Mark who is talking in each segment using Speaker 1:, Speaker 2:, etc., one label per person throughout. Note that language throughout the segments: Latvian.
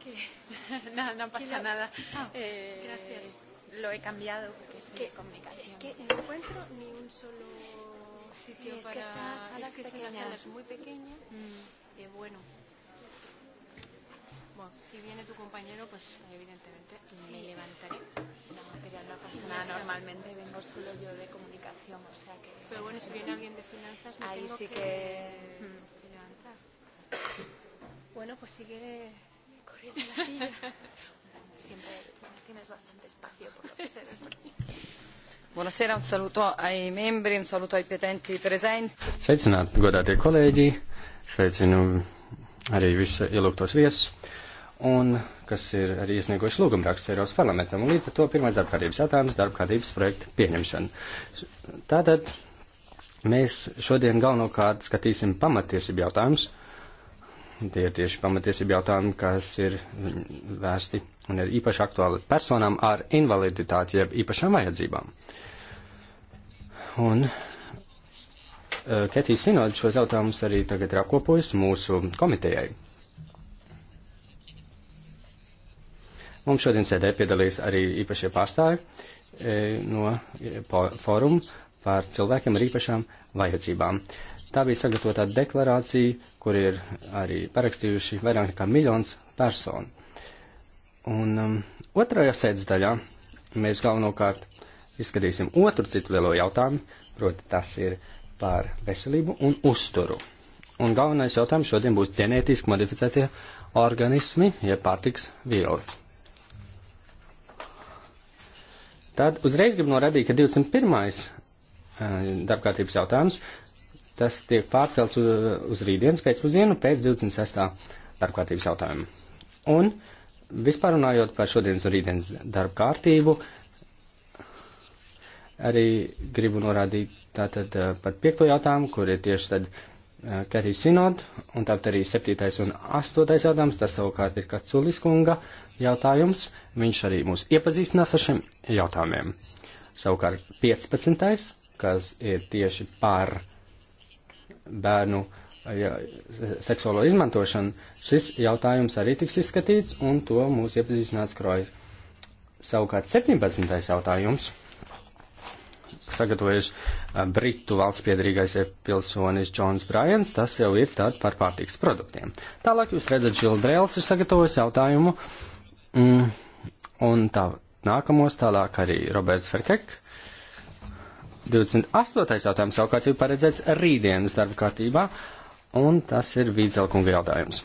Speaker 1: Okay.
Speaker 2: no, no pasa lo... nada. Ah, eh, gracias. Lo he cambiado porque es que, Es que no
Speaker 3: encuentro ni un solo sitio sí, es para... Que estas salas es que pequeñas. es una sala muy
Speaker 2: pequeña. Mm. Eh, bueno. Bueno, si viene tu compañero, pues evidentemente sí. me levantaré. No, pero no pasa nada. No, normalmente vengo solo yo de comunicación, o sea que... Pero bueno, si viene alguien
Speaker 1: de finanzas, me Ahí tengo sí que... que... Mm. levantar.
Speaker 2: Bueno, pues si quiere cogido con la silla. Siempre tienes bastante espacio por lo que se ve.
Speaker 1: Buonasera, un saluto ai membri, un saluto ai petenti presenti.
Speaker 4: Sveicināti, godātie kolēģi, sveicinu arī visus ielūgtos viesus, un kas ir arī iesnieguši lūgumu rakstu Eiropas parlamentam, un līdz ar to pirmais darbkārtības jautājums - darbkārtības projekta pieņemšana. Tātad mēs šodien galvenokārt skatīsim pamatiesību jautājumus Tie ir tieši pamatiesība jautājumi, kas ir vērsti un ir īpaši aktuāli personām ar invaliditāti, jeb īpašām vajadzībām. Un uh, Ketija Sinoda šos jautājumus arī tagad ir apkopojusi mūsu komitejai. Mums šodien sēdē piedalīs arī īpašie pārstāvi e, no fóruma par cilvēkiem ar īpašām vajadzībām. Tā bija sagatavotā deklarācija kur ir arī parakstījuši vairāk nekā miljons personu. Un um, otrajā sēdes daļā mēs galvenokārt izskatīsim otru citu lielo jautājumu, proti tas ir par veselību un uzturu. Un galvenais jautājums šodien būs ģenētiski modificētie organismi, jeb ja pārtiks vielas. Tad uzreiz gribu norādīt, ka 21. Eh, darbkārtības jautājums Tas tiek pārcelts uz, uz rītdienas pēcpusdienu pēc 26. darbkārtības jautājuma. Un vispār runājot par šodienas un rītdienas darba kārtību, arī gribu norādīt tātad eh, par piekto jautājumu, kur ir tieši tad uh, eh, Ketijas sinod, un tāpat arī septītais un astotais jautājums, tas savukārt ir Kaculis kunga jautājums, viņš arī mūs iepazīstinās ar šiem jautājumiem. Savukārt 15. kas ir tieši par bērnu ja, seksuālo izmantošanu, šis jautājums arī tiks izskatīts, un to mūs iepazīstinās Kroja. Savukārt 17. jautājums, sagatavojuši Britu valsts piedarīgais pilsonis Džons Brajans, tas jau ir tad par pārtiks produktiem. Tālāk jūs redzat, Žilda Brēls ir sagatavojis jautājumu, mm, un tā nākamos tālāk arī Roberts Ferkek 28. jautājums savukārt ir paredzēts rītdienas darba kārtībā, un tas ir Vīdzelkunga jautājums.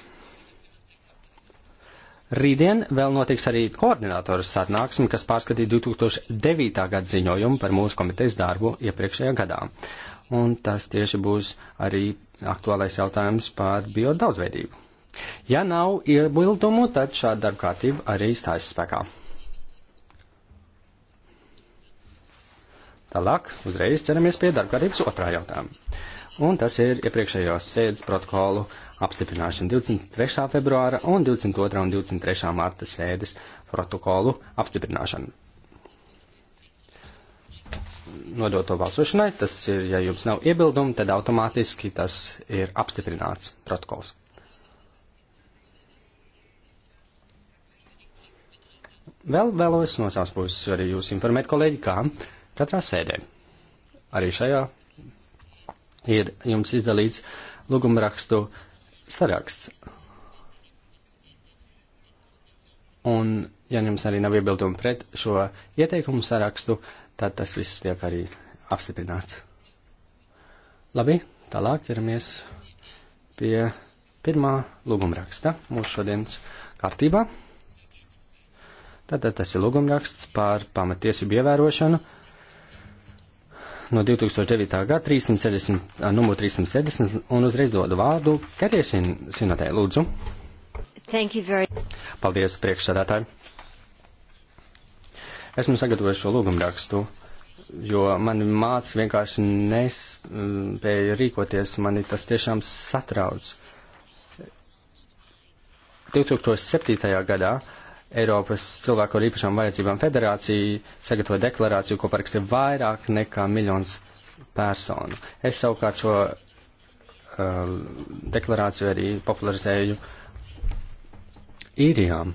Speaker 4: Rītdien vēl notiks arī koordinātoru satnāksme, kas pārskatīja 2009. gada ziņojumu par mūsu komitejas darbu iepriekšējā gadā. Un tas tieši būs arī aktuālais jautājums par biodaudzveidību. Ja nav iebildumu, tad šāda darba kārtība arī stājas spēkā. Tālāk uzreiz ķeramies pie darba kārtības otrā jautājuma. Un tas ir iepriekšējos sēdes protokolu apstiprināšana 23. februāra un 22. un 23. marta sēdes protokolu apstiprināšana. Nodot to balsošanai, tas ir, ja jums nav iebildumi, tad automātiski tas ir apstiprināts protokols. Vēl vēlos no savas puses arī jūs informēt, kolēģi, kā Katrā sēdē, arī šajā, ir jums izdalīts lūgumrakstu saraksts. Un, ja jums arī nav iebildumi pret šo ieteikumu sarakstu, tad tas viss tiek arī apstiprināts. Labi, tālāk ķeramies pie pirmā lūgumraksta mūsu šodienas kārtībā. Tātad tas ir lūgumraksts par pamatiesību ievērošanu no 2009. gada 360, numur 370 un uzreiz dodu vārdu Kariesin Sinatē, lūdzu.
Speaker 2: Thank you very
Speaker 4: Paldies, priekšsādātāji. Esmu sagatavojis šo lūgumrakstu, jo mani māc vienkārši nespēja mm, rīkoties, mani tas tiešām satrauc. 2007. gadā Eiropas cilvēku ar īpašām vajadzībām federācija sagatavo deklarāciju, ko paraksta vairāk nekā miljons personu. Es savukārt šo uh, deklarāciju arī popularizēju īrijām.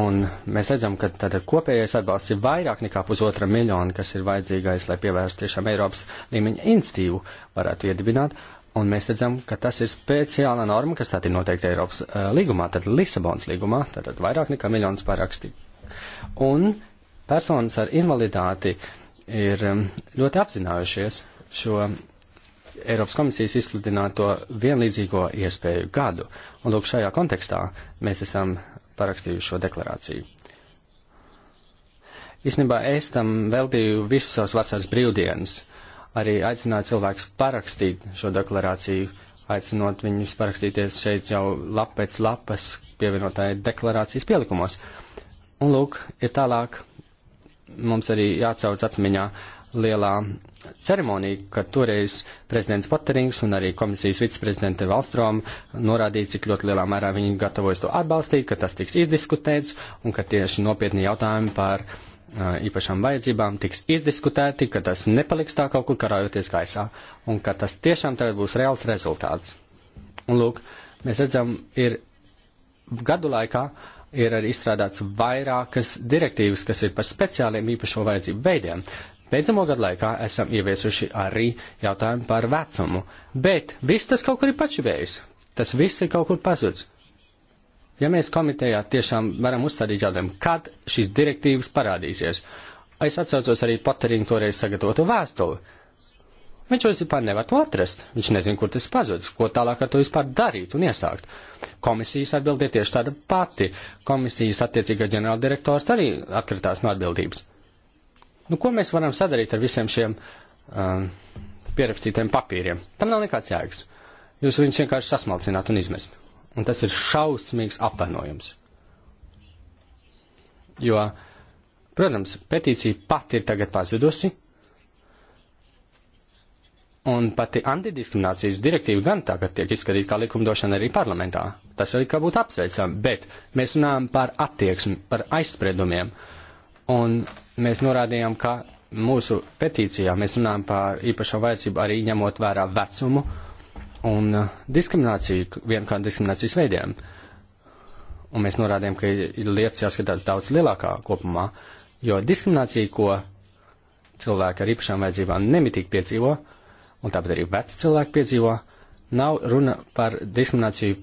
Speaker 4: Un mēs redzam, ka tad kopējais atbalsts ir vairāk nekā pusotra miljona, kas ir vajadzīgais, lai pievērstu tiešām Eiropas līmeņa institīvu varētu iedibināt. Uh, Un mēs redzam, ka tas ir speciāla norma, kas tāda ir noteikta Eiropas uh, līgumā, tad Lisabonas līgumā, tad vairāk nekā miljonus paraksti. Un personas ar invaliditāti ir um, ļoti apzinājušies šo Eiropas komisijas izsludināto vienlīdzīgo iespēju gadu. Un lūk, šajā kontekstā mēs esam parakstījuši šo deklarāciju. Īstenībā es tam veltīju visas savas vasaras brīvdienas. Uh, arī aicināt cilvēkus parakstīt šo deklarāciju, aicinot viņus parakstīties šeit jau lap pēc lapas pievienotāji deklarācijas pielikumos. Un lūk, ir tālāk mums arī jāatsauc atmiņā lielā ceremonija, kad toreiz prezidents Poterings un arī komisijas viceprezidente Valstrom norādīja, cik ļoti lielā mērā viņi gatavojas to atbalstīt, ka tas tiks izdiskutēts un ka tieši nopietni jautājumi par uh, īpašām vajadzībām tiks izdiskutēti, ka tas nepaliks tā kaut kur karājoties gaisā un ka tas tiešām tagad būs reāls rezultāts. Un lūk, mēs redzam, ir gadu laikā ir arī izstrādāts vairākas direktīvas, kas ir par speciāliem īpašo vajadzību veidiem. Beidzamo gadu laikā esam ieviesuši arī jautājumu par vecumu, bet viss tas kaut kur ir pačibējis. Tas viss ir kaut kur pazudis. Ja mēs komitejā tiešām varam uzstādīt jautājumu, kad šīs direktīvas parādīsies, es atcaucos arī Poterīnu toreiz sagatavotu vēstuli. Viņš jau vispār nevar to atrast. Viņš nezina, kur tas pazudis, ko tālāk ar to vispār darīt un iesākt. Komisijas atbildē tieši tāda pati. Komisijas attiecīgais ģenerāldirektors arī atkritās no atbildības. Nu, ko mēs varam sadarīt ar visiem šiem um, pierakstītiem papīriem? Tam nav nekāds jēgas. Jūs viņus vienkārši sasmalcināt un izmest. Un tas ir šausmīgs apvainojums. Jo, protams, petīcija pati ir tagad pazudusi, un pati antidiskriminācijas direktīva gan tagad tiek izskatīta kā likumdošana arī parlamentā. Tas arī kā būtu apsveicami, bet mēs runājam par attieksmi, par aizspriedumiem, un mēs norādījām, ka mūsu petīcijā mēs runājam par īpašo vajadzību arī ņemot vērā vecumu un uh, diskrimināciju vienkārši diskriminācijas veidiem. Un mēs norādījām, ka ir lietas jāskatās daudz lielākā kopumā, jo diskriminācija, ko cilvēki ar īpašām vajadzībām nemitīgi piedzīvo, un tāpat arī veci cilvēki piedzīvo, nav runa par diskrimināciju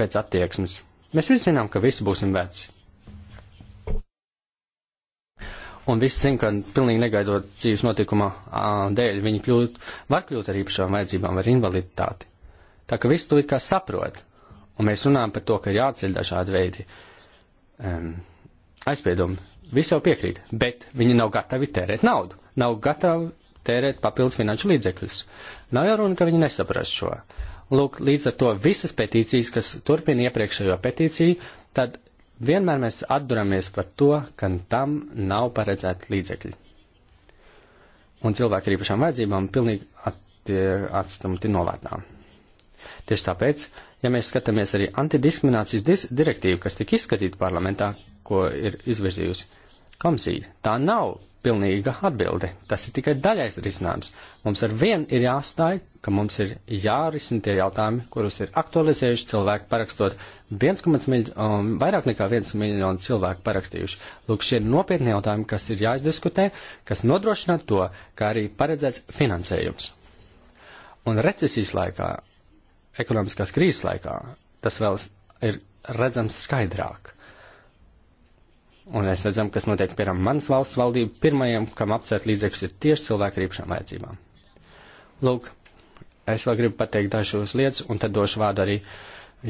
Speaker 4: pēc attieksmes. Mēs visi zinām, ka visi būsim veci, un visi zina, ka pilnīgi negaidot dzīves notikuma dēļ viņi kļūt, var kļūt ar īpašām vajadzībām, ar invaliditāti. Tā ka viss to it kā saprot, un mēs runājam par to, ka ir jāceļ dažādi veidi um, aizspiedumi. Visi jau piekrīt, bet viņi nav gatavi tērēt naudu, nav gatavi tērēt papildus finanšu līdzekļus. Nav jau runa, ka viņi nesaprast šo. Lūk, līdz ar to visas petīcijas, kas turpina iepriekšējo petīciju, tad Vienmēr mēs atduramies par to, ka tam nav paredzēti līdzekļi. Un cilvēki ar īpašām vajadzībām pilnīgi at, atstumti novērtā. Tieši tāpēc, ja mēs skatāmies arī antidiskriminācijas direktīvu, kas tika izskatīta parlamentā, ko ir izvirzījusi Komisija, tā nav pilnīga atbilde. Tas ir tikai daļais risinājums. Mums ar vienu ir jāstāj, ka mums ir jārisina tie jautājumi, kurus ir aktualizējuši cilvēki parakstot. 1, miļ, um, vairāk nekā 1 miljonu cilvēku parakstījuši. Lūk, šie ir nopietni jautājumi, kas ir jāizdiskutē, kas nodrošina to, kā arī paredzēts finansējums. Un recesijas laikā, ekonomiskās krīzes laikā, tas vēl ir redzams skaidrāk. Un mēs redzam, kas notiek, piemēram, manas valsts valdība, pirmajam, kam apcēt līdzekļus, ir tieši cilvēki ar īpašām vajadzībām. Lūk, es vēl gribu pateikt dažos lietas, un tad došu vārdu arī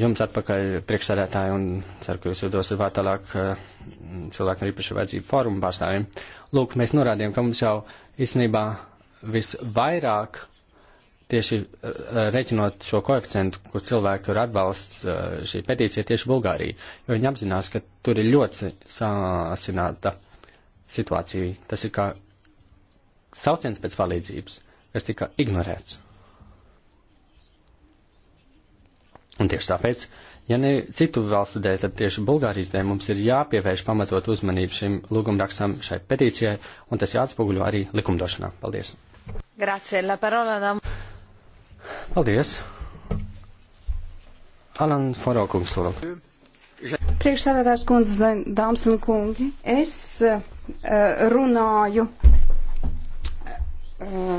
Speaker 4: jums atpakaļ priekšsēdētāji, un ceru, ka jūs dosiet vārdu tālāk eh, cilvēku ar īpašu vajadzību fórumu pārstāvjiem. Lūk, mēs norādījām, ka mums jau īstenībā visvairāk tieši eh, reķinot šo koeficientu, kur cilvēku ir atbalsts eh, šī petīcija tieši Bulgārija, jo viņi apzinās, ka tur ir ļoti sāsināta situācija. Tas ir kā sauciens pēc palīdzības, kas tika ignorēts. Un tieši tāpēc, ja ne citu valstu dēļ, tad tieši Bulgārijas dēļ mums ir jāpievērš pamatot uzmanību šim lūgumrakstam, šai petīcijai, un tas jāatspoguļo arī likumdošanā. Paldies!
Speaker 1: Grazie, la parola.
Speaker 4: Paldies! Alan Forokungs, lūdzu.
Speaker 1: Priekšsēdētājs
Speaker 3: kundze, dāmas un kungi, es uh, runāju uh,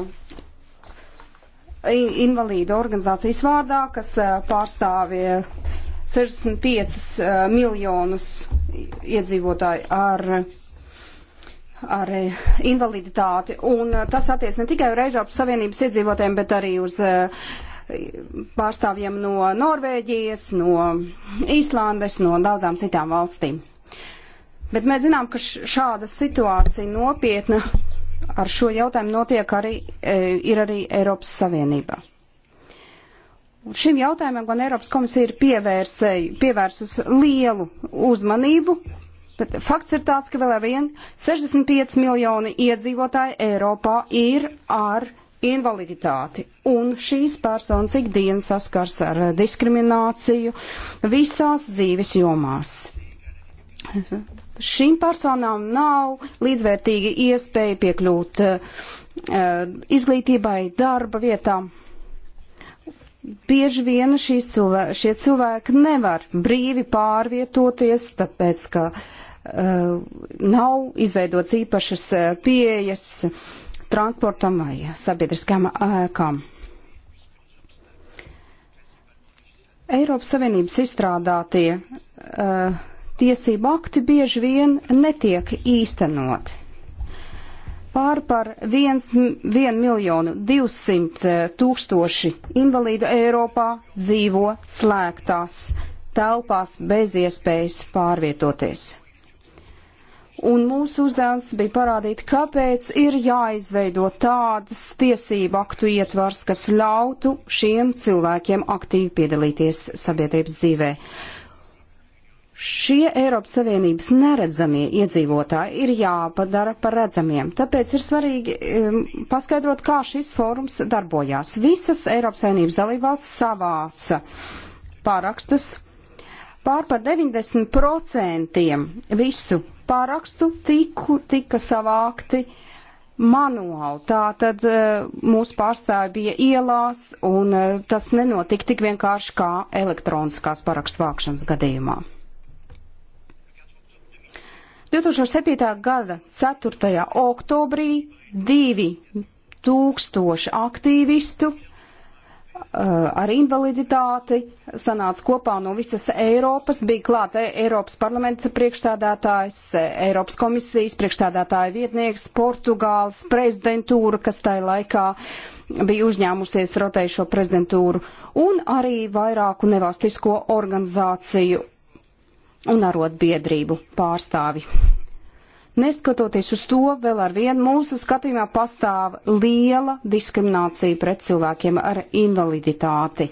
Speaker 3: invalīdu organizācijas vārdā, kas uh, pārstāvja 65 uh, miljonus iedzīvotāju ar uh, ar invaliditāti. Un eh, tas attiec ne tikai uz Eiropas Savienības iedzīvotājiem, bet arī uz eh, pārstāvjiem no Norvēģijas, no Īslandes, no daudzām citām valstīm. Bet mēs zinām, ka šāda situācija nopietna ar šo jautājumu notiek arī, eh, ir arī Eiropas Savienībā. Šim jautājumam gan Eiropas komisija ir pievērs, pievērsus lielu uzmanību, Bet fakts ir tāds, ka vēl ar vienu 65 miljoni iedzīvotāji Eiropā ir ar invaliditāti. Un šīs personas ikdienas saskars ar eh, diskrimināciju visās dzīves jomās. Šīm personām nav līdzvērtīga iespēja piekļūt uh, izglītībai, darba vietām. Bieži vien cilvē šie cilvēki nevar brīvi pārvietoties, tāpēc ka uh, Uh, nav izveidots īpašas uh, pieejas transportam vai sabiedriskām ēkām. Eiropas Savienības izstrādātie uh, tiesību akti bieži vien netiek īstenoti. Pār par 1 miljonu 200 uh, tūkstoši invalīdu Eiropā dzīvo slēgtās telpās bez iespējas pārvietoties. Un mūsu uzdevums bija parādīt, kāpēc ir jāizveido tādas tiesību aktu ietvars, kas ļautu šiem cilvēkiem aktīvi piedalīties sabiedrības dzīvē. Šie Eiropas Savienības neredzamie iedzīvotāji ir jāpadara par redzamiem, tāpēc ir svarīgi um, paskaidrot, kā šis fórums darbojās. Visas Eiropas Savienības dalībvalsts savāca pārakstus pār par 90% visu parakstu tiku, tika savākti manuāli. Tā tad eh, mūsu pārstāvi bija ielās, un eh, tas nenotika tik vienkārši kā elektroniskās parakstu vākšanas gadījumā. 2007. gada 4. oktobrī divi tūkstoši aktīvistu Eh, ar invaliditāti sanāca kopā no visas Eiropas. Bija klāta e- Eiropas parlamenta priekšstādātājs, e- Eiropas komisijas priekšstādātāja vietnieks, Portugāles prezidentūra, kas tajā laikā bija uzņēmusies rotējušo prezidentūru, un arī vairāku nevalstisko organizāciju un arotbiedrību pārstāvi. Neskatoties uz to, vēl ar vienu mūsu skatījumā pastāv liela diskriminācija pret cilvēkiem ar invaliditāti.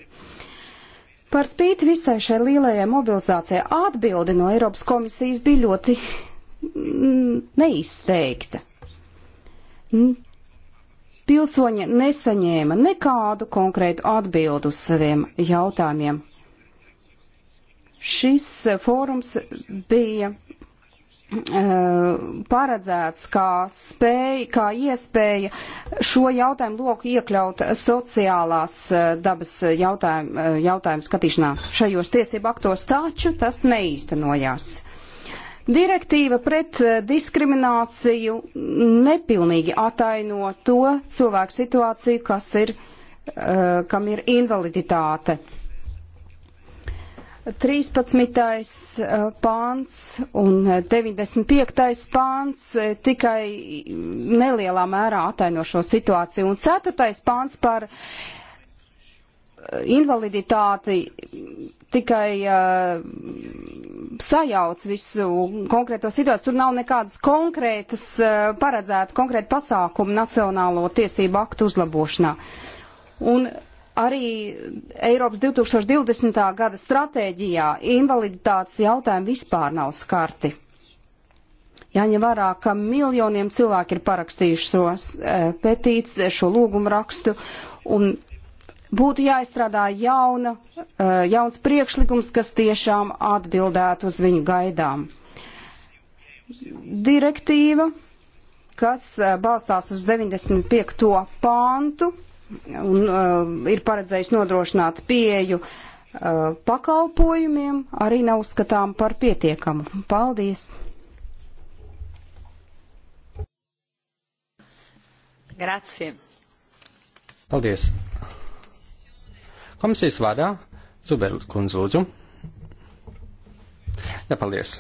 Speaker 3: Par spīti visai šai lielajai mobilizācijai atbildi no Eiropas komisijas bija ļoti mm, neizteikta. Pilsoņi nesaņēma nekādu konkrētu atbildu uz saviem jautājumiem. Šis fórums bija Eh, paredzēts kā spēja, kā iespēja šo jautājumu loku iekļaut sociālās eh, dabas jautājumu, eh, jautājumu skatīšanā šajos tiesību aktos, taču tas neīstenojās. Direktīva pret diskrimināciju nepilnīgi ataino to cilvēku situāciju, kas ir, kam ir invaliditāte. 13. Eh, pāns un 95. Eh, pāns eh, tikai nelielā mērā ataino šo situāciju, un 4. pāns par invaliditāti tikai uh, sajauc visu konkrēto situāciju. Tur nav nekādas konkrētas uh, paredzēta konkrēta pasākuma nacionālo tiesību aktu uzlabošanā. Un arī Eiropas 2020. gada stratēģijā invaliditātes jautājumi vispār nav skarti. Jāņem vērā, ka miljoniem cilvēki ir parakstījuši šo eh, petīciju, šo lūgumu rakstu, un būtu jāizstrādā jauna, eh, jauns priekšlikums, kas tiešām atbildētu uz viņu gaidām. Direktīva, kas eh, balstās uz 95. pāntu, un uh, ir paredzējuši nodrošināt pieju uh, pakalpojumiem, arī nav uzskatām par pietiekamu.
Speaker 1: Paldies! Grazie!
Speaker 4: Paldies! Komisijas vārdā Zuberl kundz lūdzu. Jā, paldies.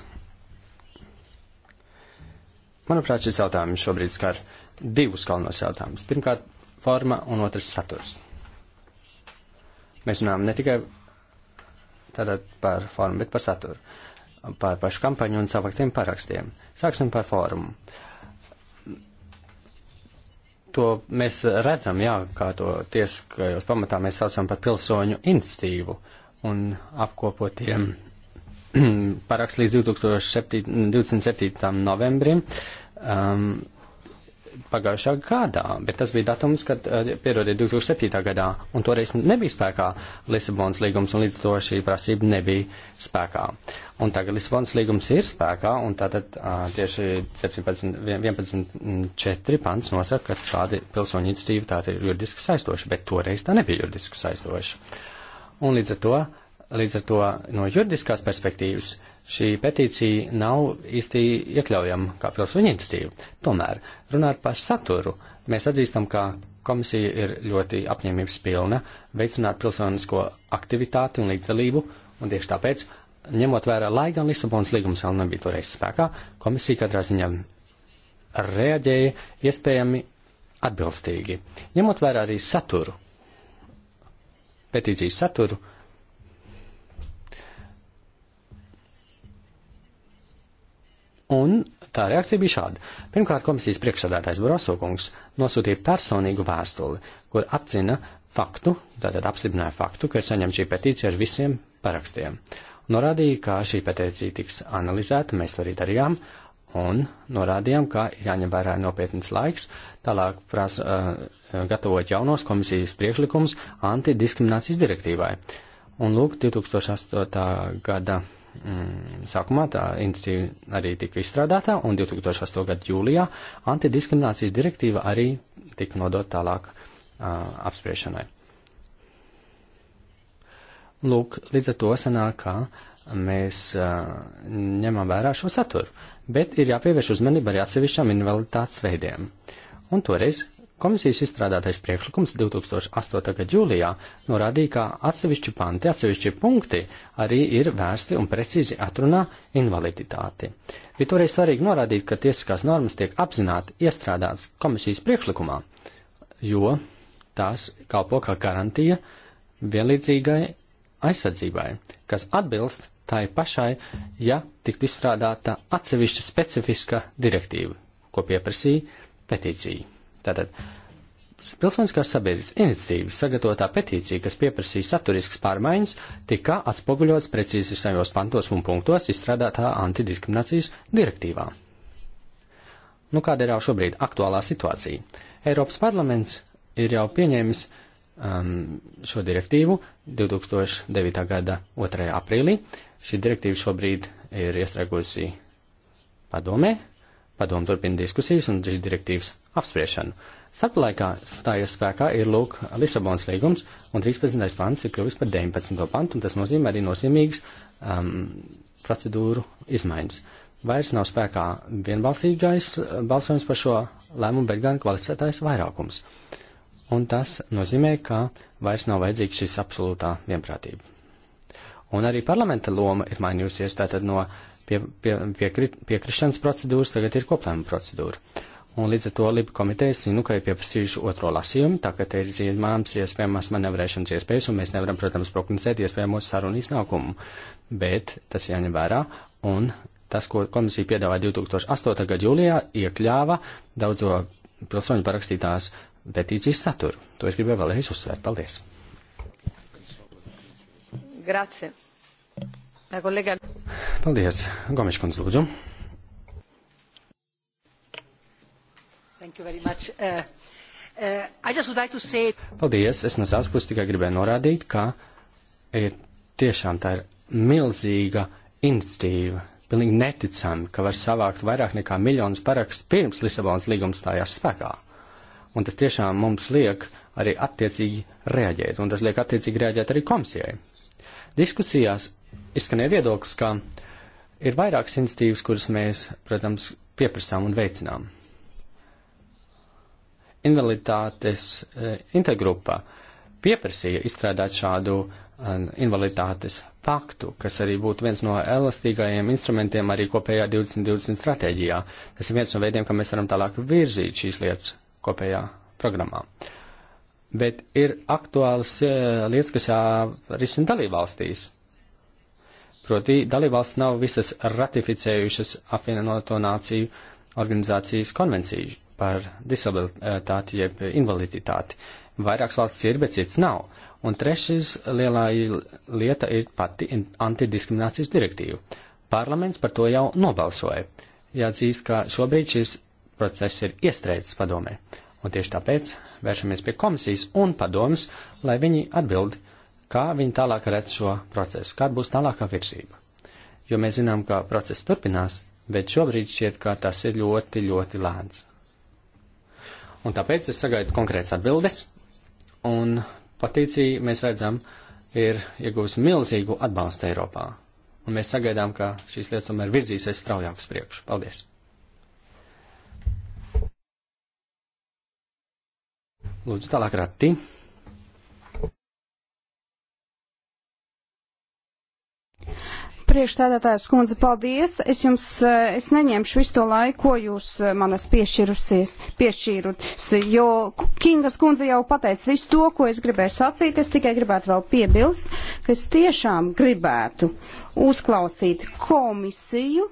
Speaker 4: Manuprāt, šis jautājums šobrīd skar divus galvenos jautājumus. Pirmkārt, forma un otrs saturs. Mēs runājam ne tikai tātad par formu, bet par saturu, par pašu kampaņu un savaktiem parakstiem. Sāksim par formu. To mēs redzam, jā, kā to tieskajos pamatā mēs saucam par pilsoņu inicitīvu un apkopotiem paraksts līdz 2027. novembrim. Um, pagājušā gadā, bet tas bija datums, kad, eh, pierodiet, 2007. gadā, un toreiz nebija spēkā Lisabonas līgums, un līdz to šī prasība nebija spēkā. Un tagad Lisabonas līgums ir spēkā, un tātad eh, tieši 11.4 pants nosaka, ka šādi pilsoņu iniciatīva tātad ir juridiski saistoša, bet toreiz tā nebija juridiski saistoša. Un līdz ar to līdz ar to no juridiskās perspektīvas šī petīcija nav īsti iekļaujama kā pilsoņu iniciatīva. Tomēr, runāt par saturu, mēs atzīstam, ka komisija ir ļoti apņēmības pilna veicināt pilsonisko aktivitāti un līdzdalību, un tieši tāpēc, ņemot vērā, lai gan Lisabonas līgums vēl nebija toreiz spēkā, komisija katrā ziņā reaģēja iespējami atbilstīgi, ņemot vērā arī saturu, petīcijas saturu, uh, Un tā reakcija bija šāda. Pirmkārt, komisijas priekšsādātājs Brosokungs nosūtīja personīgu vēstuli, kur atzina faktu, tātad apstiprināja faktu, ka ir saņemta šī petīcija ar visiem parakstiem. Norādīja, ka šī petīcija tiks analizēta, mēs to arī darījām, un norādījām, ka ir jāņem vērā nopietnas laiks, tālāk prasa uh, gatavot jaunos komisijas priekšlikums antidiskriminācijas direktīvai. Un lūk, 2008. gada mm, sākumā tā iniciatīva arī tika izstrādātā, un 2008. gada jūlijā antidiskriminācijas direktīva arī tika nodot tālāk uh, apspriešanai. Lūk, līdz ar to sanāk, ka mēs uh, ņemam vērā šo saturu, bet ir jāpievērš uzmanība arī atsevišķām invaliditātes veidiem. Un toreiz Komisijas izstrādātais priekšlikums 2008. gada jūlijā norādīja, ka atsevišķi panti, atsevišķi punkti arī ir vērsti un precīzi atrunā invaliditāti. Bija toreiz svarīgi norādīt, ka tiesiskās normas tiek apzināti iestrādātas komisijas priekšlikumā, jo tās kalpo kā garantija vienlīdzīgai aizsardzībai, kas atbilst tai pašai, ja tiktu izstrādāta atsevišķa specifiska direktīva, ko pieprasīja petīcija. Tātad pilsoniskās sabiedrības iniciatīvas sagatavotā petīcija, kas pieprasīja saturiskas pārmaiņas, tika atspoguļots precīzi šajos pantos un punktos izstrādātā antidiskriminācijas direktīvā. Nu, kāda ir jau šobrīd aktuālā situācija? Eiropas parlaments ir jau pieņēmis um, šo direktīvu 2009. gada 2. aprīlī. Šī direktīva šobrīd ir iestrēgusi padomē, Padomu turpina diskusijas un šīs direktīvas apspriešanu. Starplaikā stājies spēkā ir lūk Lisabons līgums, un 13. pants ir kļuvis par 19. pantu, un tas nozīmē arī nozīmīgas um, procedūru izmaiņas. Vairs nav spēkā vienbalsīgais uh, balsojums par šo lēmumu, bet gan kvalificētais vairākums. Un tas nozīmē, ka vairs nav vajadzīgs šis absolūtā vienprātība. Un arī parlamenta loma ir mainījusies tātad no uh, pie, pie, piekri, piekrišanas procedūras, tagad ir koplēma procedūra. Un līdz ar to Liba komitejas zinu, ka ir pieprasījuši otro lasījumu, tā ka te ir zināms iespējamās manevrēšanas iespējas, un mēs nevaram, protams, prognozēt iespējamos sarunu iznākumu. Bet tas jāņem vērā, un tas, ko komisija piedāvāja 2008. gada jūlijā, iekļāva daudzo pilsoņu parakstītās petīcijas saturu. To es gribēju vēlreiz uzsvērt. Paldies!
Speaker 1: Grazie. Kolēģi.
Speaker 4: Paldies. Gomiškundz, lūdzu.
Speaker 1: Much, uh,
Speaker 5: uh, like say...
Speaker 4: Paldies. Es no savas puses tikai gribēju norādīt, ka ir tiešām tā ir milzīga iniciatīva. Pilnīgi neticami, ka var savākt vairāk nekā miljonus parakstu pirms Lisabonas līgums stājās spēkā. Un tas tiešām mums liek arī attiecīgi reaģēt, un tas liek attiecīgi reaģēt arī komisijai. Diskusijās izskanēja viedoklis, ka ir vairākas institīvas, kuras mēs, protams, pieprasām un veicinām. Invaliditātes eh, intergrupa pieprasīja izstrādāt šādu eh, invaliditātes paktu, kas arī būtu viens no elastīgajiem instrumentiem arī kopējā 2020 stratēģijā. Tas ir viens no veidiem, kā mēs varam tālāk virzīt šīs lietas kopējā programmā. Bet ir aktuāls eh, lietas, kas jārisina dalībvalstīs. valstīs Proti, dalībvalsts nav visas ratificējušas apvienoto nāciju organizācijas konvenciju par disabilitāti jeb invaliditāti. Vairākas valsts ir, bet cits nav. Un trešais lielā lieta ir pati antidiskriminācijas direktīva. Parlaments par to jau nobalsoja. Jāatzīst, ka šobrīd šis process ir iestrēdzis padomē. Un tieši tāpēc vēršamies pie komisijas un padomas, lai viņi atbildi Kā viņi tālāk redz šo procesu? Kāda būs tālākā virzība? Jo mēs zinām, ka process turpinās, bet šobrīd šķiet, ka tas ir ļoti, ļoti lēns. Un tāpēc es sagaidu konkrēts atbildes, un patīcija mēs redzam ir iegūs milzīgu atbalstu Eiropā. Un mēs sagaidām, ka šīs lietas tomēr virzīsies straujāk uz priekšu. Paldies! Lūdzu, tālāk rati.
Speaker 3: Priekšstādātājs kundze, paldies. Es jums, eh, es neņemšu visu to laiku, ko jūs eh, manas piešķirusies, piešķīrusi, jo Kingas kundze jau pateica visu to, ko es gribēju sacīt. Es tikai gribētu vēl piebilst, ka es tiešām gribētu uzklausīt komisiju,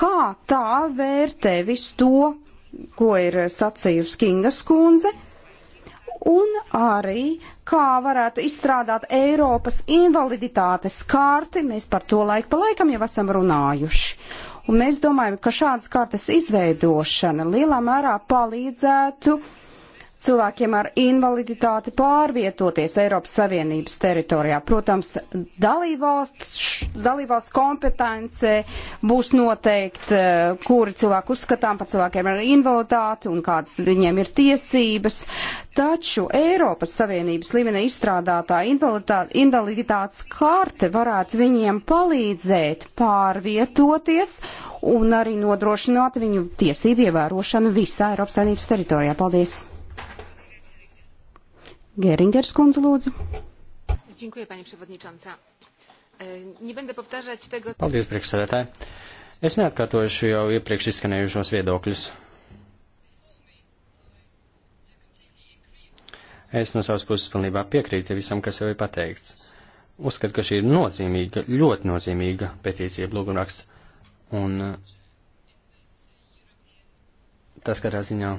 Speaker 3: kā tā vērtē visu to, ko ir sacījusi Kingas kundze un arī kā varētu izstrādāt Eiropas invaliditātes karti. Mēs par to laiku pa laikam jau esam runājuši. Un mēs domājam, ka šādas kartes izveidošana lielā mērā palīdzētu uh, cilvēkiem ar invaliditāti pārvietoties Eiropas Savienības teritorijā. Protams, dalībvalsts kompetence būs noteikti, eh, kuri cilvēki uzskatām par cilvēkiem ar invaliditāti un kādas viņiem ir tiesības. Taču Eiropas Savienības līmenī izstrādātā invaliditātes karte varētu viņiem palīdzēt pārvietoties un arī nodrošināt viņu tiesību ievērošanu visā Eiropas Savienības teritorijā. Paldies! Gēringers kundze lūdzu. Dziękuję, pani przewodnicząca. E, nie będę powtarzać tego.
Speaker 4: Paldies, priekšsēdētāji. Es neatkārtošu jau iepriekš izskanējušos viedokļus. Es no savas puses pilnībā piekrītu visam, kas jau ir pateikts. Uzskatu, ka šī ir nozīmīga, ļoti nozīmīga petīcija lūgumraksts. Un e, tas katrā ziņā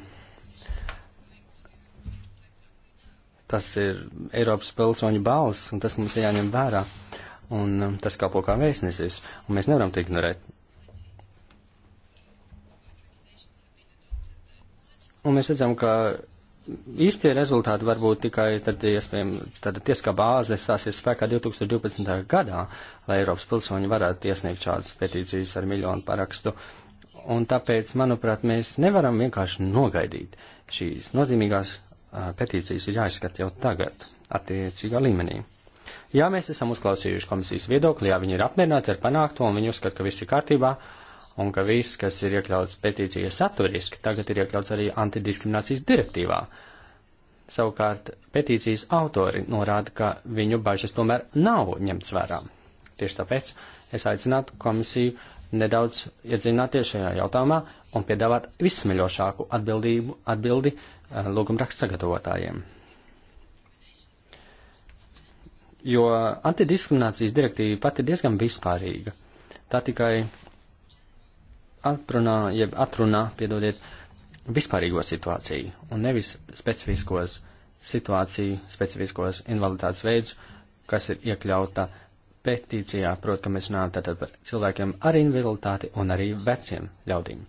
Speaker 4: Tas ir Eiropas pilsoņu balss, un tas mums ir jāņem vērā. Un um, tas kalpo kā vēstnesis, un mēs nevaram to ignorēt. Un mēs redzam, ka īstie rezultāti var būt tikai tad, iespējams, tad tieskā bāze stāsies spēkā 2012. gadā, lai Eiropas pilsoņi varētu iesniegt šādas petīcijas ar miljonu parakstu. Un tāpēc, manuprāt, mēs nevaram vienkārši nogaidīt šīs nozīmīgās petīcijas ir jāizskata jau tagad, attiecīgā līmenī. Jā, mēs esam uzklausījuši komisijas viedokli, jā, viņi ir apmierināti ar panākto un viņi uzskata, ka viss ir kārtībā un ka viss, kas ir iekļauts petīcijas saturiski, tagad ir iekļauts arī antidiskriminācijas direktīvā. Savukārt petīcijas autori norāda, ka viņu bažas tomēr nav ņemts vērā. Tieši tāpēc es aicinātu komisiju nedaudz iedzināties šajā jautājumā un piedāvāt vismeļošāku atbildību, atbildi lūgumrakstu sagatavotājiem. Jo antidiskriminācijas direktīva pati ir diezgan vispārīga. Tā tikai atrunā, jeb atrunā, piedodiet, vispārīgo situāciju un nevis specifiskos situāciju, specifiskos invaliditātes veidus, kas ir iekļauta petīcijā, proti, ka mēs runājam tātad par cilvēkiem ar invaliditāti un arī veciem ļaudīm.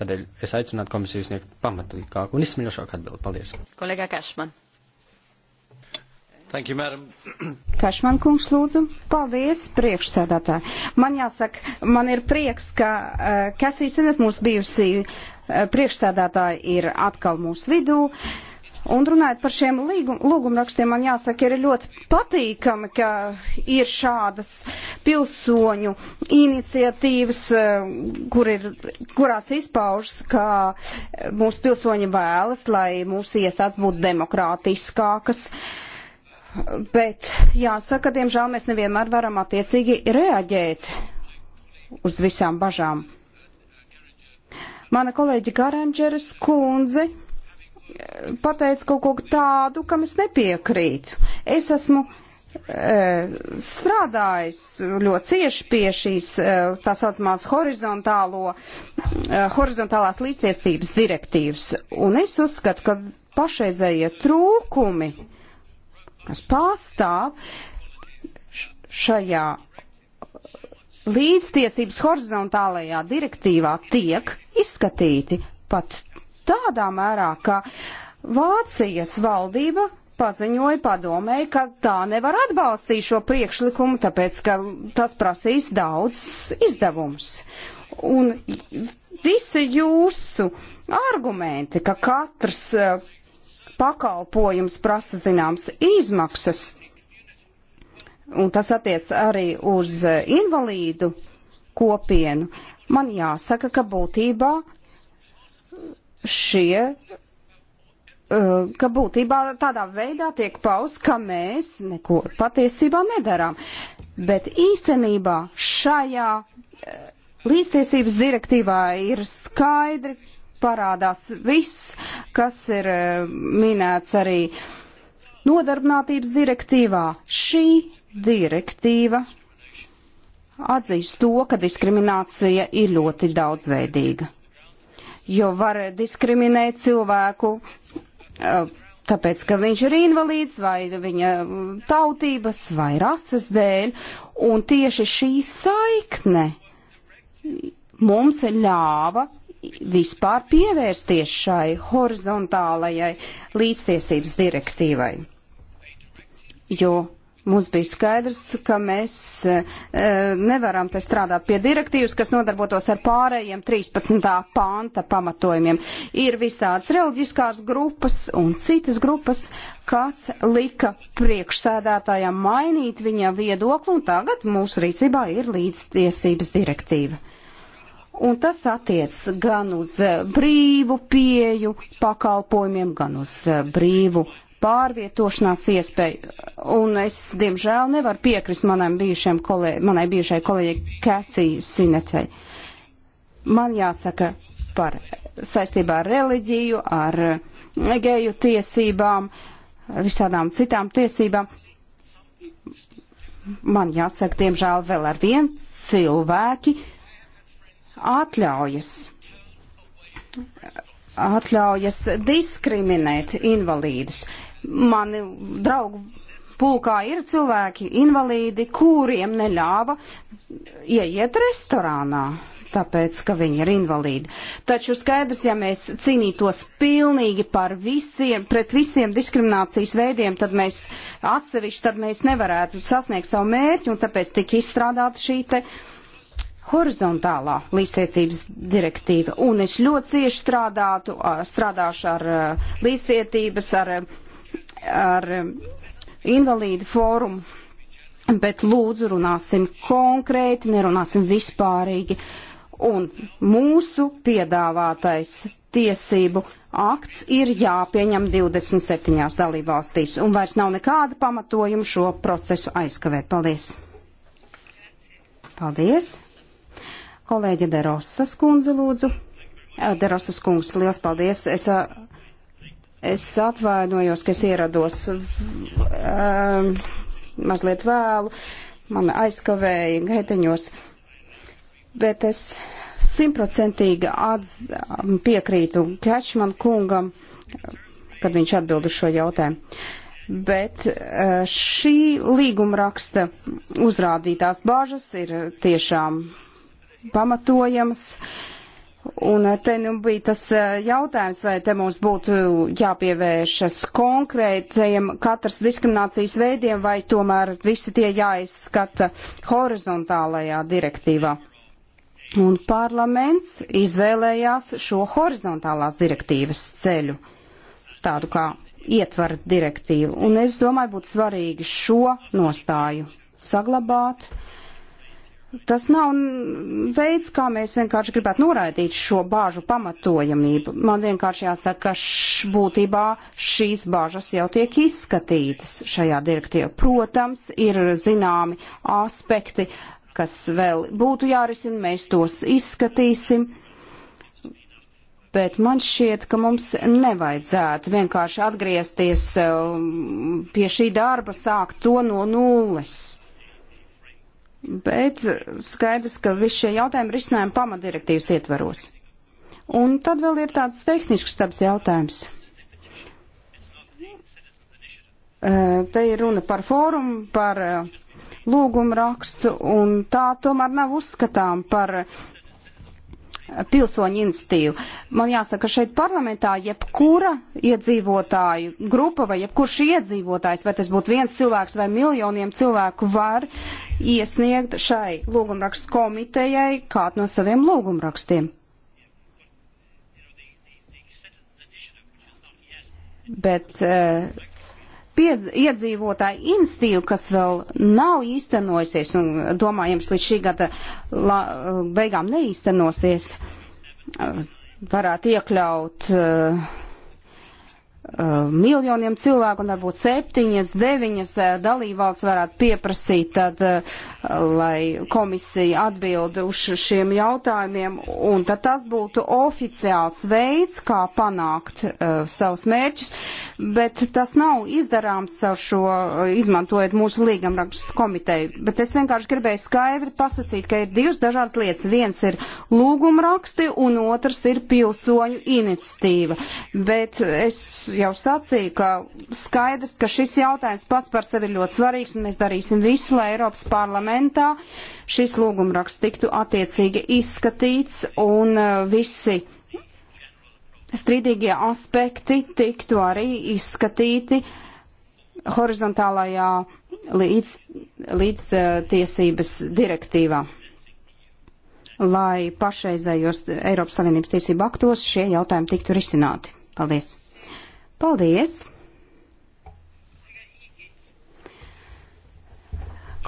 Speaker 4: Tādēļ es aicinātu komisiju sniegt pamatīgāku un izsmeļošāku atbildi. Paldies.
Speaker 1: Kolēģa Kašman. Thank you, madam.
Speaker 3: Kašman kungs, lūdzu. Paldies, priekšsēdētāji. Man jāsaka, man ir prieks, ka uh, eh, Kathija Senet mūsu bijusī uh, eh, priekšsēdētāja ir atkal mūsu vidū. Uh, Un runājot par šiem lūgumrakstiem, man jāsaka, ir ļoti patīkami, ka ir šādas pilsoņu iniciatīvas, eh, kur ir, kurās izpaužas, ka mūsu pilsoņi vēlas, lai mūsu iestādes būtu demokrātiskākas. Bet jāsaka, diemžēl mēs nevienmēr varam attiecīgi reaģēt uz visām bažām. Mana kolēģi Karanģeres kundze pateica kaut ko tādu, kam es nepiekrītu. Es esmu e, strādājis ļoti cieši pie šīs e, tā saucamās horizontālo, e, horizontālās līdztiesības direktīvas. Un es uzskatu, ka pašreizējie trūkumi, kas pastāv šajā līdztiesības horizontālajā direktīvā, tiek izskatīti pat tādā mērā, ka Vācijas valdība paziņoja padomēji, ka tā nevar atbalstīt šo priekšlikumu, tāpēc, ka tas prasīs daudz izdevumus. Un visi jūsu argumenti, ka katrs uh, pakalpojums prasa zināms izmaksas, un tas attiec arī uz eh, invalīdu kopienu, man jāsaka, ka būtībā šie, eh, ka būtībā tādā veidā tiek paust, ka mēs neko patiesībā nedarām. Bet īstenībā šajā eh, līdztiesības direktīvā ir skaidri parādās viss, kas ir eh, minēts arī nodarbinātības direktīvā. Šī direktīva atzīst to, ka diskriminācija ir ļoti daudzveidīga jo var diskriminēt cilvēku, eh, tāpēc, ka viņš ir invalīds vai viņa tautības vai rases dēļ, un tieši šī saikne mums ļāva vispār pievērsties šai horizontālajai līdztiesības direktīvai. Jo Mums bija skaidrs, ka mēs e, e, nevaram te strādāt pie direktīvas, kas nodarbotos ar pārējiem 13. panta pamatojumiem. Ir visādas reliģiskās grupas un citas grupas, kas lika priekšsēdētājam mainīt viņa viedokli, un tagad mūsu rīcībā ir līdztiesības direktīva. Un tas attiec gan uz brīvu pieju pakalpojumiem, gan uz brīvu pārvietošanās iespēju. Un es, diemžēl, nevaru piekrist bijušiem kolē, manai bijušai kolēģi Kēsiju Sinetei. Man jāsaka par saistībā ar reliģiju, ar geju tiesībām, ar visādām citām tiesībām. Man jāsaka, diemžēl, vēl ar vienu cilvēki atļaujas atļaujas diskriminēt invalīdus mani draugu pulkā ir cilvēki, invalīdi, kuriem neļāva ieiet restorānā, tāpēc, ka viņi ir invalīdi. Taču skaidrs, ja mēs cīnītos pilnīgi par visiem, pret visiem diskriminācijas veidiem, tad mēs atsevišķi, tad mēs nevarētu sasniegt savu mērķi, un tāpēc tika izstrādāta šī te horizontālā līdztietības direktīva. Un es ļoti cieši strādātu, strādāšu ar līdztietības, ar ar um, invalīdu fórumu, bet lūdzu runāsim konkrēti, nerunāsim vispārīgi. Un mūsu piedāvātais tiesību akts ir jāpieņem 27 dalībvalstīs, un vairs nav nekāda pamatojuma šo procesu aizkavēt. Paldies! Paldies! Kolēģi Derosas kundze lūdzu. Eh, Derosas kungs, liels paldies! Es eh, Es atvainojos, ka es ierados um, mazliet vēlu, man aizkavēja gaiteņos, bet es simtprocentīgi piekrītu Kečman kungam, kad viņš atbild uz šo jautājumu. Bet eh, šī līguma raksta uzrādītās bāžas ir tiešām pamatojamas. Uh, Un eh, te nu bija tas eh, jautājums, vai te mums būtu jāpievēršas konkrētajiem katras diskriminācijas veidiem, vai tomēr visi tie jāizskata horizontālajā direktīvā. Un parlaments izvēlējās šo horizontālās direktīvas ceļu, tādu kā ietvara direktīvu. Un es domāju, būtu svarīgi šo nostāju saglabāt. Uh, Tas nav veids, kā mēs vienkārši gribētu noraidīt šo bāžu pamatojamību. Man vienkārši jāsaka, ka š, būtībā šīs bāžas jau tiek izskatītas šajā direktīvā. Protams, ir zināmi aspekti, kas vēl būtu jārisina, mēs tos izskatīsim. Bet man šķiet, ka mums nevajadzētu vienkārši atgriezties um, pie šī darba, sākt to no nulles bet skaidrs, ka visi šie jautājumi risinājumi pamatdirektīvas ietvaros. Un tad vēl ir tāds tehnisks tāds jautājums. Eh, te ir runa par fórumu, par eh, lūgumu rakstu, un tā tomēr nav uzskatām par pilsoņu institīvu. Man jāsaka, šeit parlamentā jebkura iedzīvotāju grupa vai jebkurš iedzīvotājs, vai tas būtu viens cilvēks vai miljoniem cilvēku, var iesniegt šai lūgumrakstu komitejai kādu no saviem lūgumrakstiem. Bet uh, piedz, iedzīvotāju instīvu, kas vēl nav īstenojusies un domājams līdz šī gada la, beigām neīstenosies, varētu iekļaut uh, Uh, miljoniem cilvēku un varbūt septiņas, deviņas uh, dalībvalsts varētu pieprasīt, tad, uh, lai komisija atbild uz šiem jautājumiem, un tad tas būtu oficiāls veids, kā panākt uh, savus mērķus, bet tas nav izdarāms ar šo, izmantojot mūsu līgumrakstu komiteju, bet es vienkārši gribēju skaidri pasakīt, ka ir divas dažādas lietas. Viens ir līgumraksti, un otrs ir pilsoņu iniciatīva, bet es jau sacīju, ka skaidrs, ka šis jautājums pats par sevi ir ļoti svarīgs, un mēs darīsim visu, lai Eiropas parlamentā šis lūgumraksts tiktu attiecīgi izskatīts, un uh, visi strīdīgie aspekti tiktu arī izskatīti horizontālajā līdz, līdz uh, tiesības direktīvā lai pašreizējos Eiropas Savienības tiesību aktos šie jautājumi tiktu risināti. Paldies! Paldies!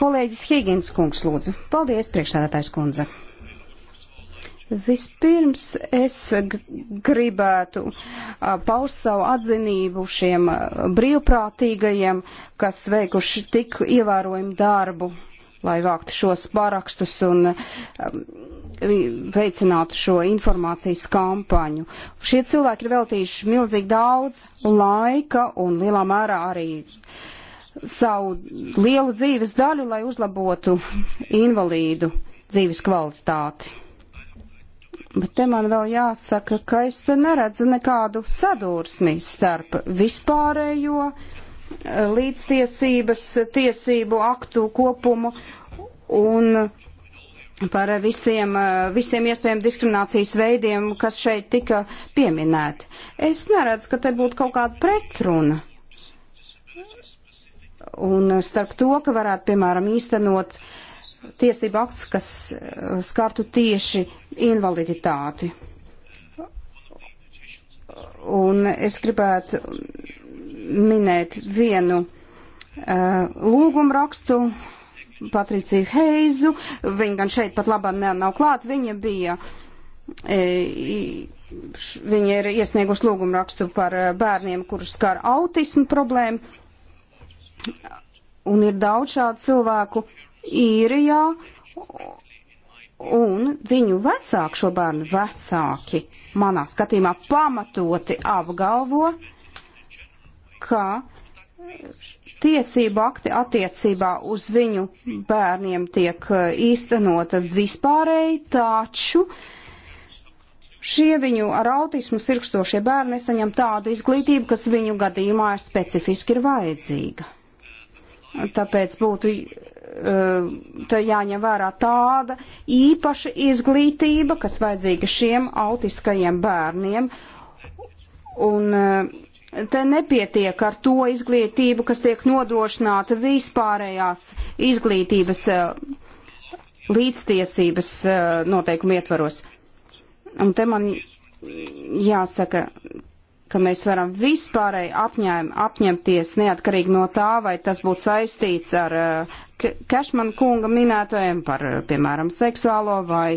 Speaker 3: Kolēģis Higins kungs lūdzu. Paldies, priekšsēdētājs kundze. Vispirms es gribētu paust savu atzinību šiem brīvprātīgajiem, kas veikuši tik ievērojumu darbu lai vāktu šos parakstus un um, veicinātu šo informācijas kampaņu. Šie cilvēki ir veltījuši milzīgi daudz laika un lielā mērā arī savu lielu dzīves daļu, lai uzlabotu invalīdu dzīves kvalitāti. Bet te man vēl jāsaka, ka es te neredzu nekādu sadursmi starp vispārējo uh, līdztiesības tiesību aktu kopumu un par visiem, visiem iespējām diskriminācijas veidiem, kas šeit tika pieminēti. Es neredzu, ka te būtu kaut kāda pretruna. Un starp to, ka varētu, piemēram, īstenot tiesību akts, kas uh, skartu tieši invaliditāti. Un es gribētu minēt vienu uh, lūgumu rakstu, Patriciju Heizu, viņa gan šeit pat labā nav klāt, viņa bija, e, š, viņa ir iesniegusi lūgumu rakstu par e, bērniem, kurus skar autismu problēmu, un ir daudz šādu cilvēku īrijā, un viņu vecāki, šo bērnu vecāki, manā skatījumā pamatoti apgalvo, ka tiesību akti attiecībā uz viņu bērniem tiek uh, īstenota vispārēji, taču šie viņu ar autismu sirkstošie bērni nesaņem tādu izglītību, kas viņu gadījumā ir specifiski ir vajadzīga. Tāpēc būtu uh, tā jāņem vērā tāda īpaša izglītība, kas vajadzīga šiem autiskajiem bērniem. Un uh, Te nepietiek ar to izglītību, kas tiek nodrošināta vispārējās izglītības eh, līdztiesības eh, noteikumu ietvaros. Un te man jāsaka, ka mēs varam vispārēji apņēm, apņemties neatkarīgi no tā, vai tas būtu saistīts ar eh, Kešmana kunga minētojiem par, piemēram, seksuālo vai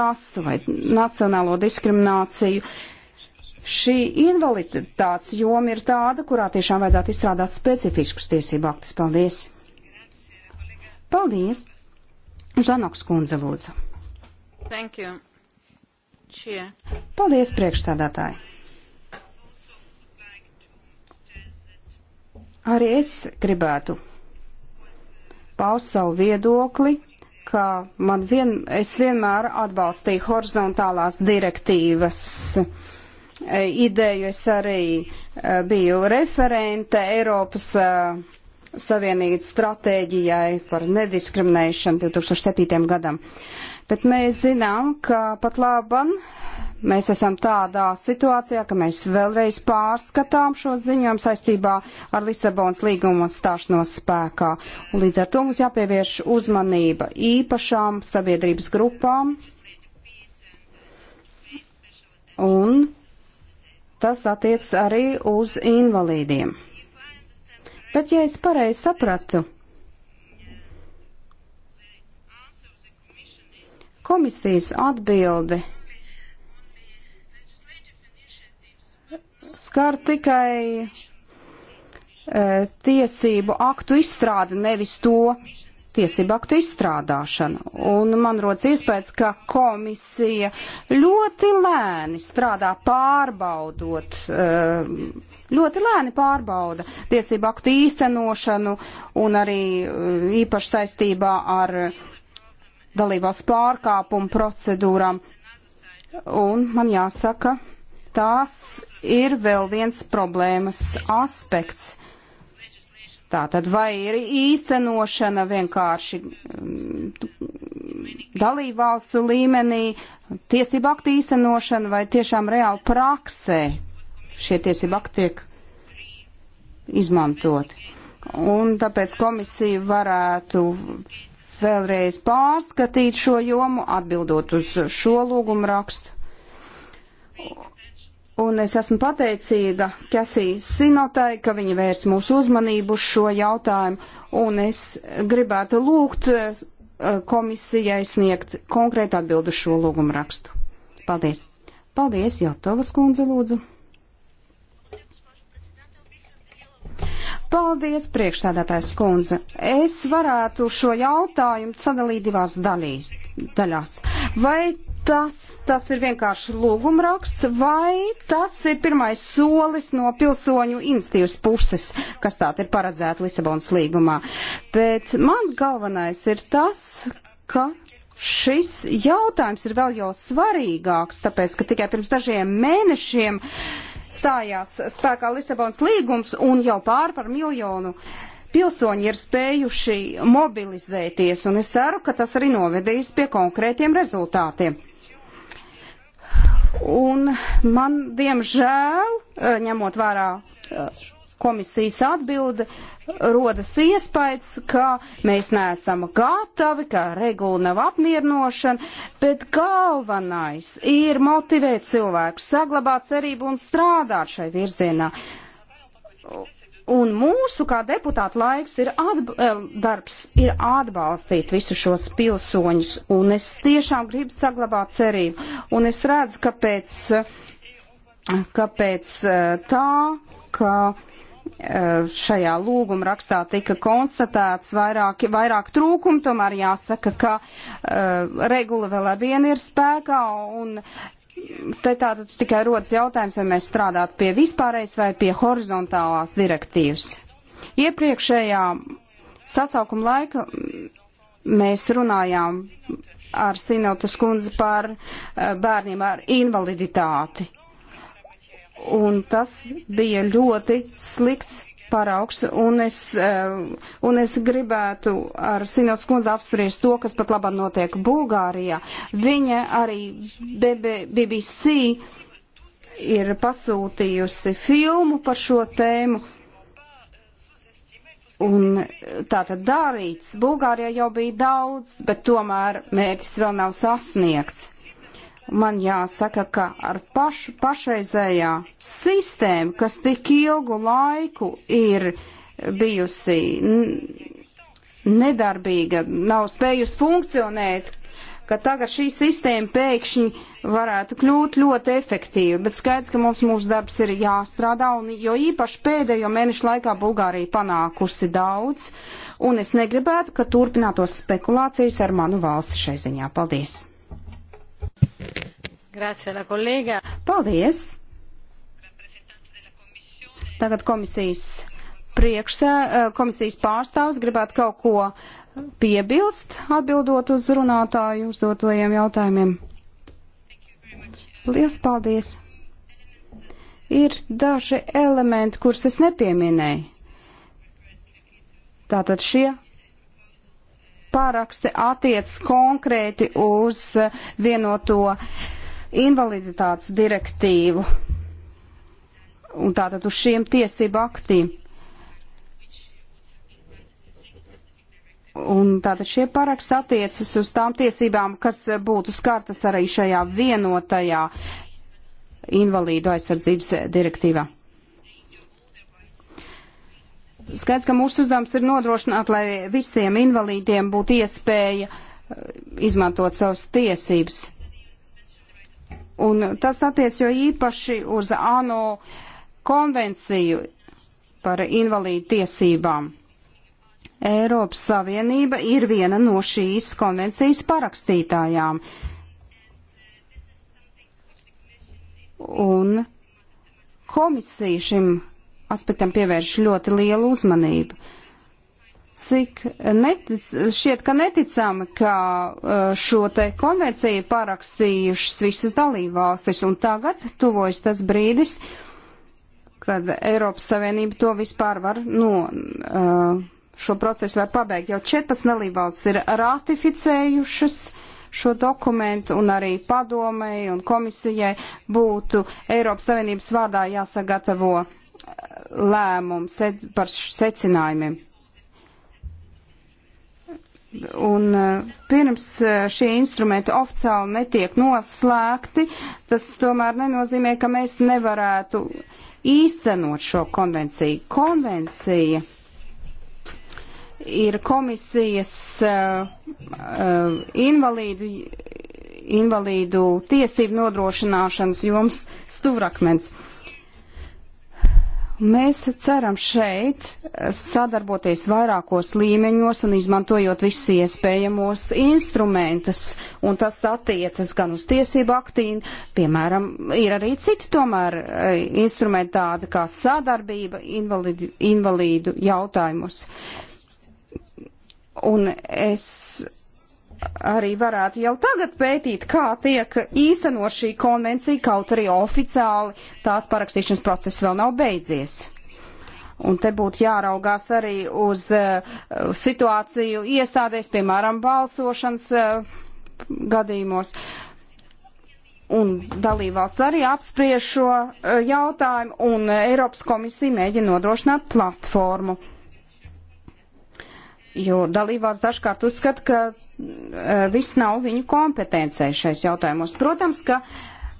Speaker 3: rasu vai nacionālo diskrimināciju. Uh, Šī invaliditātes joma ir tāda, kurā tiešām vajadzētu izstrādāt specifiskus tiesību aktus. Paldies! Paldies! Žanoks kundze lūdzu. Thank you. Cheer. Paldies, priekšstādātāji! Arī es gribētu paust savu viedokli, ka man vien, es vienmēr atbalstīju horizontālās direktīvas uh, Eh, ideju. Es arī eh, biju referente Eiropas eh, Savienības stratēģijai par nediskriminēšanu 2007. gadam. Bet mēs zinām, ka pat laban mēs esam tādā situācijā, ka mēs vēlreiz pārskatām šo ziņojumu saistībā ar Lisabonas līgumu stāšanos spēkā. Un līdz ar to mums jāpievērš uzmanība īpašām sabiedrības grupām. Un Tas attiec arī uz invalīdiem. Bet, ja es pareizi sapratu, komisijas atbildi skar tikai e, tiesību aktu izstrādi, nevis to tiesību aktu izstrādāšanu. Un man rodas iespējas, ka komisija ļoti lēni strādā pārbaudot. Eh, ļoti lēni pārbauda tiesību aktu īstenošanu un arī eh, īpaši saistībā ar dalībās pārkāpumu procedūrām. Un man jāsaka, tās ir vēl viens problēmas aspekts Tātad vai ir īstenošana vienkārši mm, dalībvalstu līmenī, tiesību aktu īstenošana vai tiešām reāli praksē šie tiesību akti tiek izmantoti. Un tāpēc komisija varētu vēlreiz pārskatīt šo jomu, atbildot uz šo lūgumu rakstu. Un es esmu pateicīga Kefī Sinotai, ka viņa vērs mūsu uzmanību uz šo jautājumu, un es gribētu lūgt eh, komisijai sniegt konkrētu atbildu šo lūgumu rakstu. Paldies. Paldies, Jotovas kundze, lūdzu. Paldies, priekšsēdētājs kundze. Es varētu šo jautājumu sadalīt divās daļīs, daļās. Vai tas, tas ir vienkārši lūgumraksts, vai tas ir pirmais solis no pilsoņu institīvas puses, kas tāda ir paredzēta Lisabonas līgumā. Bet man galvenais ir tas, ka. Šis jautājums ir vēl jau svarīgāks, tāpēc, ka tikai pirms dažiem mēnešiem stājās spēkā Lisabonas līgums un jau pār par miljonu pilsoņi ir spējuši mobilizēties, un es ceru, ka tas arī novedīs pie konkrētiem rezultātiem. Un man, diemžēl, eh, ņemot vērā eh, komisijas atbildi, rodas iespējas, ka mēs neesam gatavi, ka regula nav apmierinošana, bet galvenais ir motivēt cilvēku, saglabāt cerību un strādāt šai virzienā. Un mūsu kā deputāta laiks ir eh, darbs, ir atbalstīt visus šos pilsoņus, un es tiešām gribu saglabāt cerību. Un es redzu, ka pēc, eh, ka pēc eh, tā, ka šajā lūguma rakstā tika konstatēts vairāk, vairāk trūkumu, tomēr jāsaka, ka uh, regula vēl ar vienu ir spēkā un te tātad tikai rodas jautājums, vai mēs strādātu pie vispārējas vai pie horizontālās direktīvas. Iepriekšējā sasaukuma laika mēs runājām ar Sinotas kundzi par eh, bērniem ar invaliditāti. Un tas bija ļoti slikts paraugs, un es, eh, un es gribētu ar Sinots kundzi apspriest to, kas pat labāk notiek Bulgārijā. Viņa arī BBC ir pasūtījusi filmu par šo tēmu. Un tā tad darīts. Bulgārijā jau bija daudz, bet tomēr mērķis vēl nav sasniegts. Man jāsaka, ka ar paš, pašreizējā sistēmu, kas tik ilgu laiku ir bijusi nedarbīga, nav spējusi funkcionēt, ka tagad šī sistēma pēkšņi varētu kļūt ļoti efektīva, bet skaidrs, ka mums mūsu darbs ir jāstrādā, un jo īpaši pēdējo mēnešu laikā Bulgārija panākusi daudz, un es negribētu, ka turpinātos spekulācijas ar manu valsti šai ziņā. Paldies!
Speaker 1: Grācija, la kolēga.
Speaker 3: Paldies! Tagad komisijas priekšsē, eh, komisijas pārstāvs gribētu kaut ko piebilst, atbildot uz runātāju uzdotajiem jautājumiem. Lielas paldies! Ir daži elementi, kurus es nepieminēju. Tātad šie paraksti attiec konkrēti uz vienoto invaliditātes direktīvu un tātad uz šiem tiesību aktīm. Un tātad šie paraksti attiecas uz tām tiesībām, kas būtu skartas arī šajā vienotajā invalīdu aizsardzības direktīvā. Skaidrs, ka mūsu uzdevums ir nodrošināt, lai visiem invalīdiem būtu iespēja eh, izmantot savas tiesības. Un tas attiec jo īpaši uz ANO konvenciju par invalīdu tiesībām. Eiropas Savienība ir viena no šīs konvencijas parakstītājām. Un komisija šim aspektam pievērš ļoti lielu uzmanību. Cik netic, šķiet, ka neticami, ka uh, šo te konvenciju parakstījušas visas dalībvalstis, un tagad tuvojas tas brīdis, kad Eiropas Savienība to vispār var no. Uh, šo procesu var pabeigt. Jau 14 dalībvalstis ir ratificējušas šo dokumentu un arī padomei un komisijai būtu Eiropas Savienības vārdā jāsagatavo lēmumu sec, par secinājumiem. Un e, pirms e, šie instrumenti oficiāli netiek noslēgti, tas tomēr nenozīmē, ka mēs nevarētu īstenot šo konvenciju. Konvencija ir komisijas uh, uh, invalīdu, invalīdu tiesību nodrošināšanas joms stuvrakmens. Uh, Mēs ceram šeit sadarboties vairākos līmeņos un izmantojot visus iespējamos instrumentus, un tas attiecas gan uz tiesību aktīm, piemēram, ir arī citi tomēr eh, instrumenti tādi kā sadarbība invalidi, invalīdu jautājumus. Un es arī varētu jau tagad pētīt, kā tiek īstenot šī konvencija, kaut arī oficiāli tās parakstīšanas process vēl nav beidzies. Un te būtu jāraugās arī uz uh, situāciju iestādēs, piemēram, balsošanas uh, gadījumos. Un dalībvalsts arī apspriež šo uh, jautājumu, un Eiropas komisija mēģina nodrošināt platformu. Uh, jo dalībvalsts dažkārt uzskata, ka e, viss nav viņu kompetencē šais jautājumos. Protams, ka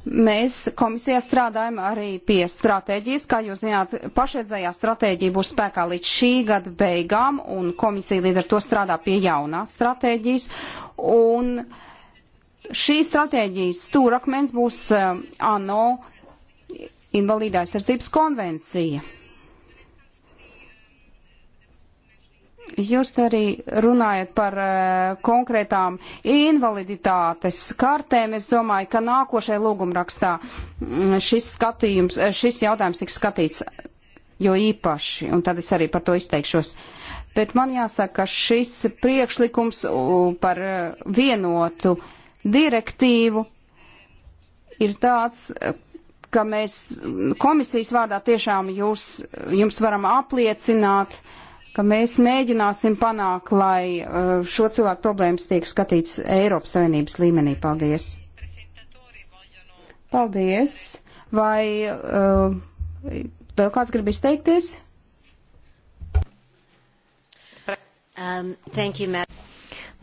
Speaker 3: mēs komisijā strādājam arī pie stratēģijas, kā jūs zināt, pašreizējā stratēģija būs spēkā līdz šī gada beigām, un komisija līdz ar to strādā pie jaunās stratēģijas. Un šī stratēģijas stūrakmens būs e, ANO invalīdā aizsardzības konvencija Jūs arī runājat par uh, konkrētām invaliditātes kartēm. Es domāju, ka nākošajā lūgumrakstā mm, šis, skatījums, eh, šis jautājums tiks skatīts eh, jo īpaši, un tad es arī par to izteikšos. Bet man jāsaka, ka šis priekšlikums par vienotu direktīvu ir tāds, ka mēs mm, komisijas vārdā tiešām jūs, jums varam apliecināt, uh, ka mēs mēģināsim panākt, lai uh, šo cilvēku problēmas tiek skatīts Eiropas Savienības līmenī. Paldies! Paldies! Vai uh, vēl kāds grib izteikties? Um, you,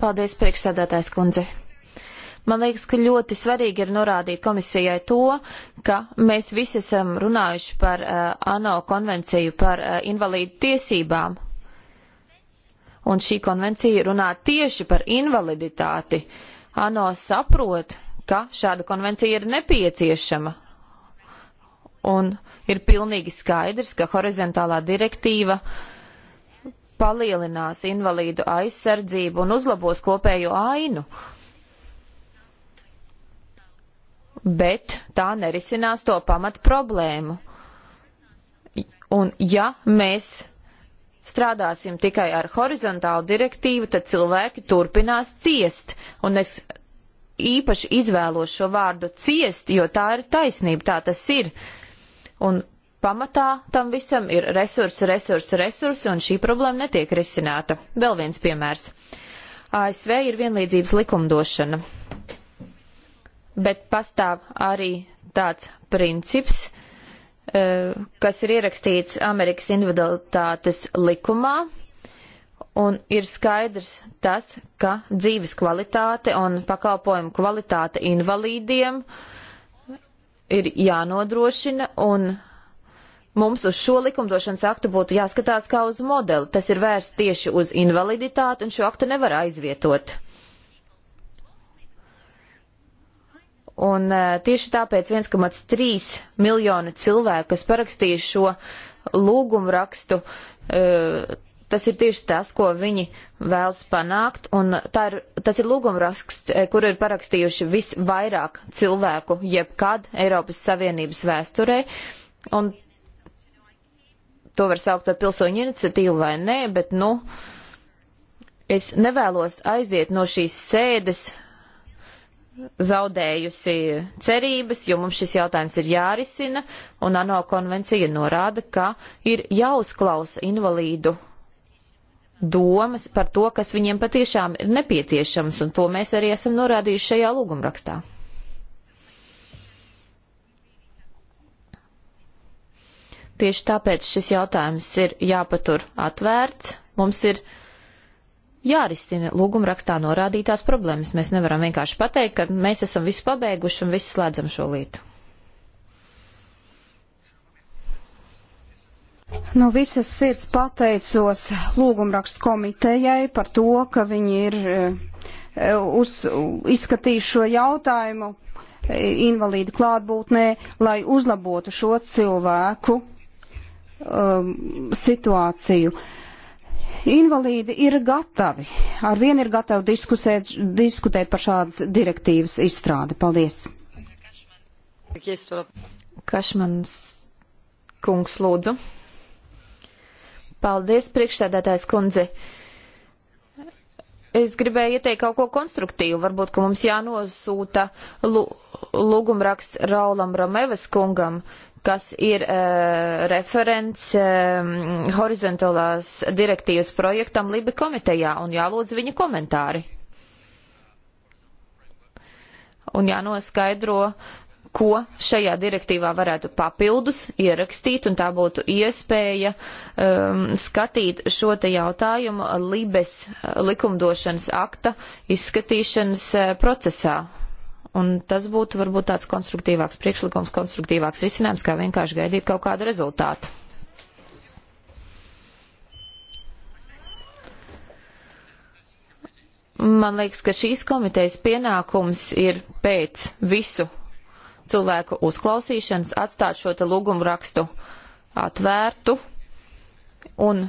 Speaker 2: Paldies, priekšsēdētājs kundze! Man liekas, ka ļoti svarīgi ir norādīt komisijai to, ka mēs visi esam runājuši par uh, ANO konvenciju par uh, invalīdu tiesībām, Un šī konvencija runā tieši par invaliditāti. ANO saprot, ka šāda konvencija ir nepieciešama. Un ir pilnīgi skaidrs, ka horizontālā direktīva palielinās invalīdu aizsardzību un uzlabos kopējo ainu. Bet tā nerisinās to pamat problēmu. Un ja mēs strādāsim tikai ar horizontālu direktīvu, tad cilvēki turpinās ciest. Un es īpaši izvēlos šo vārdu ciest, jo tā ir taisnība, tā tas ir. Un pamatā tam visam ir resursi, resursi, resursi, un šī problēma netiek risināta. Vēl viens piemērs. ASV ir vienlīdzības likumdošana, bet pastāv arī tāds princips, Eh, kas ir ierakstīts Amerikas individualitātes likumā, un ir skaidrs tas, ka dzīves kvalitāte un pakalpojumu kvalitāte invalīdiem ir jānodrošina, un mums uz šo likumdošanas aktu būtu jāskatās kā uz modeli. Tas ir vērsts tieši uz invaliditāti, un šo aktu nevar aizvietot. Un e, tieši tāpēc 1,3 miljoni cilvēku, kas parakstīja šo lūgumu rakstu, e, tas ir tieši tas, ko viņi vēlas panākt. Un ir, tas ir lūgumu raksts, e, kur ir parakstījuši visvairāk cilvēku jebkad Eiropas Savienības vēsturē. Un to var saukt par pilsoņu iniciatīvu vai nē, bet, nu, es nevēlos aiziet no šīs sēdes zaudējusi cerības, jo mums šis jautājums ir jārisina, un ANO konvencija norāda, ka ir jāuzklausa invalīdu domas par to, kas viņiem patiešām ir nepieciešams, un to mēs arī esam norādījuši šajā lūgumrakstā. Tieši tāpēc šis jautājums ir jāpatur atvērts. Mums ir jārisina lūguma rakstā norādītās problēmas. Mēs nevaram vienkārši pateikt, ka mēs esam visu pabeiguši un viss slēdzam šo lietu.
Speaker 3: No visas sirds pateicos lūgumrakstu komitejai par to, ka viņi ir eh, uz, izskatījuši šo jautājumu eh, invalīdu klātbūtnē, lai uzlabotu šo cilvēku um, situāciju. Uh, Invalīdi ir gatavi, ar vienu ir gatavi diskusēt, diskutēt par šādas direktīvas izstrādi. Paldies! Kašmans kungs lūdzu.
Speaker 2: Paldies, priekšsēdētājs kundze. Es gribēju ieteikt kaut ko konstruktīvu. Varbūt, ka mums jānosūta lūgumraksts Raulam Romevas kungam kas ir uh, referents um, horizontālās direktīvas projektam Libi komitejā un jālūdz viņa komentāri. Un jānoskaidro, ko šajā direktīvā varētu papildus ierakstīt, un tā būtu iespēja um, skatīt šo te jautājumu Libes eh, likumdošanas akta izskatīšanas uh, procesā. Un tas būtu varbūt tāds konstruktīvāks priekšlikums, konstruktīvāks risinājums, kā vienkārši gaidīt kaut kādu rezultātu. Man liekas, ka šīs komitejas pienākums ir pēc visu cilvēku uzklausīšanas atstāt šo te lūgumu rakstu atvērtu un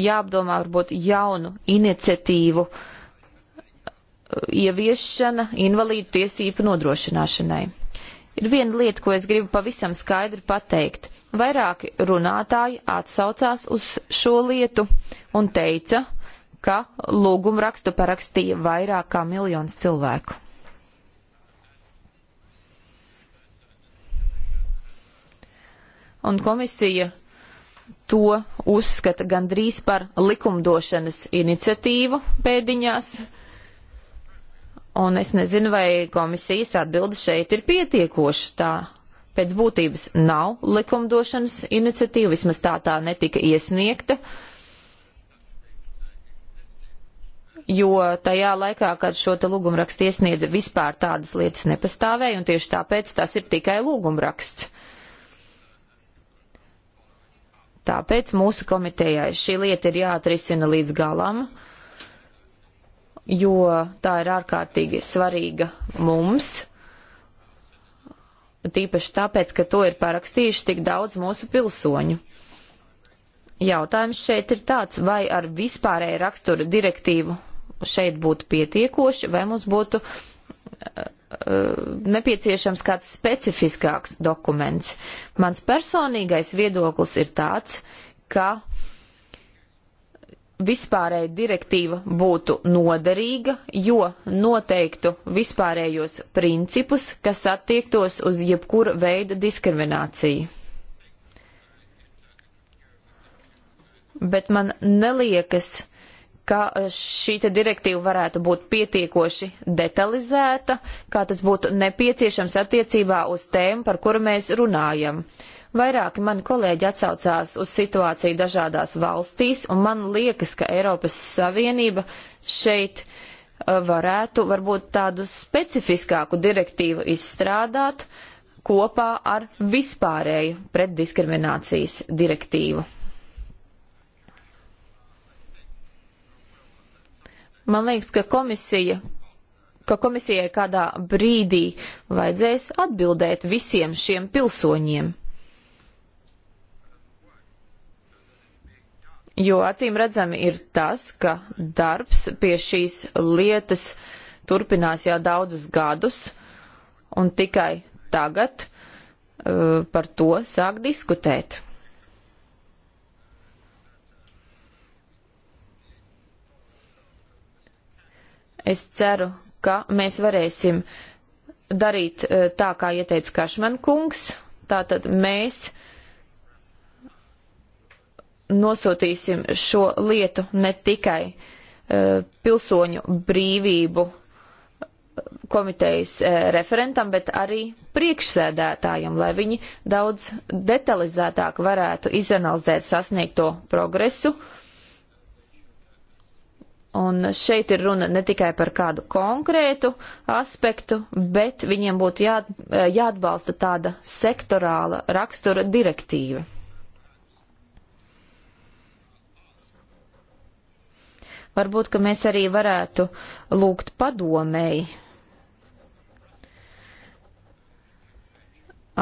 Speaker 2: jāapdomā varbūt jaunu iniciatīvu uh, ieviešana invalīdu tiesību nodrošināšanai. Ir viena lieta, ko es gribu pavisam skaidri pateikt. Vairāki runātāji atsaucās uz šo lietu un teica, ka lūgumu rakstu parakstīja vairāk kā miljons cilvēku. Un komisija to uzskata gandrīz par likumdošanas iniciatīvu pēdiņās. Un es nezinu, vai komisijas atbilde šeit ir pietiekoša. Tā pēc būtības nav likumdošanas iniciatīva, vismaz tā tā netika iesniegta. Jo tajā laikā, kad šo te lūgumrakstu iesniedza, vispār tādas lietas nepastāvēja, un tieši tāpēc tas ir tikai lūgumraksts. Tāpēc mūsu komitejai šī lieta ir jāatrisina līdz galam. Uh, jo tā ir ārkārtīgi svarīga mums, tīpaši tāpēc, ka to ir parakstījuši tik daudz mūsu pilsoņu. Jautājums šeit ir tāds, vai ar vispārēju rakstura direktīvu šeit būtu pietiekoši, vai mums būtu uh, nepieciešams kāds specifiskāks dokuments. Mans personīgais viedoklis ir tāds, ka uh, vispārēja direktīva būtu noderīga, jo noteiktu vispārējos principus, kas attiektos uz jebkura veida diskrimināciju. Bet man neliekas, ka šī direktīva varētu būt pietiekoši detalizēta, kā tas būtu nepieciešams attiecībā uz tēmu, par kuru mēs runājam. Uh, Vairāki mani kolēģi atsaucās uz situāciju dažādās valstīs, un man liekas, ka Eiropas Savienība šeit uh, varētu varbūt tādu specifiskāku direktīvu izstrādāt kopā ar vispārēju pretdiskriminācijas direktīvu. Man liekas, ka komisija ka komisijai kādā brīdī vajadzēs atbildēt visiem šiem pilsoņiem. Jo acīm redzami ir tas, ka darbs pie šīs lietas turpinās jau daudzus gadus, un tikai tagad uh, par to sāk diskutēt. Es ceru, ka mēs varēsim darīt uh, tā, kā ieteica Kašman kungs. Tātad mēs nosūtīsim šo lietu ne tikai uh, pilsoņu brīvību e, komitejas uh, referentam, bet arī priekšsēdētājiem, lai viņi daudz detalizētāk varētu izanalizēt sasniegto progresu. Un šeit ir runa ne tikai par kādu konkrētu aspektu, bet viņiem būtu jā, jāatbalsta tāda sektorāla rakstura direktīva. Varbūt, ka mēs arī varētu lūgt padomēji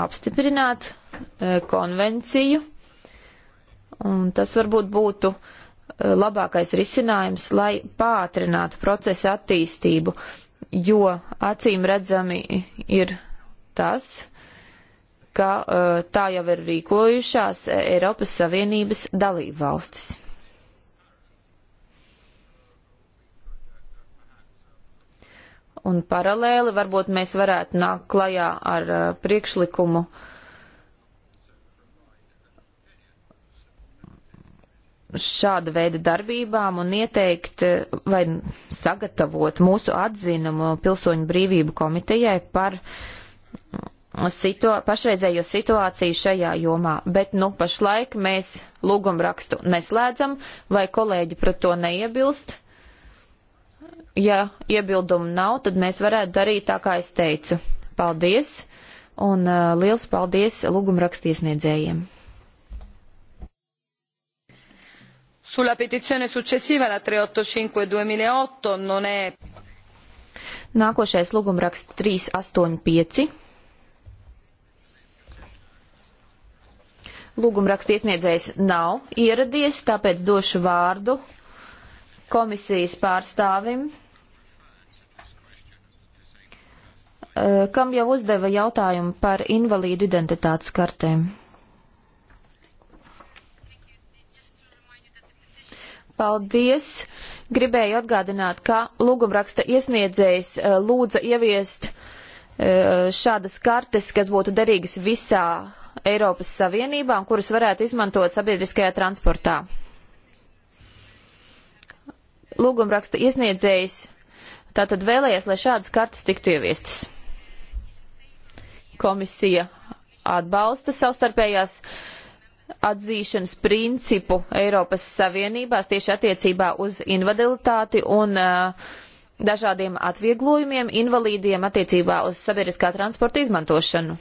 Speaker 2: apstiprināt e, konvenciju, un tas varbūt būtu e, labākais risinājums, lai pātrinātu procesa attīstību, jo acīm redzami ir tas, ka e, tā jau ir rīkojušās Eiropas Savienības dalībvalstis. Un paralēli varbūt mēs varētu nākt klajā ar uh, priekšlikumu šāda veida darbībām un ieteikt uh, vai sagatavot mūsu atzinumu Pilsoņu brīvību komitejai par uh, situ pašreizējo situāciju šajā jomā. Bet, nu, pašlaik mēs lūgumrakstu neslēdzam, vai kolēģi pret to neiebilst, ja iebildumu nav, tad mēs varētu darīt tā, kā es teicu. Paldies! Un uh, liels paldies lūgumrakstiesniedzējiem!
Speaker 1: Sulla petizione successiva, la 385-2008, non è.
Speaker 2: Nākošais lūgumraksts 385. Lūgumraksts iesniedzējs nav ieradies, tāpēc došu vārdu komisijas pārstāvim Eh, kam jau uzdeva jautājumu par invalīdu identitātes kartēm. Paldies! Gribēju atgādināt, ka lūgumraksta iesniedzējs eh, lūdza ieviest eh, šādas kartes, kas būtu derīgas visā Eiropas Savienībā un kuras varētu izmantot sabiedriskajā transportā. Lūgumraksta iesniedzējs tātad vēlējies, lai šādas kartes tiktu ieviestas. Komisija atbalsta savstarpējās atzīšanas principu Eiropas Savienībās tieši attiecībā uz invaliditāti un uh, dažādiem atvieglojumiem invalīdiem attiecībā uz sabiedriskā transporta izmantošanu.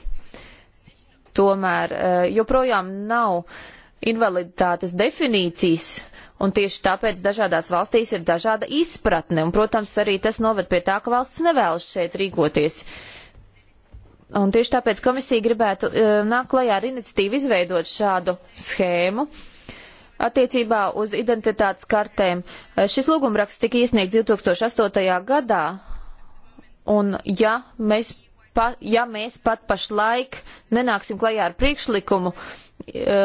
Speaker 2: Tomēr uh, joprojām nav invaliditātes definīcijas, un tieši tāpēc dažādās valstīs ir dažāda izpratne, un, protams, arī tas noved pie tā, ka valsts nevēlas šeit rīkoties. Uh, Un tieši tāpēc komisija gribētu e, nākt klajā ar iniciatīvu izveidot šādu schēmu. Attiecībā uz identitātes kartēm e, šis lūgumraksts tika iesniegts 2008. gadā, un ja mēs, pa, ja mēs pat pašlaik nenāksim klajā ar priekšlikumu e,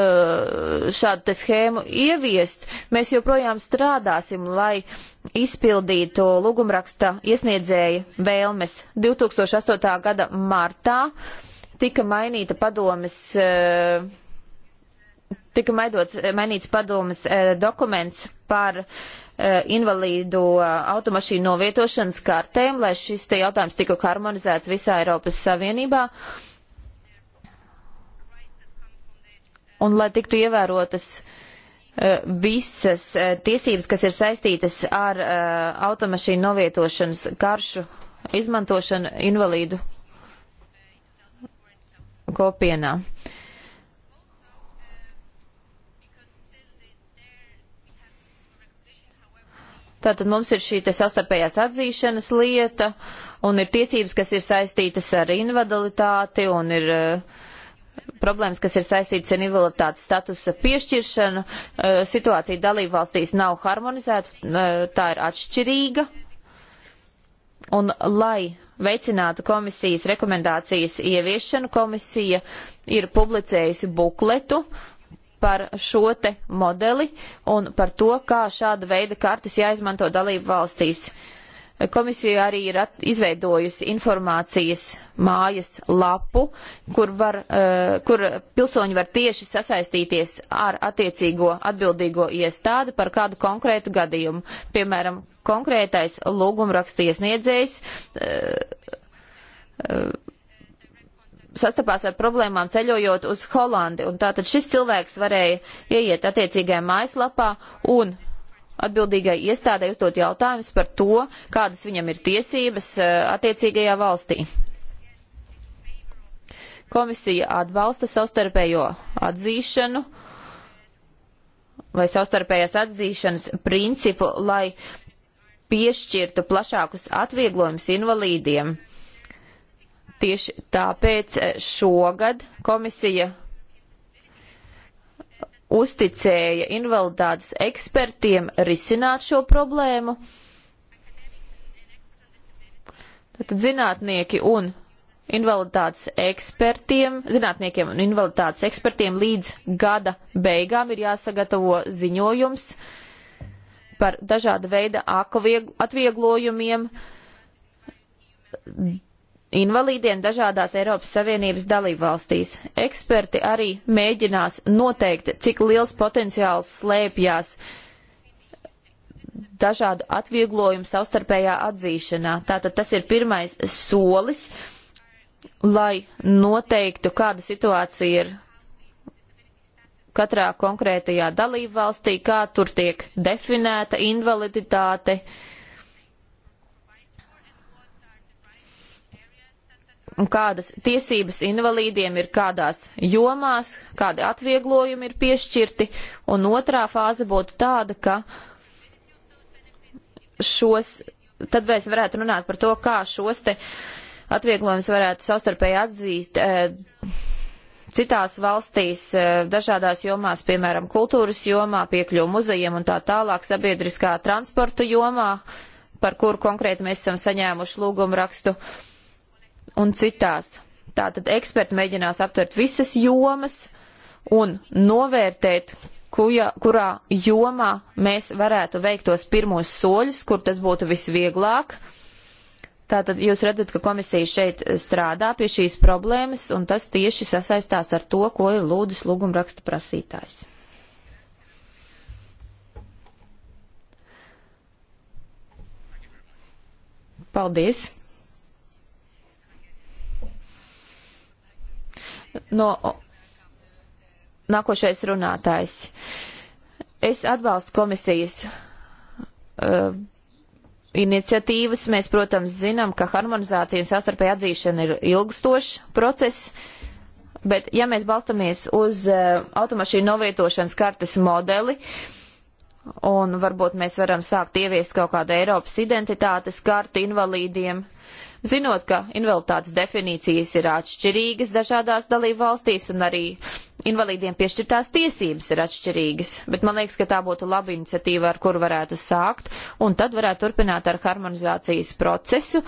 Speaker 2: šādu schēmu ieviest, mēs joprojām strādāsim, lai uh, izpildītu lūgumraksta iesniedzēja vēlmes 2008. gada martā tika mainīta padomes, eh, tika maidots, eh, mainīts padomes eh, dokuments par invalīdu automašīnu novietošanas kartēm, lai šis te jautājums tika harmonizēts visā Eiropas Savienībā. Un lai tiktu ievērotas uh, Eh, visas eh, tiesības, kas ir saistītas ar eh, automašīnu novietošanas karšu izmantošanu invalīdu kopienā. Tātad mums ir šī savstarpējās atzīšanas lieta, un ir tiesības, kas ir saistītas ar invaliditāti, un ir uh, problēmas, kas ir saistītas ar invaliditātes statusa piešķiršanu. Eh, situācija dalībvalstīs nav harmonizēta, eh, tā ir atšķirīga. Un, lai veicinātu komisijas rekomendācijas ieviešanu, komisija ir publicējusi bukletu par šo te modeli un par to, kā šāda veida kartes jāizmanto dalību valstīs. Uh, Komisija arī ir izveidojusi informācijas mājas lapu, kur, var, eh, kur pilsoņi var tieši sasaistīties ar attiecīgo atbildīgo iestādi par kādu konkrētu gadījumu. Piemēram, konkrētais lūgumrakstiesniedzējs eh, eh, sastapās ar problēmām ceļojot uz Holandi, un tātad šis cilvēks varēja ieiet attiecīgajā mājaslapā un atbildīgai iestādē uzdot jautājumus par to, kādas viņam ir tiesības eh, attiecīgajā valstī. Komisija atbalsta savstarpējo atzīšanu vai savstarpējās atzīšanas principu, lai piešķirtu plašākus atvieglojumus invalīdiem. Tieši tāpēc eh, šogad komisija uzticēja invaliditātes ekspertiem risināt šo problēmu. Tad zinātnieki un invaliditātes ekspertiem, zinātniekiem un invaliditātes ekspertiem līdz gada beigām ir jāsagatavo ziņojums par dažāda veida atvieg atvieglojumiem, invalīdiem dažādās Eiropas Savienības dalībvalstīs. Eksperti arī mēģinās noteikt, cik liels potenciāls slēpjas dažādu atvieglojumu savstarpējā atzīšanā. Tātad tas ir pirmais solis, lai noteiktu, kāda situācija ir katrā konkrētajā dalībvalstī, kā tur tiek definēta invaliditāte. Uh, un kādas tiesības invalīdiem ir kādās jomās, kādi atvieglojumi ir piešķirti, un otrā fāze būtu tāda, ka šos, tad mēs varētu runāt par to, kā šos te atvieglojumus varētu savstarpēji atzīt e, eh, citās valstīs, e, dažādās jomās, piemēram, kultūras jomā, piekļuvu muzejiem un tā tālāk, sabiedriskā transporta jomā, par kuru konkrēti mēs esam saņēmuši lūgumu rakstu. E, un citās. Tātad eksperti mēģinās aptvert visas jomas un novērtēt, kuja, kurā jomā mēs varētu veikt tos pirmos soļus, kur tas būtu visvieglāk. Tātad jūs redzat, ka komisija šeit strādā pie šīs problēmas, un tas tieši sasaistās ar to, ko ir lūdzis lūgumraksta prasītājs. Paldies! no nākošais runātājs. Es atbalstu komisijas uh, iniciatīvas. Mēs, protams, zinām, ka harmonizācija un sastarpēja atzīšana ir ilgstošs process, bet ja mēs balstamies uz uh, automašīnu novietošanas kartes modeli, un varbūt mēs varam sākt ieviest kaut kādu Eiropas identitātes kartu invalīdiem, Zinot, ka invaliditātes definīcijas ir atšķirīgas dažādās dalību valstīs un arī invalīdiem piešķirtās tiesības ir atšķirīgas, bet man liekas, ka tā būtu laba iniciatīva, ar kuru varētu sākt, un tad varētu turpināt ar harmonizācijas procesu,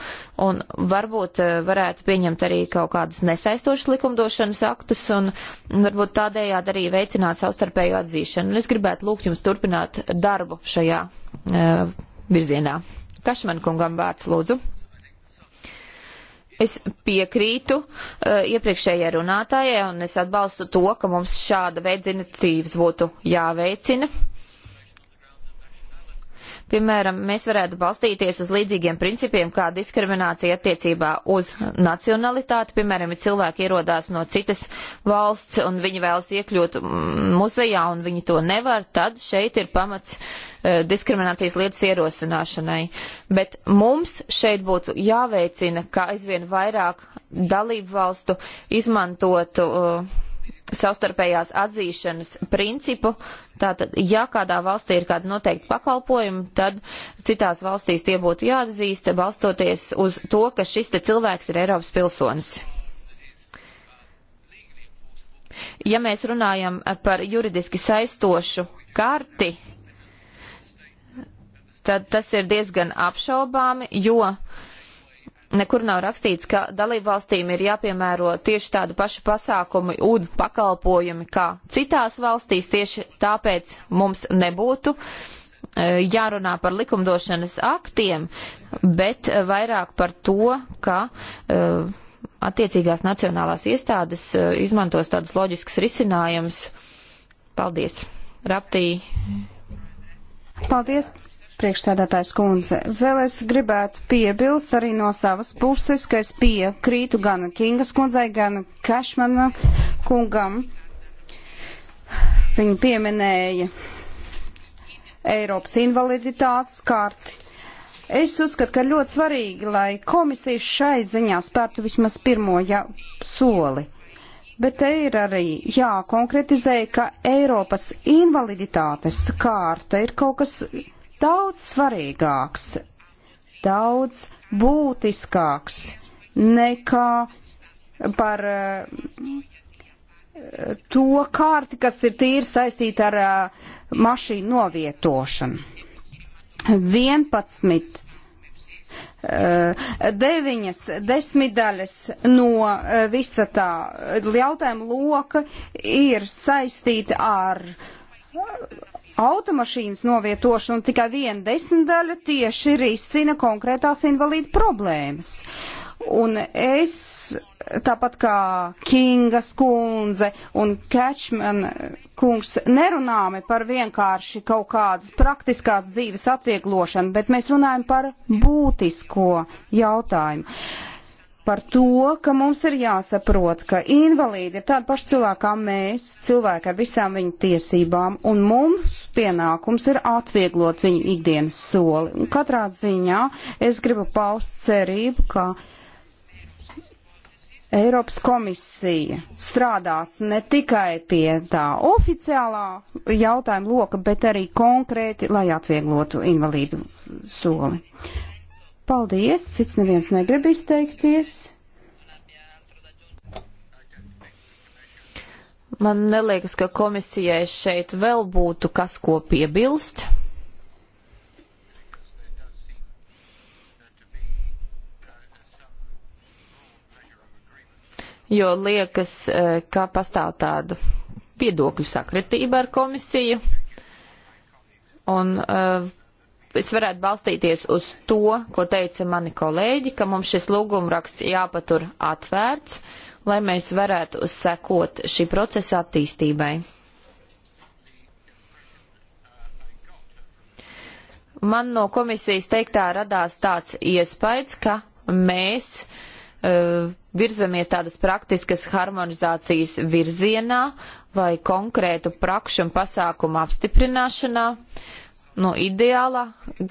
Speaker 2: un varbūt eh, varētu pieņemt arī kaut kādus nesaistošus likumdošanas aktus, un varbūt tādējādi arī veicināt savstarpēju atzīšanu. Un es gribētu lūgt jums turpināt darbu šajā uh, virzienā. Kašman kungam vārds lūdzu. Es piekrītu uh, iepriekšējai runātājai, un es atbalstu to, ka mums šāda veida iniciatīvas būtu jāveicina. Uh, Piemēram, mēs varētu balstīties uz līdzīgiem principiem kā diskriminācija attiecībā uz nacionalitāti. Piemēram, ja cilvēki ierodās no citas valsts un viņi vēlas iekļūt muzejā un viņi to nevar, tad šeit ir pamats e, diskriminācijas lietas ierosināšanai. Bet mums šeit būtu jāveicina, ka aizvien vairāk dalību valstu izmantotu uh, savstarpējās atzīšanas principu. Tātad, ja kādā valstī ir kāda noteikta pakalpojuma, tad citās valstīs tie būtu jāatzīst, balstoties uz to, ka šis te cilvēks ir Eiropas pilsonis. Ja mēs runājam par juridiski saistošu karti, tad tas ir diezgan apšaubāmi, jo uh, nekur nav rakstīts, ka dalībvalstīm ir jāpiemēro tieši tādu pašu pasākumu un pakalpojumi kā citās valstīs, tieši tāpēc mums nebūtu e, jārunā par likumdošanas aktiem, bet vairāk par to, ka e, attiecīgās nacionālās iestādes e, izmantos tādus loģiskus risinājumus. Paldies! Raptī!
Speaker 3: Paldies! priekšstādātājs kundze. Vēl es gribētu piebilst arī no savas puses, ka es piekrītu gan Kingas kundzei, gan Kašmana kungam. Viņa pieminēja Eiropas invaliditātes karti. Es uzskatu, ka ļoti svarīgi, lai komisija šai ziņā spērtu vismaz pirmo ja, soli. Bet te ir arī jākonkretizē, ka Eiropas invaliditātes kārta ir kaut kas daudz svarīgāks, daudz būtiskāks nekā par eh, to kārti, kas ir tīri saistīta ar eh, mašīnu novietošanu. 11 eh, deviņas desmitdaļas no visa tā jautājuma loka ir saistīti ar automašīnas novietošana tikai viena desmitdaļa tieši risina konkrētās invalīdu problēmas. Un es, tāpat kā Kinga skundze un Kečman kungs, nerunājam par vienkārši kaut kādas praktiskās dzīves atvieglošanu, bet mēs runājam par būtisko jautājumu. Uh, par to, ka mums ir jāsaprot, ka invalīdi ir tādi paši cilvēki kā mēs, cilvēki ar visām viņu tiesībām, un mums pienākums ir atvieglot viņu ikdienas soli. Un katrā ziņā es gribu paust cerību, ka Eiropas komisija strādās ne tikai pie tā oficiālā jautājuma loka, bet arī konkrēti, lai atvieglotu invalīdu soli. Paldies, cits neviens negrib izteikties.
Speaker 2: Man neliekas, ka komisijai šeit vēl būtu kas ko piebilst. Jo liekas, eh, ka pastāv tāda viedokļu sakritība ar komisiju. Un uh, es varētu balstīties uz to, ko teica mani kolēģi, ka mums šis lūgumraksts jāpatur atvērts, lai mēs varētu sekot šī procesa attīstībai. Man no komisijas teiktā radās tāds iespējas, ka mēs uh, virzamies tādas praktiskas harmonizācijas virzienā vai konkrētu prakšu un pasākumu apstiprināšanā. Uh, Nu, ideālā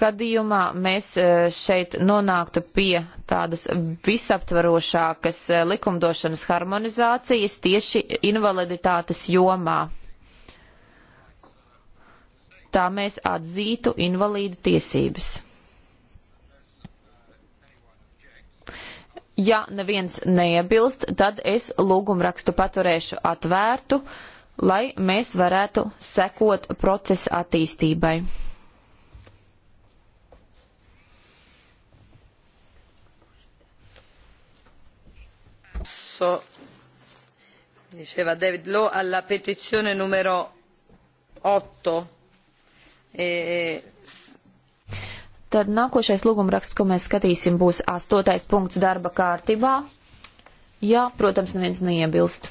Speaker 2: gadījumā mēs e, šeit nonāktu pie tādas visaptvarošākas e, likumdošanas harmonizācijas tieši invaliditātes jomā. Tā mēs atzītu invalīdu tiesības. Ja neviens neiebilst, tad es lūgumrakstu paturēšu atvērtu, lai mēs varētu sekot procesa attīstībai.
Speaker 1: Rosso, diceva David Law, alla petizione numero 8. E, e,
Speaker 2: Tad nākošais lūgumraksts, ko mēs skatīsim, būs astotais punkts darba kārtībā. Jā, protams, neviens neiebilst.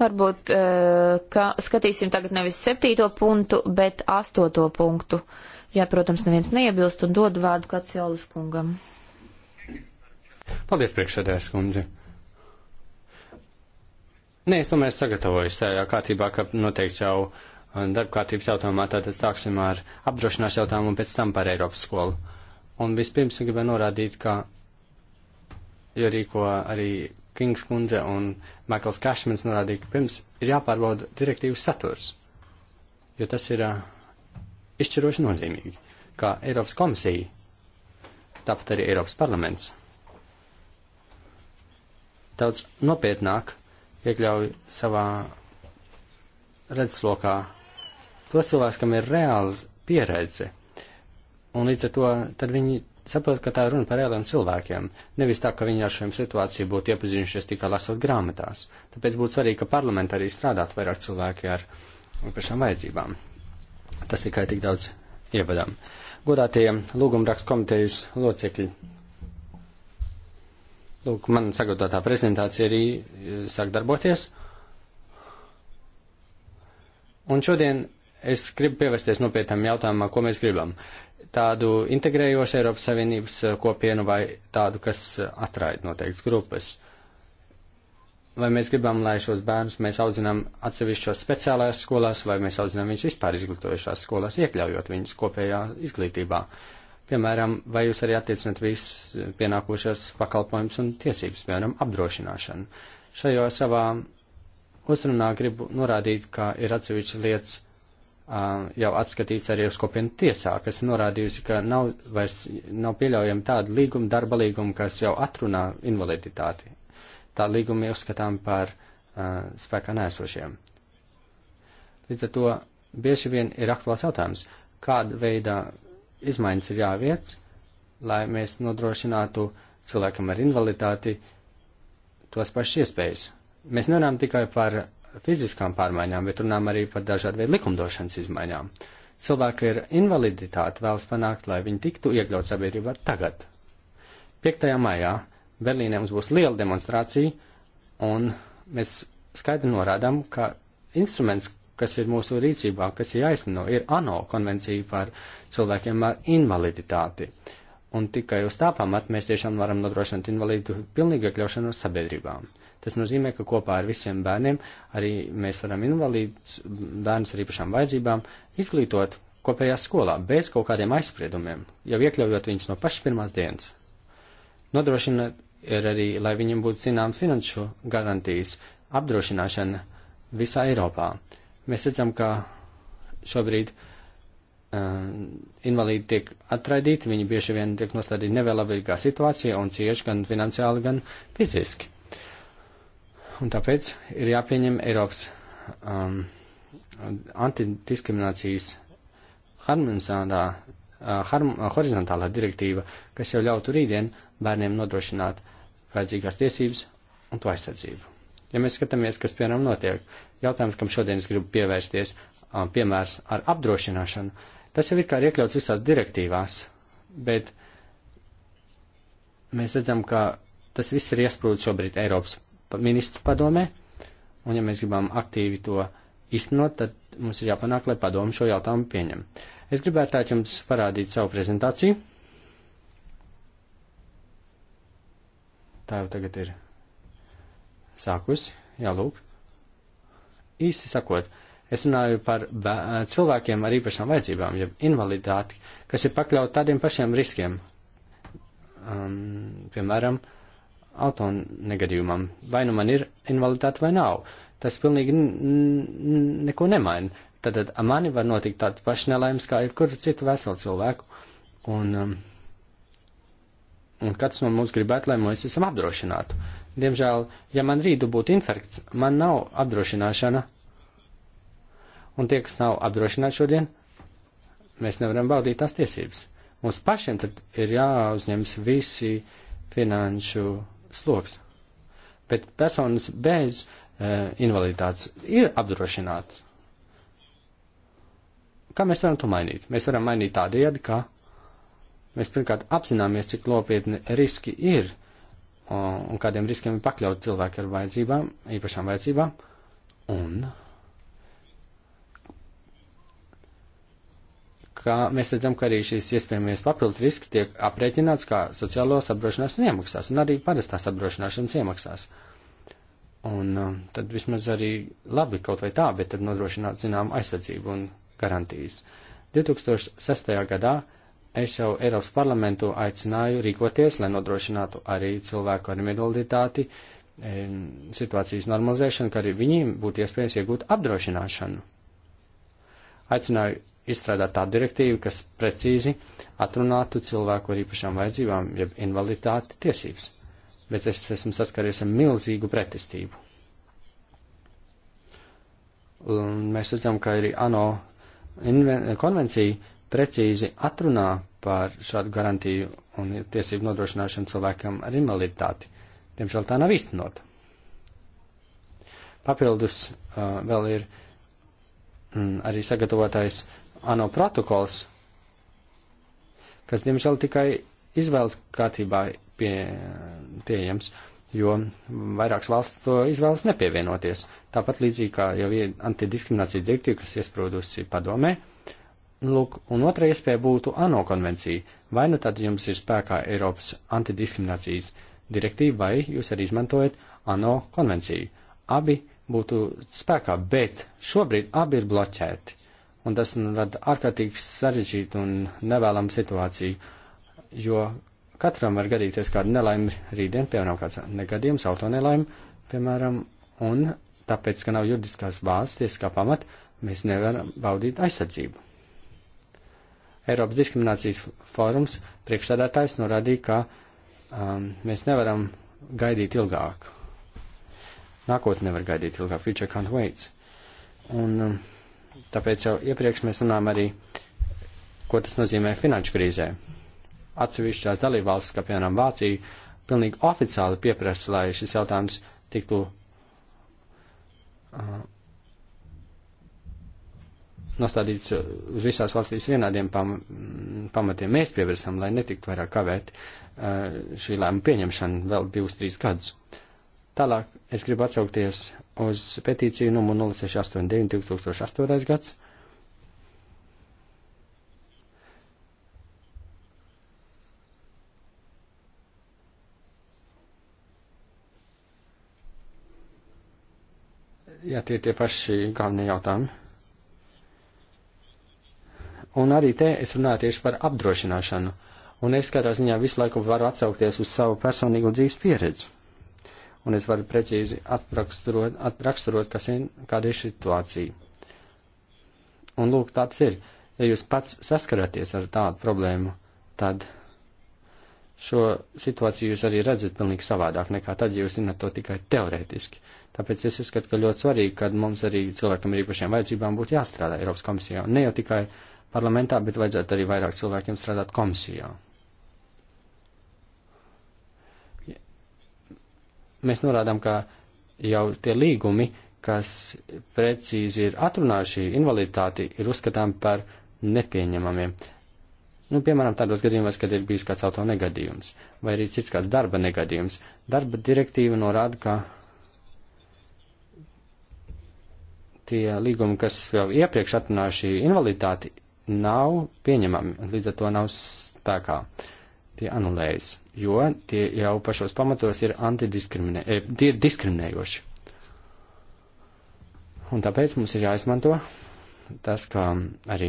Speaker 2: Varbūt, eh, ka skatīsim tagad nevis septīto punktu, bet astoto punktu. Jā, protams, neviens neiebilst un dod vārdu Kaciolis kungam.
Speaker 4: Paldies, priekšsēdētājs kundze. Nē, es tomēr sagatavoju sējā kārtībā, ka noteikti jau eh, darbkārtības jautājumā tātad sāksim ar apdrošināšanas jautājumu un pēc tam par Eiropas skolu. Un vispirms gribēju norādīt, ka jārīko arī Kings kundze un Maikls Kašmans norādīja, ka pirms ir jāpārbauda direktīvas saturs, jo tas ir uh, izšķiroši nozīmīgi, kā Eiropas komisija, tāpat arī Eiropas parlaments. Daudz nopietnāk iekļauj savā redzeslokā to cilvēku, kam ir reāls pieredze, un līdz ar to tad viņi saprotu, ka tā ir runa par reāliem cilvēkiem, nevis tā, ka viņi ar šiem situāciju būtu iepazinušies tikai lasot grāmatās. Tāpēc būtu svarīgi, ka parlamentā arī strādātu vairāk cilvēki ar pašām vajadzībām. Tas tikai tik daudz ievadām. Godātie lūgumrakstu komitejas locekļi. Lūk, man sagatavotā prezentācija arī e, sāk darboties. Un šodien es gribu pievērsties nopietnam jautājumam, ko mēs gribam tādu integrējošu Eiropas Savienības eh, kopienu vai tādu, kas eh, atraida noteikts grupas. Vai mēs gribam, lai šos bērnus mēs audzinām atsevišķos speciālajās skolās, vai mēs audzinām viņus vispār izglītojušās skolās, iekļaujot viņus kopējā izglītībā? Piemēram, vai jūs arī attiecinat visus pienākošos pakalpojumus un tiesības, piemēram, apdrošināšanu? Šajā savā uzrunā gribu norādīt, ka ir atsevišķas lietas, jau atskatīts arī uz kopienu tiesā, kas norādījusi, ka nav vairs nav pieļaujami tāda līguma, darba līguma, kas jau atrunā invaliditāti. Tā līguma ir uzskatām par uh, spēkā nēsošiem. Līdz ar to bieži vien ir aktuāls jautājums, kāda veida izmaiņas ir jāviec, lai mēs nodrošinātu cilvēkam ar invaliditāti tos pašas iespējas. Mēs nerunājam tikai par fiziskām pārmaiņām, bet runām arī par dažādu veidu likumdošanas izmaiņām. Cilvēki ar invaliditāti vēlas panākt, lai viņi tiktu iekļaut sabiedrībā tagad. 5. maijā Berlīnē mums būs liela demonstrācija, un mēs skaidri norādām, ka instruments, kas ir mūsu rīcībā, kas ir jāizteno, ir ANO konvencija par cilvēkiem ar invaliditāti. Un tikai uz tā pamat mēs tiešām varam nodrošināt invalīdu pilnīgu iekļaušanu sabiedrībām. Tas nozīmē, ka kopā ar visiem bērniem arī mēs varam invalīdus, bērnus ar īpašām vajadzībām izglītot kopējā skolā bez kaut kādiem aizspriedumiem, jau iekļaujot viņus no pašas pirmās dienas. Nodrošina ir arī, lai viņiem būtu zināms finanšu garantijas apdrošināšana visā Eiropā. Mēs redzam, ka šobrīd eh, invalīdi tiek atraidīti, viņi bieži vien tiek nostādīti nevēlabīgā situācijā un cieši gan finansiāli, gan fiziski. Un tāpēc ir jāpieņem Eiropas um, antidiskriminācijas harmonizētā, uh, harm, uh, horizontālā direktīva, kas jau ļautu rītdien bērniem nodrošināt vajadzīgās tiesības un to aizsardzību. Ja mēs skatāmies, kas piemēram notiek, jautājums, kam šodien es gribu pievērsties, um, piemērs ar apdrošināšanu, tas jau ir kā iekļauts visās direktīvās, bet mēs redzam, ka tas viss ir iesprūdis šobrīd Eiropas ministru padomē, un ja mēs gribam aktīvi to īstenot, tad mums ir jāpanāk, lai padomu šo jautājumu pieņem. Es gribētu tā jums parādīt savu prezentāciju. Tā jau tagad ir sākusi, jālūk. Īsi sakot, es runāju par cilvēkiem ar īpašām vajadzībām, jeb invaliditāti, kas ir pakļaut tādiem pašiem riskiem. Um, piemēram, uh, auto negadījumam. Vai nu man ir invaliditāte vai nav. Tas pilnīgi neko nemaina. Tad ar mani var notikt tāds pašs nelaimes kā jebkuru citu veselu cilvēku. Un, um, un kāds no mums gribētu, lai mēs esam apdrošināti. Diemžēl, ja man rītu būtu infarkts, man nav apdrošināšana. Un tie, kas nav apdrošināti šodien, mēs nevaram baudīt tās tiesības. Mums pašiem tad ir jāuzņems visi finanšu sloks. Bet personas bez e, invaliditātes ir apdrošināts. Kā mēs varam to mainīt? Mēs varam mainīt tādējādi, ka mēs pirmkārt apzināmies, cik nopietni riski ir un, un kādiem riskiem ir pakļaut cilvēki ar vajadzībām, īpašām vajadzībām, un ka mēs redzam, ka arī šīs iespējamies papildus riski tiek aprēķināts kā sociālos apdrošināšanas iemaksās un arī parastās apdrošināšanas iemaksās. Un um, tad vismaz arī labi kaut vai tā, bet tad nodrošināt zinām aizsardzību un garantijas. 2006. gadā es jau Eiropas parlamentu aicināju rīkoties, lai nodrošinātu arī cilvēku ar invaliditāti situācijas normalizēšanu, ka arī viņiem būtu iespējas iegūt apdrošināšanu aicināju izstrādāt tādu direktīvu, kas precīzi atrunātu cilvēku ar īpašām vajadzībām, jeb ja invaliditāti tiesības. Bet es esmu saskaries ar milzīgu pretestību. Un mēs redzam, ka arī ANO konvencija precīzi atrunā par šādu garantiju un tiesību nodrošināšanu cilvēkam ar invaliditāti. Diemžēl tā nav īstenota. Papildus uh, vēl ir mm, arī sagatavotais ANO protokols, kas, diemžēl, tikai izvēles kārtībā pie, pieejams, jo vairākas valsts to izvēlas nepievienoties. Tāpat līdzīgi kā jau ir antidiskriminācijas direktīva, kas iesprūdusi padomē. Lūk, un otra iespēja būtu ANO konvencija. Vai nu tad jums ir spēkā Eiropas antidiskriminācijas direktīva, vai jūs arī izmantojat ANO konvenciju. Abi būtu spēkā, bet šobrīd abi ir bloķēti un tas nu, rada ārkārtīgi sarežģītu un nevēlamu situāciju, jo katram var gadīties kāda nelaime rītdien, piemēram, kāds negadījums, autonelaime, piemēram, un tāpēc, ka nav juridiskās bāzes, tiesiskā pamata, mēs nevaram baudīt aizsardzību. Eiropas diskriminācijas fórums priekšsēdētājs norādīja, ka um, mēs nevaram gaidīt ilgāk. Nākotnē nevar gaidīt ilgāk. Future can't wait. Un, um, Tāpēc jau iepriekš mēs runājam arī, ko tas nozīmē finanšu krīzē. Atsevišķās dalībvalstis, kā piemēram Vācija, pilnīgi oficiāli pieprasa, lai šis jautājums tiktu uh, nostādīts uz visās valstīs vienādiem pam, pamatiem. Mēs pieprasām, lai netiktu vairāk kavēt uh, šī lēma pieņemšana vēl divus, trīs gadus. Uh, Tālāk es gribu atsaukties uz petīciju numuru 0689 2008. gads. Jā, tie tie paši galvenie jautājumi. Un arī te es runāju tieši par apdrošināšanu, un es kādā ziņā visu laiku varu atsaukties uz savu personīgo dzīves pieredzi un es varu precīzi atraksturot, atraksturot kas ir, kāda ir situācija. Un lūk, tāds ir. Ja jūs pats saskaraties ar tādu problēmu, tad šo situāciju jūs arī redzat pilnīgi savādāk nekā tad, ja jūs zinat to tikai teorētiski. Tāpēc es uzskatu, ka ļoti svarīgi, ka mums arī cilvēkam ar īpašiem vajadzībām būtu jāstrādā Eiropas komisijā. Ne jau tikai parlamentā, bet vajadzētu arī vairāk cilvēkiem strādāt komisijā. mēs norādām, ka jau tie līgumi, kas precīzi ir atrunājuši invaliditāti, ir uzskatām par nepieņemamiem. Nu, piemēram, tādos gadījumos, kad ir bijis kāds auto negadījums vai arī cits kāds darba negadījums. Darba direktīva norāda, ka tie līgumi, kas jau iepriekš atrunājuši invaliditāti, nav pieņemami, līdz ar to nav spēkā. Uh, tie anulējas, jo tie jau pašos pamatos ir antidiskriminējoši. Eh, Un tāpēc mums ir jāizmanto tas, kā arī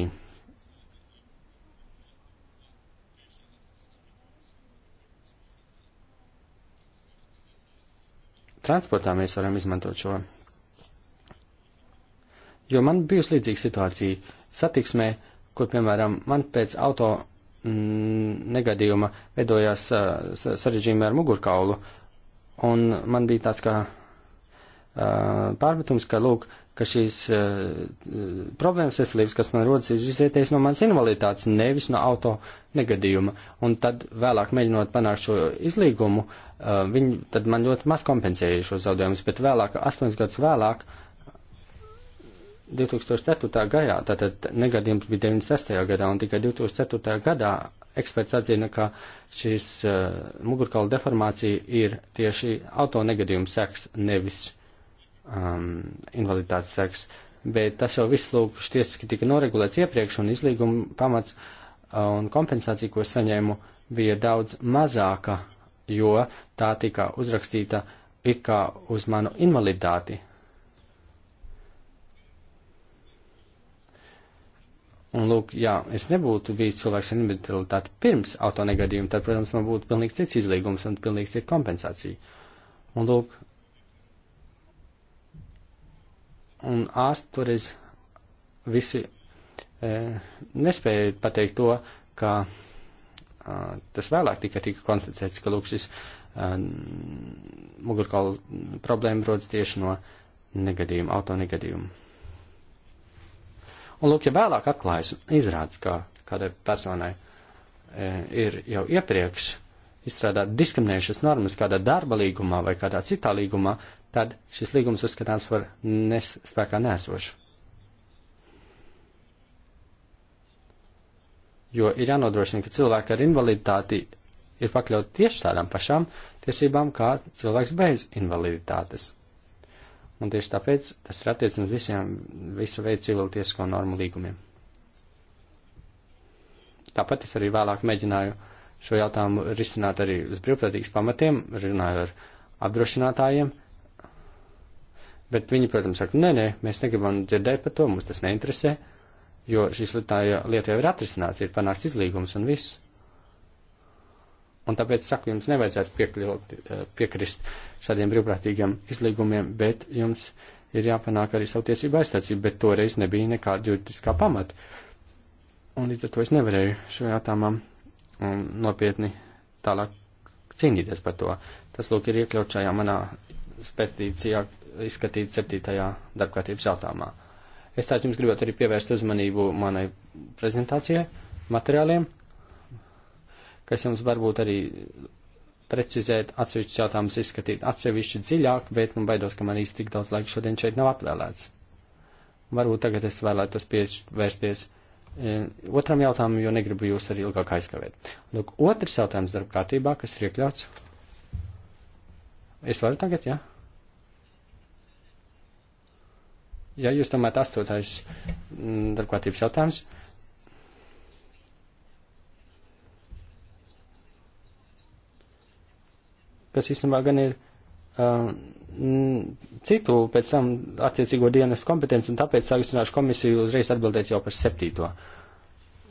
Speaker 4: transportā mēs varam izmantot šo. Jo man bijusi līdzīga situācija satiksmē, kur, piemēram, man pēc auto Mm, negadījuma veidojās sarežģījumi ar mugurkaulu. Un man bija tāds kā pārmetums, ka, lūk, ka šīs problēmas veselības, kas man rodas, izrietējas no manas invaliditātes, nevis no auto negadījuma. Un tad vēlāk mēģinot panākt šo izlīgumu, viņi tad man ļoti maz kompensēja šos zaudējumus, bet vēlāk, astoņas gadus vēlāk, uh, 2004. gadā, tātad negadījums bija 96. gadā, un tikai 2004. gadā eksperts atzina, ka šīs uh, mugurkaula deformācija ir tieši autonegadījuma seks, nevis um, invaliditātes seks. Bet tas jau viss lūk tiesiski tika noregulēts iepriekš, un izlīguma pamats uh, un kompensācija, ko saņēmu, bija daudz mazāka, jo tā tika uzrakstīta it kā uz manu invaliditāti, Un, lūk, jā, es nebūtu bijis cilvēks ar invaliditāti pirms autonegadījuma, tad, protams, man būtu pilnīgi cits izlīgums un pilnīgi cita kompensācija. Un, lūk, un ārsti toreiz visi e, nespēja pateikt to, ka a, tas vēlāk tikai tika konstatēts, ka, lūk, šis a, mugurkaula problēma rodas tieši no negadījuma, autonegadījuma. Un lūk, ja vēlāk atklājas, izrādās, ka kādai personai e, ir jau iepriekš izstrādāt diskriminējušas normas kādā darba līgumā vai kādā citā līgumā, tad šis līgums uzskatāms par nes, spēkā nesošu. Jo ir jānodrošina, ka cilvēki ar invaliditāti ir pakļauti tieši tādām pašām tiesībām kā cilvēks bez invaliditātes un tieši tāpēc tas ir attiecams visiem, visu veidu civiltiesisko normu līgumiem. Tāpat es arī vēlāk mēģināju šo jautājumu risināt arī uz brīvprātīgas pamatiem, runāju ar apdrošinātājiem, bet viņi, protams, saka, nē, nē, mēs negribam dzirdēt par to, mums tas neinteresē, jo šīs lietā, lieta jau ir atrisināta, ir panākts izlīgums un viss. Un tāpēc saku, jums nevajadzētu piekļūt, eh, piekrist šādiem brīvprātīgiem izlīgumiem, bet jums ir jāpanāk arī savu tiesību aizstācību, bet toreiz nebija nekāda juridiskā pamata. Un līdz ar to es nevarēju šo jautājumu um, nopietni tālāk cīnīties par to. Tas, lūk, ir iekļauts šajā manā petīcijā izskatīt septītajā darbkārtības jautājumā. Es tātad jums gribētu arī pievērst uzmanību manai prezentācijai, materiāliem, kas jums varbūt arī precizēt atsevišķus jautājumus, izskatīt atsevišķi dziļāk, bet nu baidos, ka man īsti tik daudz laika šodien šeit nav atvēlēts. Varbūt tagad es vēlētos pievērsties e, otram jautājumam, jo negribu jūs arī ilgāk aizkavēt. Lūk, otrs jautājums darba kārtībā, kas ir iekļauts. Es varu tagad, jā? Ja? ja jūs domājat astotais mm, darbkārtības jautājums. kas īstenībā gan ir um, citu pēc tam attiecīgo dienas kompetenci, un tāpēc sākstināšu komisiju uzreiz atbildēt jau par septīto.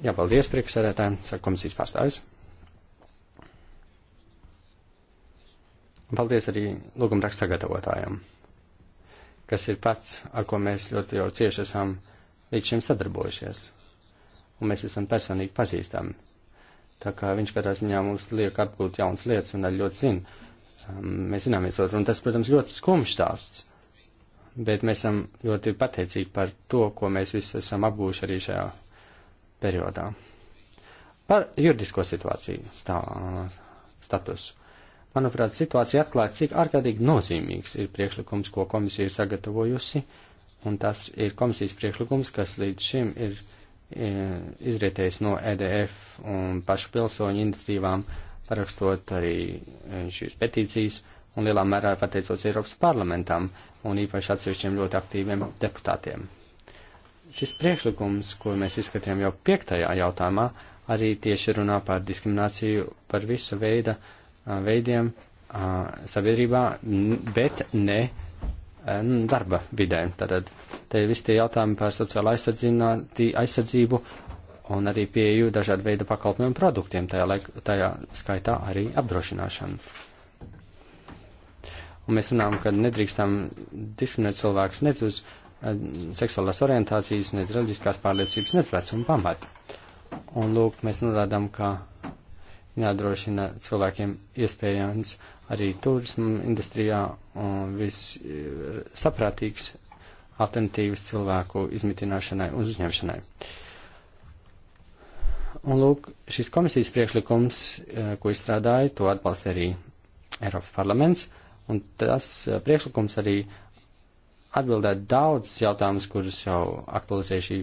Speaker 4: Jā, paldies priekšsēdētājiem, saka komisijas pārstāvis. Un paldies arī lūgumraksta sagatavotājiem, kas ir pats, ar ko mēs ļoti jau cieši esam līdz šim sadarbojušies. Un mēs esam personīgi pazīstami. Tā kā viņš katrā ziņā mums liek atgūt jaunas lietas un arī ļoti zina Mēs zinām viens otru, un tas, protams, ļoti skumjš stāsts, bet mēs esam ļoti pateicīgi par to, ko mēs visi esam apgūši arī šajā periodā. Par juridisko situāciju stā, statusu. Manuprāt, situācija atklāja, cik ārkārtīgi nozīmīgs ir priekšlikums, ko komisija ir sagatavojusi, un tas ir komisijas priekšlikums, kas līdz šim ir e, izrietējis no EDF un pašu pilsoņu iniciatīvām rakstot arī e, šīs petīcijas un lielā mērā pateicot Eiropas parlamentam un īpaši atsevišķiem ļoti aktīviem deputātiem. Šis priekšlikums, ko mēs izskatījām jau piektajā jautājumā, arī tieši runā par diskrimināciju par visu veida, veidiem sabiedrībā, bet ne e, darba vidē. Tātad te visi tie jautājumi par sociālo aizsardzību un arī pieeju dažādu veidu pakalpojumu produktiem, tajā, laik, tajā skaitā arī apdrošināšanu. Un mēs runājam, ka nedrīkstam diskriminēt cilvēkus nec uz eh, seksuālās orientācijas, nec reliģiskās pārliecības, nec vecuma pamata. Un lūk, mēs norādām, ka jānodrošina cilvēkiem iespējams arī turismu industrijā un viss eh, saprātīgs alternatīvas cilvēku izmitināšanai un uzņemšanai. Uh, Un lūk, šis komisijas priekšlikums, eh, ko izstrādāja, to atbalsta arī Eiropas parlaments, un tas eh, priekšlikums arī atbildē daudz jautājumus, kurus jau aktualizēja šī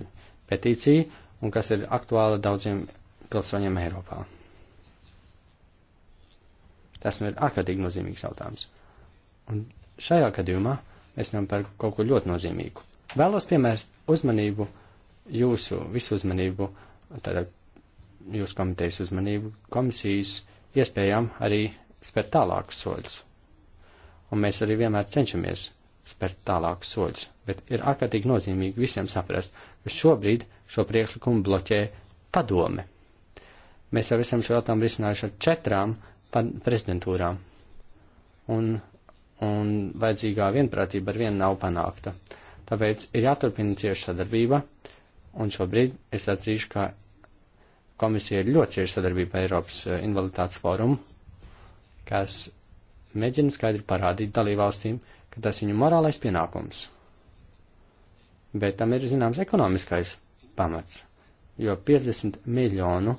Speaker 4: petīcija, un kas ir aktuāla daudziem pilsoņiem Eiropā. Tas nu ir ārkārtīgi nozīmīgs jautājums. Un šajā gadījumā mēs runājam par kaut ko ļoti nozīmīgu. Vēlos piemērst uzmanību, jūsu visu uzmanību, tātad jūs komitejas uzmanību komisijas iespējām arī spērt tālākus soļus. Un mēs arī vienmēr cenšamies spērt tālākus soļus, bet ir ārkārtīgi nozīmīgi visiem saprast, ka šobrīd šo priekšlikumu bloķē padome. Mēs jau esam šo jautājumu risinājuši ar četrām prezidentūrām, un, un vajadzīgā vienprātība ar vienu nav panākta. Tāpēc ir jāturpina cieša sadarbība, un šobrīd es atzīšu, ka Komisija ir ļoti cieši sadarbība Eiropas eh, invaliditātes forumu, kas mēģina skaidri parādīt dalībvalstīm, ka tas viņu morālais pienākums. Bet tam ir zināms ekonomiskais pamats, jo 50 miljonu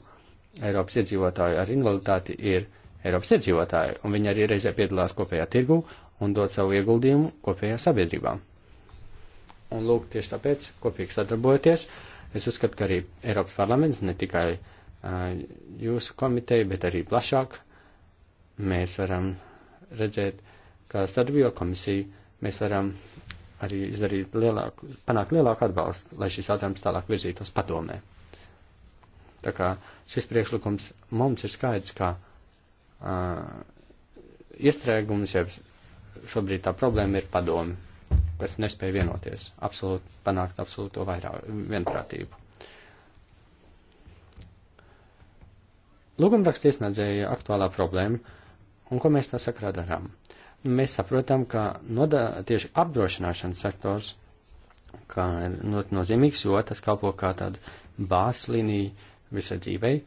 Speaker 4: Eiropas iedzīvotāju ar invaliditāti ir Eiropas iedzīvotāji, un viņi arī reizē piedalās kopējā tirgu un dod savu ieguldījumu kopējā sabiedrībā. Un lūk, tieši tāpēc kopīgi sadarbojoties, Es uzskatu, ka arī Eiropas parlaments, ne tikai uh, jūsu komiteja, bet arī plašāk, mēs varam redzēt, ka starp bio komisiju mēs varam arī izdarīt lielāku, panākt lielāku atbalstu, lai šis jautājums tālāk virzītos padomē. Tā kā šis priekšlikums mums ir skaidrs, ka uh, iestrēgums jau šobrīd tā problēma ir padomi kas nespēja vienoties, absolūt, panākt absolūto vairāk, vienprātību. Lūgumraksts iesniedzēja aktuālā problēma, un ko mēs tā sakrā darām? Mēs saprotam, ka noda, tieši apdrošināšanas sektors, kā ir ļoti nozīmīgs, jo tas kalpo kā tāda bāzlinija visai dzīvei,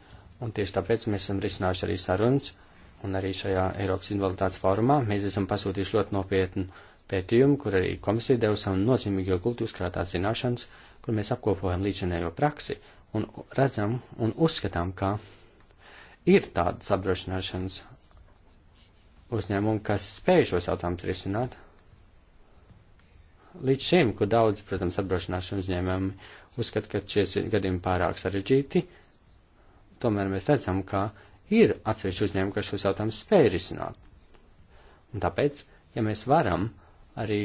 Speaker 4: un tieši tāpēc mēs esam risinājuši arī sarunas, un arī šajā Eiropas invaliditātes fórumā mēs esam pasūtījuši ļoti nopietnu uh, pētījumu, kur arī komisija deva savu nozīmīgo gultu uzkrātās zināšanas, kur mēs apkopojam līdzinējo praksi un redzam un uzskatām, ka ir tādas apdrošināšanas uzņēmumi, kas spēj šos jautājumus risināt. Līdz šim, kur daudz, protams, apdrošināšanas uzņēmumi uzskata, ka šie gadījumi pārāk sarežģīti, tomēr mēs redzam, ka ir atsevišķi uzņēmumi, kas šos jautājumus spēj risināt. Un tāpēc, ja mēs varam arī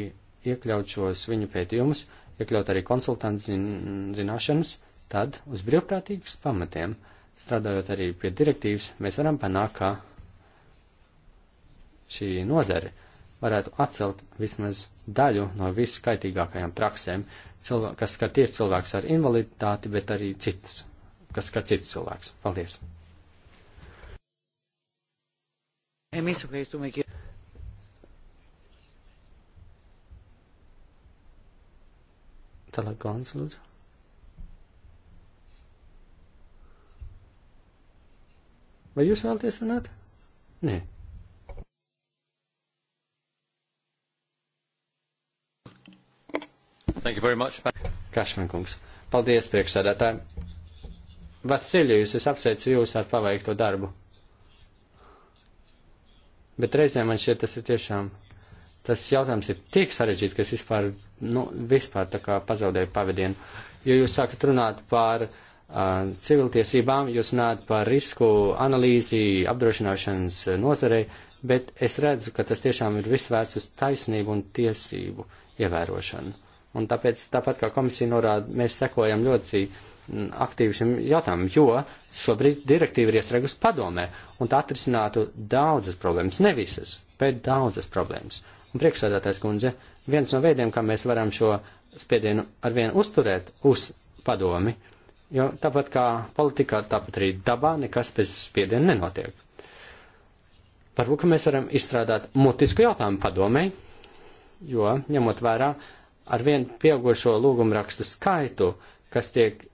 Speaker 4: iekļaut šos viņu pētījumus, iekļaut arī konsultantu zin, zināšanas, tad uz brīvprātīgas pamatiem, strādājot arī pie direktīvas, mēs varam panākt, ka šī nozare varētu atcelt vismaz daļu no viskaitīgākajām praksēm, cilvē, kas skar tieši cilvēks ar invaliditāti, bet arī citus, kas skar citus cilvēkus. Paldies!
Speaker 5: Εμείς ευχαριστούμε κύριε.
Speaker 4: Tālāk Gons, lūdzu. Vai jūs vēlaties runāt? Nē. Kašman kungs. Paldies, priekšsēdētāji. Vasiļjus, es apsveicu jūs ar paveikto darbu. Bet reizēm man šķiet tas ir tiešām tas jautājums ir tik sarežģīts, ka es vispār, nu, vispār tā kā pazaudēju pavadienu. Jo jūs sākat runāt par uh, civiltiesībām, jūs runājat par risku analīzi, apdrošināšanas nozarei, bet es redzu, ka tas tiešām ir viss vērts uz taisnību un tiesību ievērošanu. Un tāpēc, tāpat kā komisija norāda, mēs sekojam ļoti aktīvi šim jautājumam, jo šobrīd direktīva ir iestrēgus padomē, un tā atrisinātu daudzas problēmas, ne visas, bet daudzas problēmas. Uh, Un priekšsādātais kundze, viens no veidiem, kā mēs varam šo spiedienu arvien uzturēt uz padomi, jo tāpat kā politikā, tāpat arī dabā nekas bez spiediena nenotiek. Varbūt, ka mēs varam izstrādāt mutisku jautājumu padomei, jo, ņemot vērā arvien pieaugušo lūgumu rakstu skaitu, kas tiek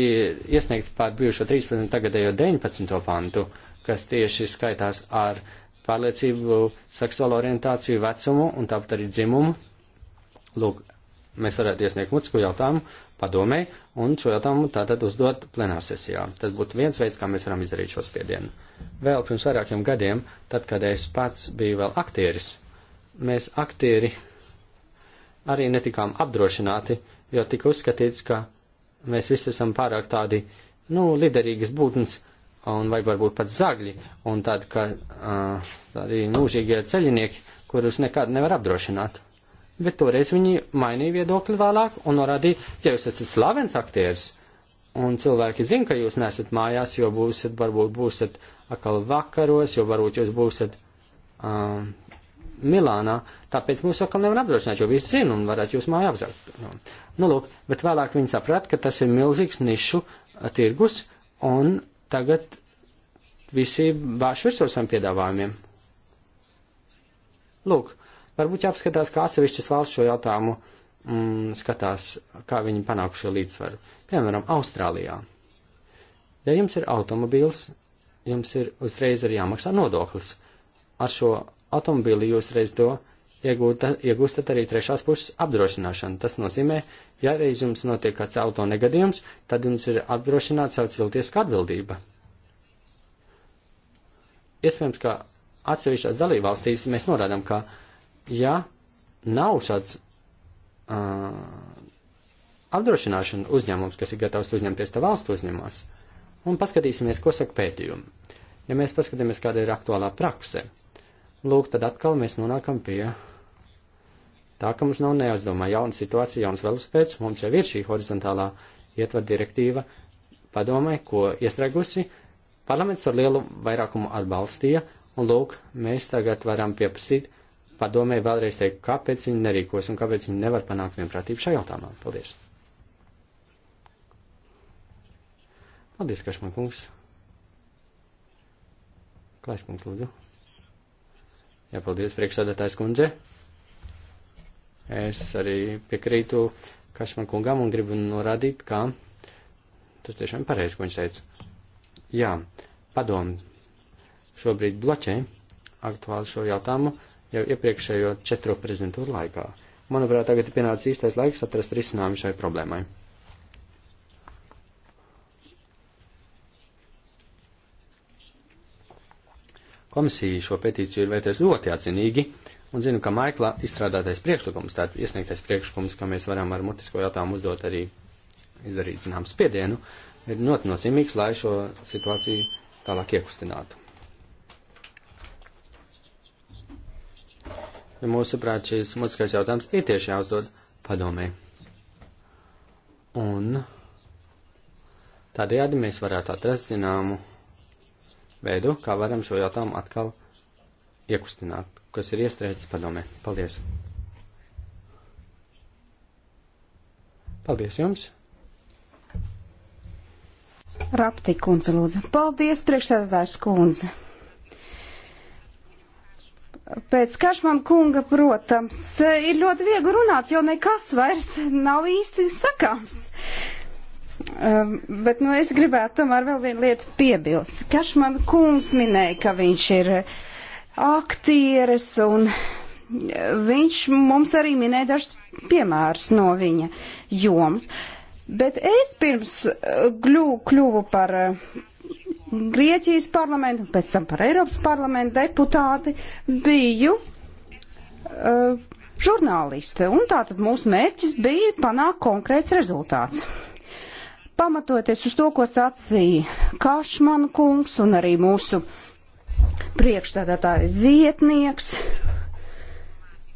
Speaker 4: iesniegts pār bijušo 13. tagadējo 19. pantu, kas tieši skaitās ar uh, pārliecību, seksuālo orientāciju, vecumu un tāpat arī dzimumu. Lūk, mēs varētu iesniegt mutisku jautājumu padomē un šo jautājumu tātad uzdot plenārsesijā. Tas būtu viens veids, kā mēs varam izdarīt šo spiedienu. Vēl pirms vairākiem gadiem, tad, kad es pats biju vēl aktieris, mēs aktieri arī netikām apdrošināti, jo tika uzskatīts, ka mēs visi esam pārāk tādi, nu, liderīgas būtnes, un vai varbūt pat zagļi, un tad, ka uh, arī mūžīgie ceļinieki, kurus nekad nevar apdrošināt. Bet toreiz viņi mainīja viedokli vēlāk un norādīja, ja jūs esat slavens aktieris, un cilvēki zina, ka jūs nesat mājās, jo būsat, varbūt būsat atkal vakaros, jo varbūt jūs būsat um, uh, Milānā, tāpēc mūs atkal nevar apdrošināt, jo visi zina un varētu jūs mājā apzakt. Nu, nu, lūk, bet vēlāk viņi saprat, ka tas ir milzīgs nišu tirgus, un tagad visi bāž virs saviem piedāvājumiem. Lūk, varbūt jāapskatās, kā atsevišķas valsts šo jautājumu mm, skatās, kā viņi panākuši līdzsvaru. Piemēram, Austrālijā. Ja jums ir automobīls, jums ir uzreiz arī jāmaksā nodoklis. Ar šo automobīli jūs reiz to iegūta, iegūstat arī trešās puses apdrošināšanu. Tas nozīmē, ja arī jums notiek kāds auto negadījums, tad jums ir apdrošināta savu cilvēciska atbildība. Iespējams, ka atsevišķās dalībvalstīs mēs norādām, ka ja nav šāds uh, apdrošināšana uzņēmums, kas ir gatavs uzņemties tā valsts uzņemās, un paskatīsimies, ko saka pētījumi. Ja mēs paskatāmies, kāda ir aktuālā prakse, lūk, tad atkal mēs nonākam pie Tā ka mums nav neaizdomā jauna situācija, jauns velospēds, mums jau ir šī horizontālā ietvar direktīva padomē, ko iestrēgusi. Parlaments ar lielu vairākumu atbalstīja, un lūk, mēs tagad varam pieprasīt padomē vēlreiz teikt, kāpēc viņi nerīkos un kāpēc viņi nevar panākt vienprātību šajā jautājumā. Paldies! Paldies, Kašman kungs! Klais kungs, lūdzu! Jā, paldies, priekšsādātājs kundze! Es arī piekrītu Kašman kungam un gribu norādīt, ka tas tiešām pareizi, ko viņš teica. Jā, padomu šobrīd bloķē aktuāli šo jautājumu jau iepriekšējo četro prezidentūru laikā. Manuprāt, tagad ir pienācis īstais laiks atrast risinājumu šai problēmai. Komisija šo petīciju ir vērtējusi ļoti atzinīgi. Uh, Un zinu, ka Maikla izstrādātais priekšlikums, tātad iesniegtais priekšlikums, ka mēs varam ar mutisko jautājumu uzdot arī izdarīt zinām spiedienu, ir ļoti nozīmīgs, lai šo situāciju tālāk iekustinātu. Ja mūsuprāt, šis mutiskais jautājums ir tieši jāuzdod padomē. Un tādējādi mēs varētu atrast zināmu veidu, kā varam šo jautājumu atkal iekustināt, kas ir iestrēdzis padomē. Paldies! Paldies jums!
Speaker 3: Rapti kundze, lūdzu. Paldies, priekšsēdētājs kundze. Pēc Kašman kunga, protams, ir ļoti viegli runāt, jo nekas vairs nav īsti sakāms. Um, bet nu, es gribētu tomēr vēl vienu lietu piebilst. Kašman kungs minēja, ka viņš ir uh, aktieres, un viņš mums arī minēja dažs piemērs no viņa jomas. Bet es pirms kļu, eh, kļuvu par eh, Grieķijas parlamentu, pēc tam par Eiropas parlamentu deputāti, biju uh, žurnāliste, un tātad mūsu mērķis bija panākt konkrēts rezultāts. Pamatoties uz to, ko sacīja Kašmanu kungs un arī mūsu uh, priekšstādātāju vietnieks.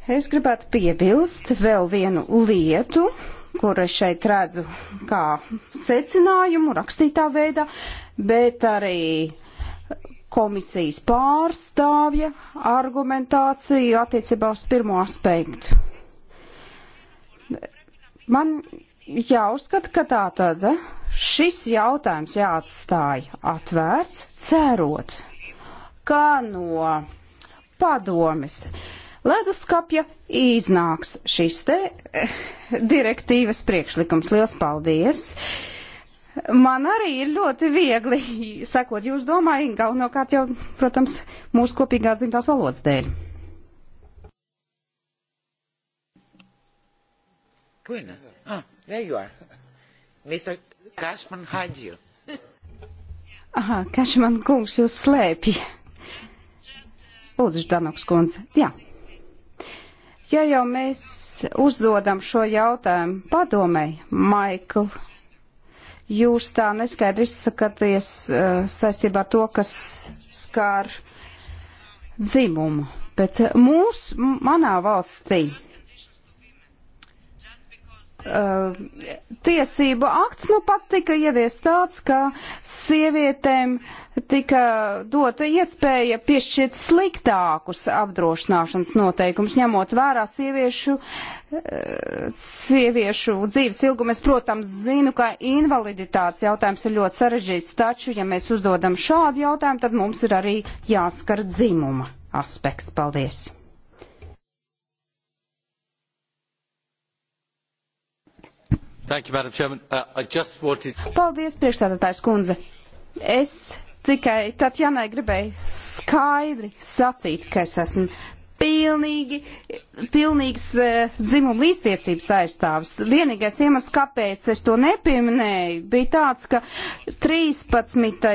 Speaker 3: Es gribētu piebilst vēl vienu lietu, kuru es šeit redzu kā secinājumu rakstītā veidā, bet arī komisijas pārstāvja argumentāciju attiecībā uz pirmo aspektu. Man jāuzskata, ka tā tad šis jautājums jāatstāja atvērts, cerot, kā no padomes. Leduskapja iznāks šis te eh, direktīvas priekšlikums. Liels paldies! Man arī ir ļoti viegli sekot jūs domāju, galvenokārt jau, protams, mūsu kopīgās dzimtās valodas dēļ.
Speaker 5: Buena. Ah, there you are. Mr. Cashman hides you.
Speaker 3: Aha, Cashman kungs jūs slēpj. Lūdzu, Danoks kundze. Jā. Ja jau mēs uzdodam šo jautājumu padomēji, Maikl, jūs tā neskaidri izsakaties uh, saistībā ar to, kas skār dzimumu, bet mūs, manā valstī Uh, tiesību akts nu pat tika ieviest tāds, ka sievietēm tika dota iespēja piešķirt sliktākus apdrošināšanas noteikumus, ņemot vērā sieviešu, uh, sieviešu dzīves ilgumu. Es, protams, zinu, ka invaliditātes jautājums ir ļoti sarežģīts, taču, ja mēs uzdodam šādu jautājumu, tad mums ir arī jāskar dzimuma aspekts. Paldies!
Speaker 6: Thank you, Madam Chairman. Uh, I just wanted...
Speaker 3: Paldies, priekšstādātājs kundze. Es tikai Tatjanai gribēju skaidri sacīt, ka es esmu pilnīgi, pilnīgs uh, dzimuma līdztiesības aizstāvis. Vienīgais iemesls, kāpēc es to nepieminēju, bija tāds, ka 13.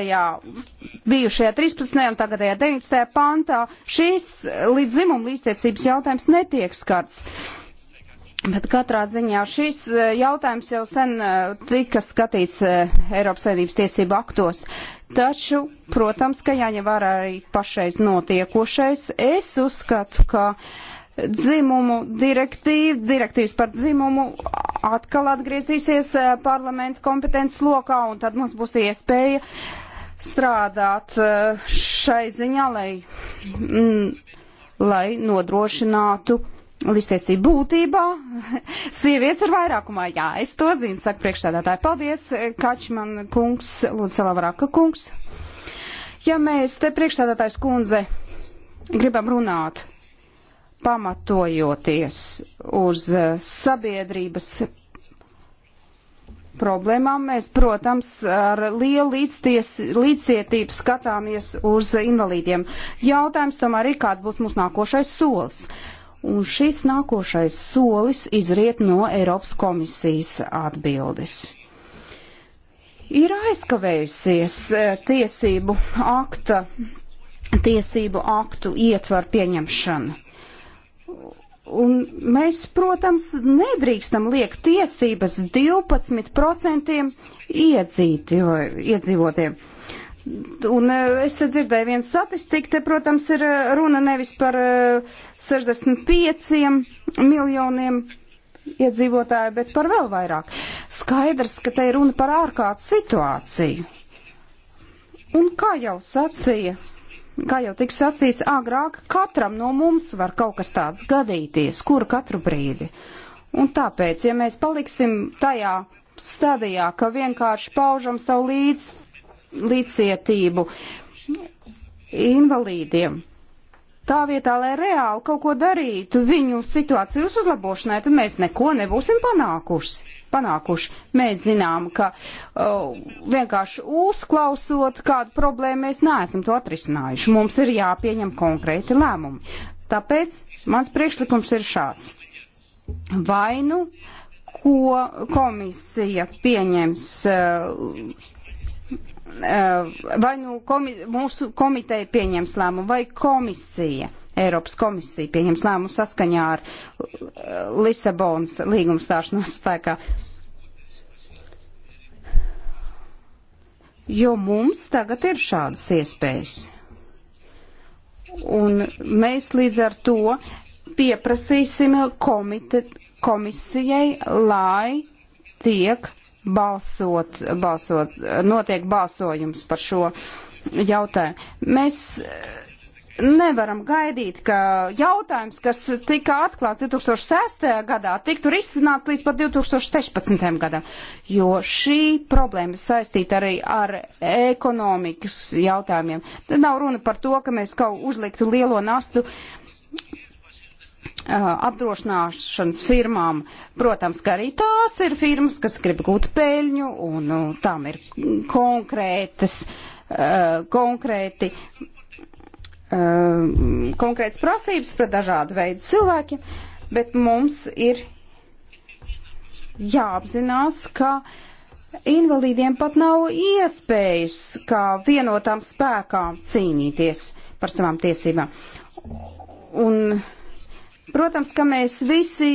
Speaker 3: bijušajā 13. un tagadējā 19. pantā šis līdz dzimuma līdztiesības jautājums netiek skarts. Uh, Bet katrā ziņā šis eh, jautājums jau sen eh, tika skatīts eh, Eiropas Savienības tiesību aktos. Taču, protams, ka jāņem vērā arī pašreiz notiekošais. Es uzskatu, ka dzimumu direktīva, direktīvas par dzimumu atkal atgriezīsies parlamentu kompetences lokā, un tad mums būs iespēja strādāt šai ziņā, lai, mm, lai nodrošinātu Līdztiesība būtībā sievietes ir vairākumā. Jā, es to zinu, saka priekšstādātāji. Paldies, Kačman kungs, Lūdzu, Salavaraka kungs. Ja mēs te priekšstādātājs kundze gribam runāt, pamatojoties uz eh, sabiedrības problēmām, mēs, protams, ar lielu līdzties, līdzcietību skatāmies uz invalīdiem. Jautājums tomēr ir, kāds būs mūsu nākošais solis. Un šis nākošais solis izriet no Eiropas komisijas atbildes. Ir aizkavējusies e, tiesību akta, tiesību aktu ietvaru pieņemšana. Un mēs, protams, nedrīkstam liekt tiesības 12% iedzīti, iedzīvotiem. Un e, es dzirdēju vienu statistiku, te, protams, ir e, runa nevis par 65 e, miljoniem iedzīvotāju, bet par vēl vairāk. Skaidrs, ka te ir runa par ārkārtas situāciju. Un kā jau sacīja, kā jau tika sacīts agrāk, katram no mums var kaut kas tāds gadīties, kur katru brīdi. Un tāpēc, ja mēs paliksim tajā stadijā, ka vienkārši paužam savu līdzi līdzcietību invalīdiem. Tā vietā, lai reāli kaut ko darītu viņu situācijas uzlabošanai, tad mēs neko nebūsim panākuši. panākuši. Mēs zinām, ka uh, vienkārši uzklausot kādu problēmu, mēs neesam to atrisinājuši. Mums ir jāpieņem konkrēti lēmumi. Tāpēc mans priekšlikums ir šāds. Vai nu ko komisija pieņems uh, Eh, vai nu komi mūsu komiteja pieņems lēmumu, vai komisija, Eiropas komisija pieņems lēmumu saskaņā ar eh, Lisabonas līgumu stāšanos spēkā. Jo mums tagad ir šādas iespējas. Un mēs līdz ar to pieprasīsim komite, komisijai, lai tiek balsot, balsot, notiek balsojums par šo jautājumu. Mēs eh, nevaram gaidīt, ka jautājums, kas tika atklāts 2006. gadā, tiktu risināts līdz pat 2016. gadam, jo šī problēma saistīta arī ar ekonomikas jautājumiem. Tad nav runa par to, ka mēs kaut uzliktu lielo nastu uh, apdrošināšanas firmām. Protams, ka arī tās ir firmas, kas grib gūt peļņu, un nu, tām ir konkrētas, konkrēti, konkrētas prasības pret dažādu veidu cilvēkiem, bet mums ir jāapzinās, ka invalīdiem pat nav iespējas kā vienotām spēkām cīnīties par savām tiesībām. Un Protams, ka mēs visi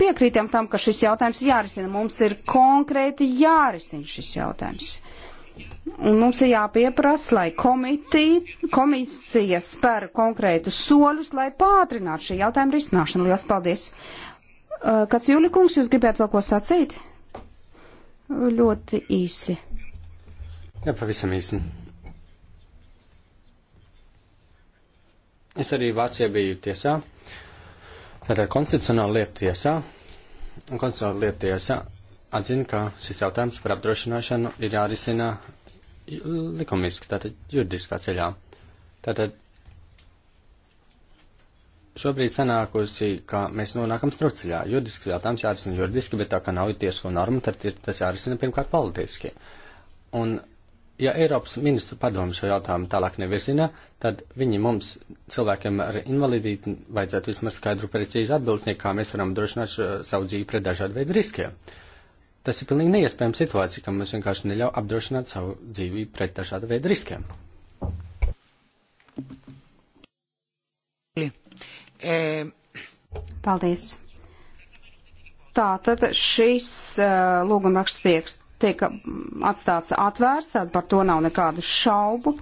Speaker 3: piekrītam tam, ka šis jautājums jārisina. Mums ir konkrēti jārisina šis jautājums. Un mums ir jāpieprasa, lai komitī, komisija spēr konkrētus soļus, lai pātrinātu šī jautājuma risināšanu. Lielas paldies! Uh, kāds Jūlikungs, jūs gribētu vēl ko sacīt? Ļoti īsi.
Speaker 4: Jā, pavisam īsi. Es arī Vācijā biju tiesā. Tātad konstitucionāla lieta tiesā un konstitucionāla lieta tiesā atzina, ka šis jautājums par apdrošināšanu ir jārisina likumiski, tātad juridiskā ceļā. Tātad šobrīd sanākusi, ka mēs nonākam strupceļā. Juridiski jautājums jārisina juridiski, bet tā kā nav tiesko norma, tad ir tas jārisina pirmkārt politiski. Un ja Eiropas ministru padomu šo jautājumu tālāk nevirzina, tad viņi mums, cilvēkiem ar invalidīti, vajadzētu vismaz skaidru precīzi atbildsnieku, kā mēs varam drošināt šo, savu dzīvi pret dažādu veidu riskiem. Tas ir pilnīgi neiespējama situācija, ka mums vienkārši neļauj apdrošināt savu dzīvi pret dažādu veidu riskiem.
Speaker 3: Paldies. Tātad šis uh, lūgumraksts tiek tiek atstāts atvērts, tad par to nav nekādu šaubu.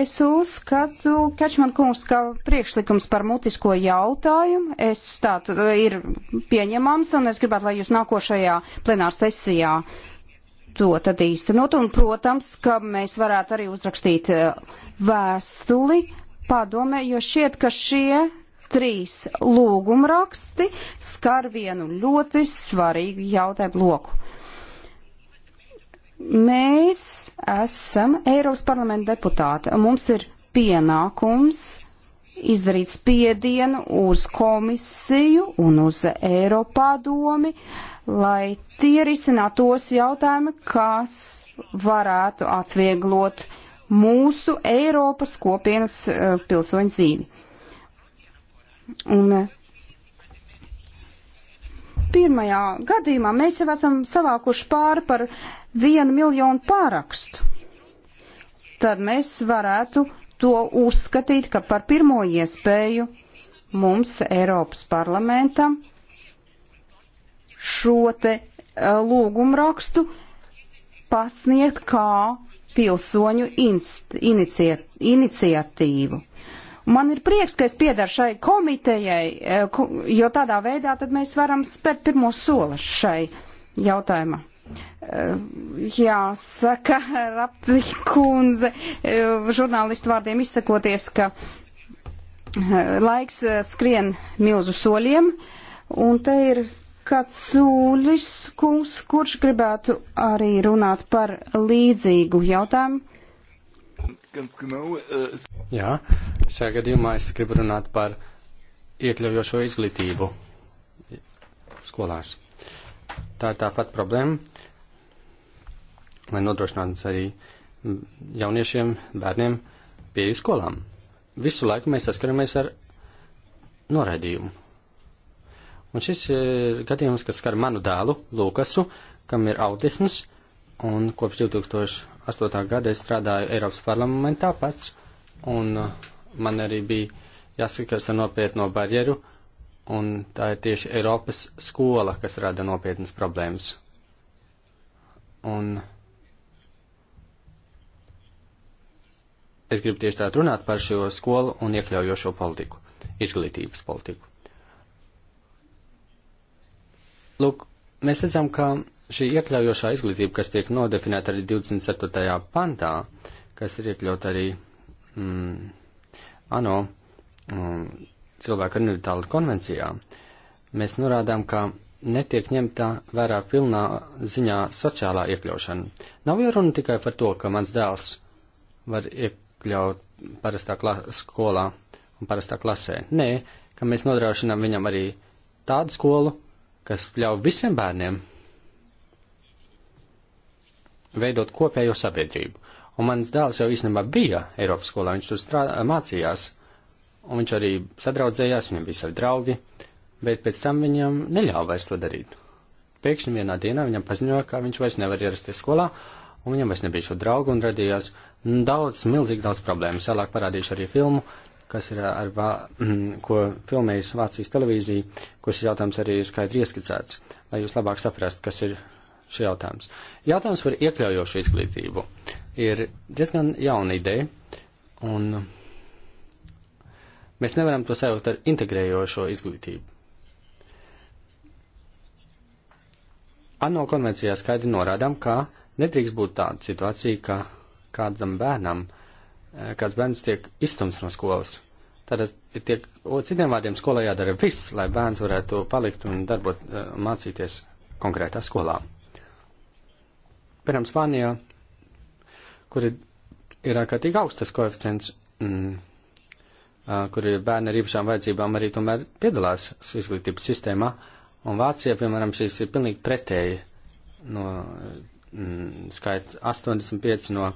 Speaker 3: Es uzskatu, Kečman kungs, ka priekšlikums par mutisko jautājumu es tātad ir pieņemams, un es gribētu, lai jūs nākošajā plenāra sesijā to tad īstenot, un, protams, ka mēs varētu arī uzrakstīt eh, vēstuli padomē, jo šķiet, ka šie trīs lūgumraksti skar vienu ļoti svarīgu jautājumu loku. Mēs esam Eiropas parlamenta deputāti, un mums ir pienākums izdarīt spiedienu uz komisiju un uz Eiropadomi, lai tie risinātu tos jautājumi, kas varētu atvieglot mūsu Eiropas kopienas uh, pilsoņu dzīvi. Un eh, pirmajā gadījumā mēs jau esam savākuši pāri par vienu miljonu pārakstu, tad mēs varētu to uzskatīt, ka par pirmo iespēju mums Eiropas parlamentam šo te eh, lūgumu rakstu pasniegt kā pilsoņu iniciatīvu. Man ir prieks, ka es piedaru šai komitejai, eh, jo tādā veidā tad mēs varam spērt pirmo soli šai jautājumā. Eh, jāsaka, Rapti kundze, eh, žurnālistu vārdiem izsakoties, ka eh, laiks skrien milzu soļiem, un te ir kāds sūļis kungs, kurš gribētu arī runāt par līdzīgu jautājumu.
Speaker 7: Jā,
Speaker 4: šajā gadījumā es gribu runāt par iekļaujošo izglītību skolās. Tā ir tāpat problēma, lai nodrošinātu arī jauniešiem, bērniem pieeju skolām. Visu laiku mēs saskaramies ar noraidījumu. Un šis ir gadījums, kas skar manu dēlu, Lūkasu, kam ir autisms, un kopš 2008. gada es strādāju Eiropas parlamentā pats, un man arī bija jāsaskars ar nopietno barjeru, un tā ir tieši Eiropas skola, kas rada nopietnas problēmas. Un es gribu tieši tādu runāt par šo skolu un iekļaujošo politiku, izglītības politiku. Lūk, mēs redzam, ka šī iekļaujošā izglītība, kas tiek nodefinēta arī 24. pantā, kas ir iekļaut arī mm, ANO mm, cilvēku ar individuālu konvencijā, mēs norādām, ka netiek ņemta vērā pilnā ziņā sociālā iekļaušana. Nav jau runa tikai par to, ka mans dēls var iekļaut parastā skolā un parastā klasē. Nē, ka mēs nodrošinām viņam arī tādu skolu, kas ļauj visiem bērniem veidot kopējo sabiedrību. Un mans dēls jau īstenībā bija Eiropas skolā, viņš tur strādā, mācījās un viņš arī sadraudzējās, viņam bija savi draugi, bet pēc tam viņam neļāva vairs to darīt. Pēkšņi vienā dienā viņam paziņoja, ka viņš vairs nevar ierasties skolā, un viņam vairs nebija šo draugu, un radījās daudz, milzīgi daudz problēmu. Vēlāk parādīšu arī filmu, kas ir ar, ko filmējas Vācijas televīzija, kur šis jautājums arī ir skaidri ieskicēts, lai jūs labāk saprastu, kas ir šis jautājums. Jautājums par iekļaujošu izglītību ir diezgan jauna ideja, un Mēs nevaram to sajaukt ar integrējošo izglītību. ANO konvencijā skaidri norādām, ka nedrīkst būt tāda situācija, ka kādam bērnam, eh, kāds bērns tiek izstumts no skolas. Tātad, tiek, citiem vārdiem, skolā jādara viss, lai bērns varētu palikt un darbot, eh, mācīties konkrētā skolā. Piemēram, Spānijā, kur ir, ir ārkārtīgi augstas koeficients mm, kur ir bērni ar īpašām vajadzībām, arī tomēr piedalās izglītības sistēmā. Un Vācijā, piemēram, šīs ir pilnīgi pretēji no mm, skaits 85 no uh,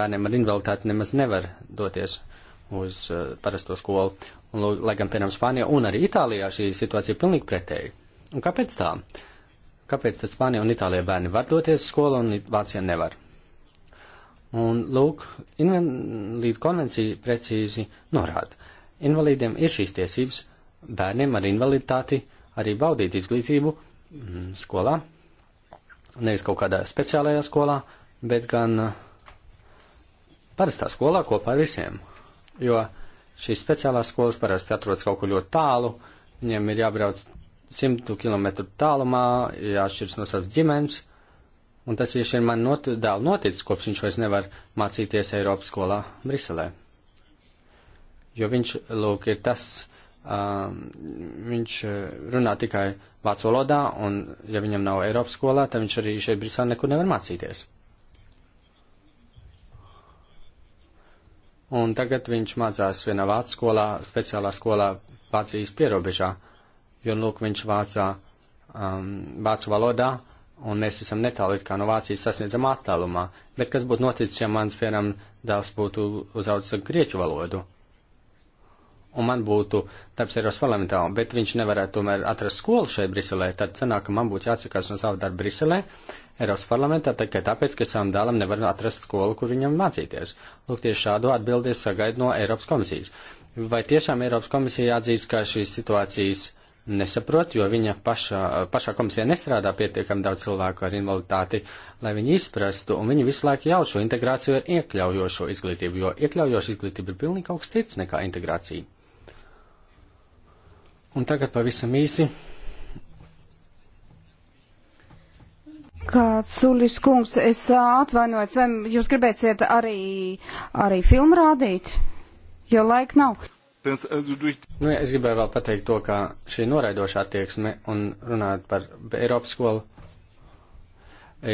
Speaker 4: bērniem ar invaliditāti nemaz nevar doties uz uh, parasto skolu. Un, lai gan, piemēram, Spānijā un arī Itālijā šī situācija ir pilnīgi pretēji. Un kāpēc tā? Kāpēc tad Spānijā un Itālijā bērni var doties uz skolu un Vācijā nevar? Un, lūk, invalīdu konvencija precīzi norāda. Invalīdiem ir šīs tiesības, bērniem ar invaliditāti arī baudīt izglītību mm, skolā, nevis kaut kādā speciālajā skolā, bet gan eh, parastā skolā kopā ar visiem. Jo šīs speciālās skolas parasti atrodas kaut kur ļoti tālu, viņiem ir jābrauc simtu kilometru tālumā, jāšķirs no savas ģimenes, Un tas tieši ir man not, dēl noticis, kopš viņš vairs nevar mācīties Eiropas skolā Briselē. Jo viņš, lūk, ir tas, um, viņš eh, runā tikai vācu valodā, un ja viņam nav Eiropas skolā, tad viņš arī šeit Briselē nekur nevar mācīties. Un tagad viņš mācās vienā vācu skolā, speciālā skolā Vācijas pierobežā, jo, lūk, viņš vācā um, vācu valodā un mēs esam netālu kā no Vācijas sasniedzamā attālumā, bet kas būtu noticis, ja mans, piemēram, dēls būtu uzaudzis grieķu valodu? Un man būtu darbs Eiropas parlamentā, bet viņš nevarētu tomēr atrast skolu šeit Briselē, tad sanāk, ka man būtu jāatsakās no savu darbu Briselē, Eiropas parlamentā, tikai tāpēc, ka savam dēlam nevar atrast skolu, kur viņam mācīties. Lūk, tieši šādu atbildi es sagaidu no Eiropas komisijas. Vai tiešām Eiropas komisija atzīst, ka šīs situācijas nesaprot, jo viņa pašā, pašā komisijā nestrādā pietiekami daudz cilvēku ar invaliditāti, lai viņi izprastu, un viņi visu laiku jau šo integrāciju ar iekļaujošo izglītību, jo iekļaujoša izglītība ir pilnīgi kaut kas cits nekā integrācija. Un tagad pavisam īsi.
Speaker 3: Kā Sulis kungs, es atvainojos, vai jūs gribēsiet arī, arī filmu rādīt, jo laika nav.
Speaker 4: Eh, nu, es gribēju vēl pateikt to, ka šī noraidošā attieksme un runāt par Eiropas skolu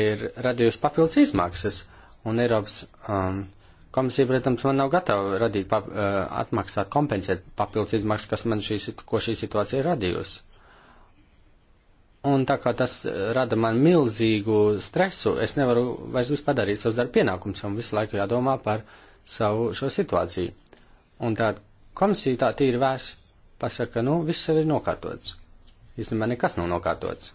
Speaker 4: ir radījusi papildus izmaksas, un Eiropas um, komisija, protams, man nav gatava radīt, pap, uh, atmaksāt, kompensēt papildus izmaksas, kas man šī, ko šī situācija ir radījusi. Un tā kā tas eh, rada man milzīgu stresu, es nevaru vairs padarīt savus darba pienākumus, un visu laiku jādomā par savu šo situāciju. Un tā Komisija tā tīri vēs pasaka, nu, viss jau ir nokārtots. Īstenībā nekas nav nokārtots.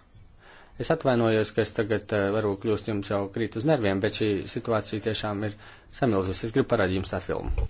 Speaker 4: Es atvainojos, ka es tagad eh, varu kļūst jums jau krīt uz nerviem, bet šī situācija tiešām ir samilzusi. Es gribu parādīt jums tā filmu.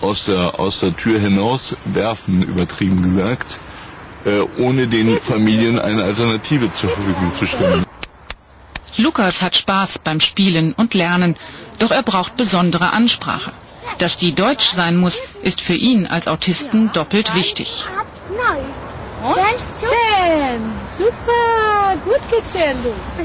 Speaker 7: aus der, aus der Tür hinaus werfen, übertrieben gesagt, äh, ohne den Familien eine Alternative zur Verfügung zu stellen.
Speaker 5: Lukas hat Spaß beim Spielen und Lernen, doch er braucht besondere Ansprache. Dass die deutsch sein muss, ist für ihn als Autisten doppelt wichtig.
Speaker 4: Nein. 16. Super,
Speaker 7: gut gezählt. Du.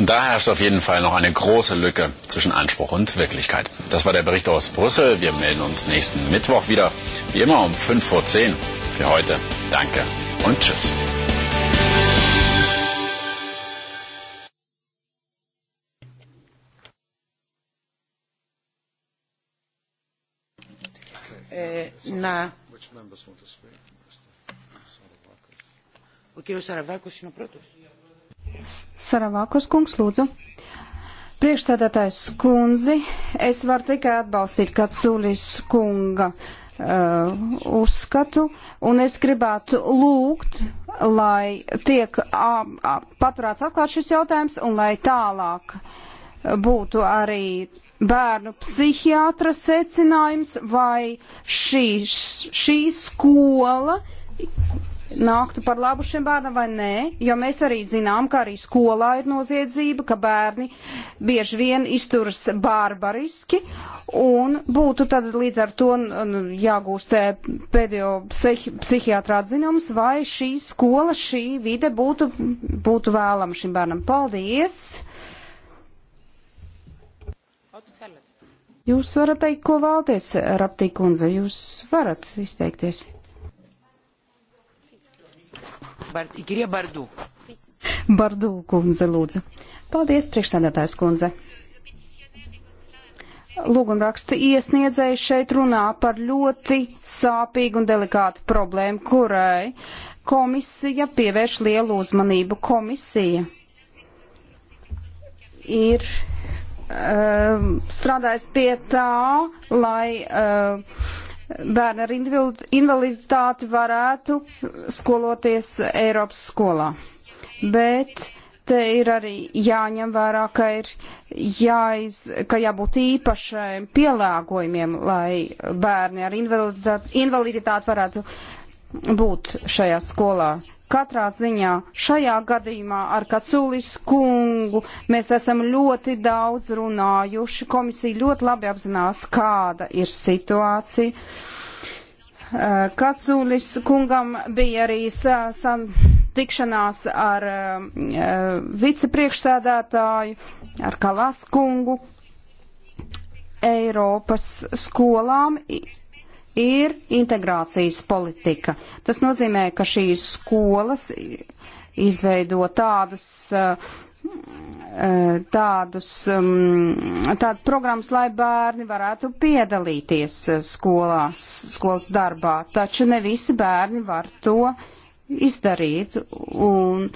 Speaker 8: Und da herrscht auf jeden Fall noch eine große Lücke zwischen Anspruch und Wirklichkeit. Das war der Bericht aus Brüssel. Wir melden uns nächsten Mittwoch wieder, wie immer um 5 vor 10. Für heute danke und tschüss.
Speaker 6: να... Ο κύριος Σαραβάκος είναι ο πρώτος.
Speaker 3: Saravākos kungs, lūdzu. Priekšstādātājs skundzi, es varu tikai atbalstīt Kaculis kunga uh, uzskatu, un es gribētu lūgt, lai tiek uh, paturēts atklāt šis jautājums, un lai tālāk būtu arī bērnu psihiatra secinājums, vai šī, šī skola nāktu par labu šiem bērnam vai nē, jo mēs arī zinām, ka arī skolā ir noziedzība, ka bērni bieži vien izturas barbariski un būtu tad līdz ar to jāgūst eh, pēdējo psihi psihiatrā atzinums, vai šī skola, šī vide būtu, būtu vēlama šim bērnam. Paldies! Jūs varat teikt, ko vēlties, Raptī kundze, jūs varat izteikties. Kirja Bardu. Bardu kundze, lūdzu. Paldies, priekšsēdētājs kundze. Lūgumraksta iesniedzēji šeit runā par ļoti sāpīgu un delikātu problēmu, kurai komisija pievērš lielu uzmanību. Komisija ir uh, eh, strādājis pie tā, lai uh, bērni ar invaliditāti varētu skoloties Eiropas skolā. Bet te ir arī jāņem vērā, ka ir jāiz, ka jābūt īpašiem pielāgojumiem, lai bērni ar invaliditāti, invaliditāti varētu būt šajā skolā. Katrā ziņā šajā gadījumā ar Kacūlis kungu mēs esam ļoti daudz runājuši. Komisija ļoti labi apzinās, kāda ir situācija. Eh, Kacūlis kungam bija arī san, tikšanās ar eh, vicepriekšsēdētāju, ar Kalas kungu. Eiropas skolām ir integrācijas politika. Tas nozīmē, ka šīs skolas izveido tādus, eh, eh, tādus, mm, tādas programmas, lai bērni varētu piedalīties eh, skolās, skolas darbā, taču ne visi bērni var to izdarīt. Un,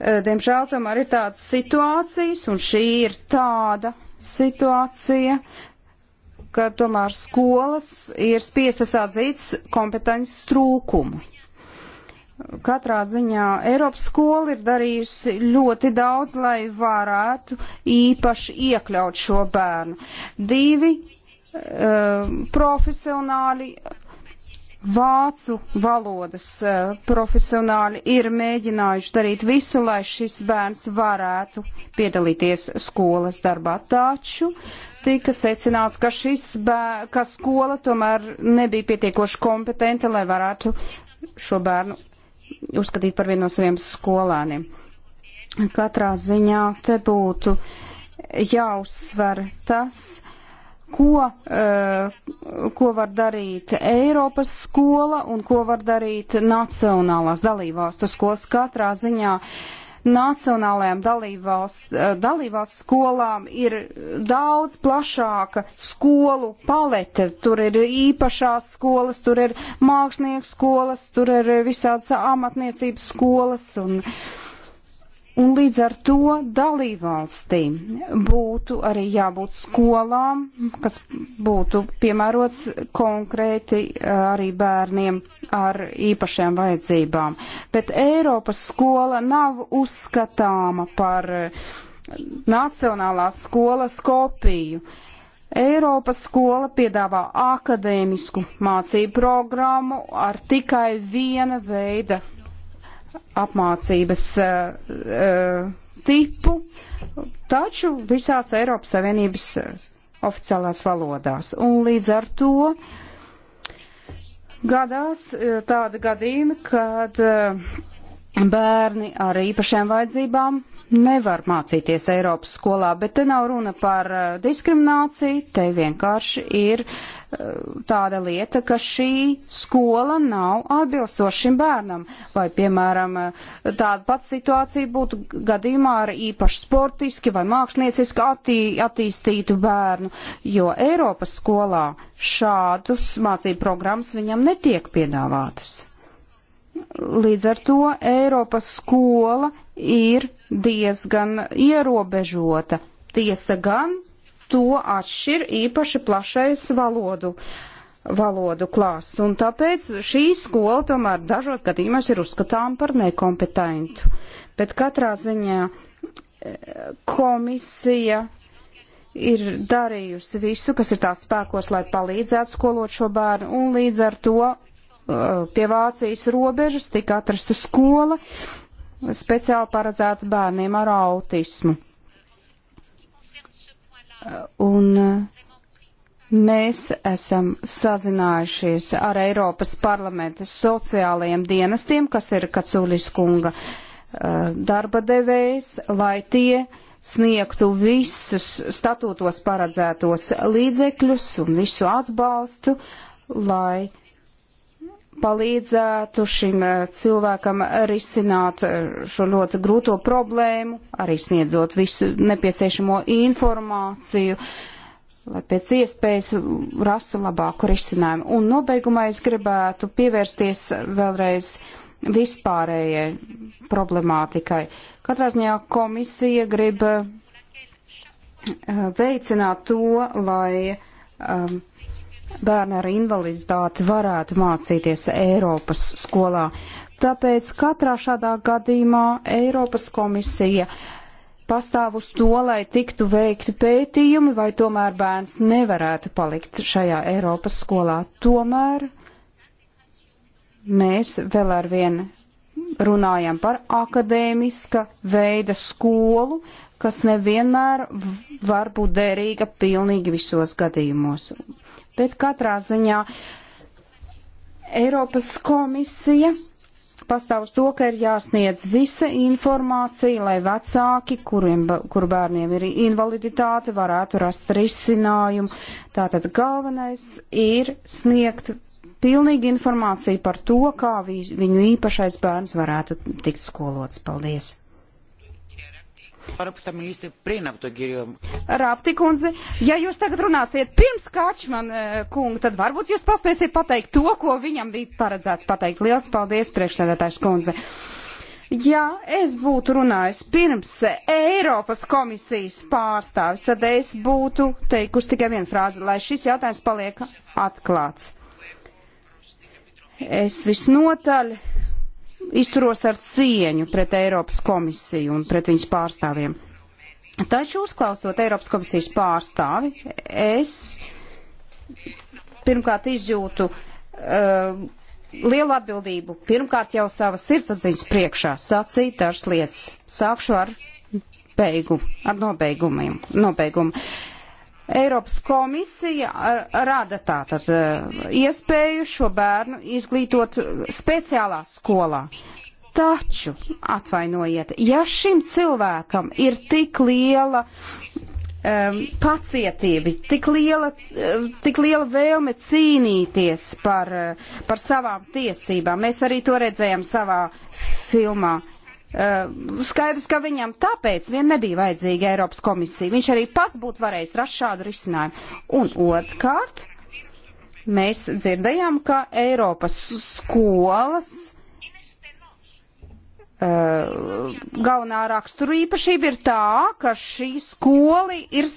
Speaker 3: diemžēl tomēr ir tādas situācijas, un šī ir tāda situācija, ka tomēr skolas ir spiestas atzīt kompetences trūkumu. Katrā ziņā Eiropas skola ir darījusi ļoti daudz, lai varētu īpaši iekļaut šo bērnu. Divi uh, profesionāli vācu valodas uh, eh, profesionāļi ir mēģinājuši darīt visu, lai šis bērns varētu piedalīties skolas darbā. Taču tika secināts, ka, šis, ka skola tomēr nebija pietiekoši kompetenta, lai varētu šo bērnu uzskatīt par vienu no saviem skolēniem. Katrā ziņā te būtu jāuzsver tas, ko, eh, ko var darīt Eiropas skola un ko var darīt nacionālās dalībvalstu skolas. Katrā ziņā uh, nacionālajām eh, dalībvalsts skolām ir daudz plašāka skolu palete. Tur ir īpašās skolas, tur ir mākslinieku skolas, tur ir visādas amatniecības skolas un uh, Un līdz ar to dalībvalstīm būtu arī jābūt skolām, kas būtu piemērots konkrēti eh, arī bērniem ar īpašām vajadzībām. Bet Eiropas skola nav uzskatāma par eh, nacionālās skolas kopiju. Eiropas skola piedāvā akadēmisku mācību programmu ar tikai viena veida apmācības uh, tipu, taču visās Eiropas Savienības eh, oficiālās valodās. Un līdz ar to gadās tāda gadījuma, kad uh, bērni ar īpašiem vajadzībām nevar mācīties Eiropas skolā, bet te nav runa par eh, diskrimināciju, te vienkārši ir eh, tāda lieta, ka šī skola nav atbilstoša šim bērnam. Vai, piemēram, eh, tāda pati situācija būtu gadījumā ar īpaši sportiski vai mākslinieciski attī, attīstītu bērnu, jo Eiropas skolā šādus mācību programmas viņam netiek piedāvātas. Līdz ar to Eiropas skola ir diezgan ierobežota. Tiesa gan to atšķir īpaši plašais valodu, valodu klāsts, un tāpēc šī skola tomēr dažos gadījumos ir uzskatām par nekompetentu. Bet katrā ziņā eh, komisija ir darījusi visu, kas ir tās spēkos, lai palīdzētu skolot šo bērnu, un līdz ar to eh, pie Vācijas robežas tika atrasta skola, speciāli paredzēta bērniem ar autismu. Un uh, mēs esam sazinājušies ar Eiropas parlamenta sociālajiem dienestiem, kas ir Kaculis kunga uh, darba devējs, lai tie sniegtu visus statūtos paredzētos līdzekļus un visu atbalstu, lai uh, palīdzētu šim eh, cilvēkam risināt eh, šo ļoti grūto problēmu, arī sniedzot visu nepieciešamo informāciju, lai pēc iespējas rastu labāku risinājumu. Un nobeigumā es gribētu pievērsties vēlreiz vispārējai problemātikai. Katrā ziņā komisija grib eh, veicināt to, lai um, bērni ar invaliditāti varētu mācīties Eiropas skolā. Tāpēc katrā šādā gadījumā Eiropas komisija pastāv uz to, lai tiktu veikti pētījumi, vai tomēr bērns nevarētu palikt šajā Eiropas skolā. Tomēr mēs vēl ar vienu runājam par akadēmiska veida skolu, kas nevienmēr var būt derīga pilnīgi visos gadījumos bet katrā ziņā Eiropas komisija pastāv uz to, ka ir jāsniedz visa informācija, lai vecāki, kuriem, kur bērniem ir invaliditāte, varētu rast risinājumu. Tātad galvenais ir sniegt pilnīgi informāciju par to, kā viņu īpašais bērns varētu tikt skolots. Paldies! Rapti kundze, ja jūs tagad runāsiet pirms Kačman eh, kunga, tad varbūt jūs paspēsiet pateikt to, ko viņam bija paredzēts pateikt. Liels paldies, priekšsēdētājs kundze. Ja es būtu runājis pirms Eiropas komisijas pārstāvis, tad es būtu teikusi tikai vienu frāzi, lai šis jautājums paliek atklāts. Es visnotaļ izturos ar cieņu pret Eiropas komisiju un pret viņas pārstāvjiem. Taču uzklausot Eiropas komisijas pārstāvi, es pirmkārt izjūtu uh, lielu atbildību, pirmkārt jau savas sirdsapziņas priekšā sacīt dažas lietas. Sākšu ar beigu, ar nobeigumiem. Nobeigumu. Eiropas komisija rada tātad eh, iespēju šo bērnu izglītot speciālā skolā. Taču, atvainojiet, ja šim cilvēkam ir tik liela um, pacietība, tik liela, tik liela vēlme cīnīties par, eh, par savām tiesībām, mēs arī to redzējām savā filmā Eh, skaidrs, ka viņam tāpēc vien nebija vajadzīga Eiropas komisija. Viņš arī pats būtu varējis rast šādu risinājumu. Un otrkārt, mēs dzirdējām, ka Eiropas skolas uh, galvenā raksturīpašība ir tā, ka šī skoli ir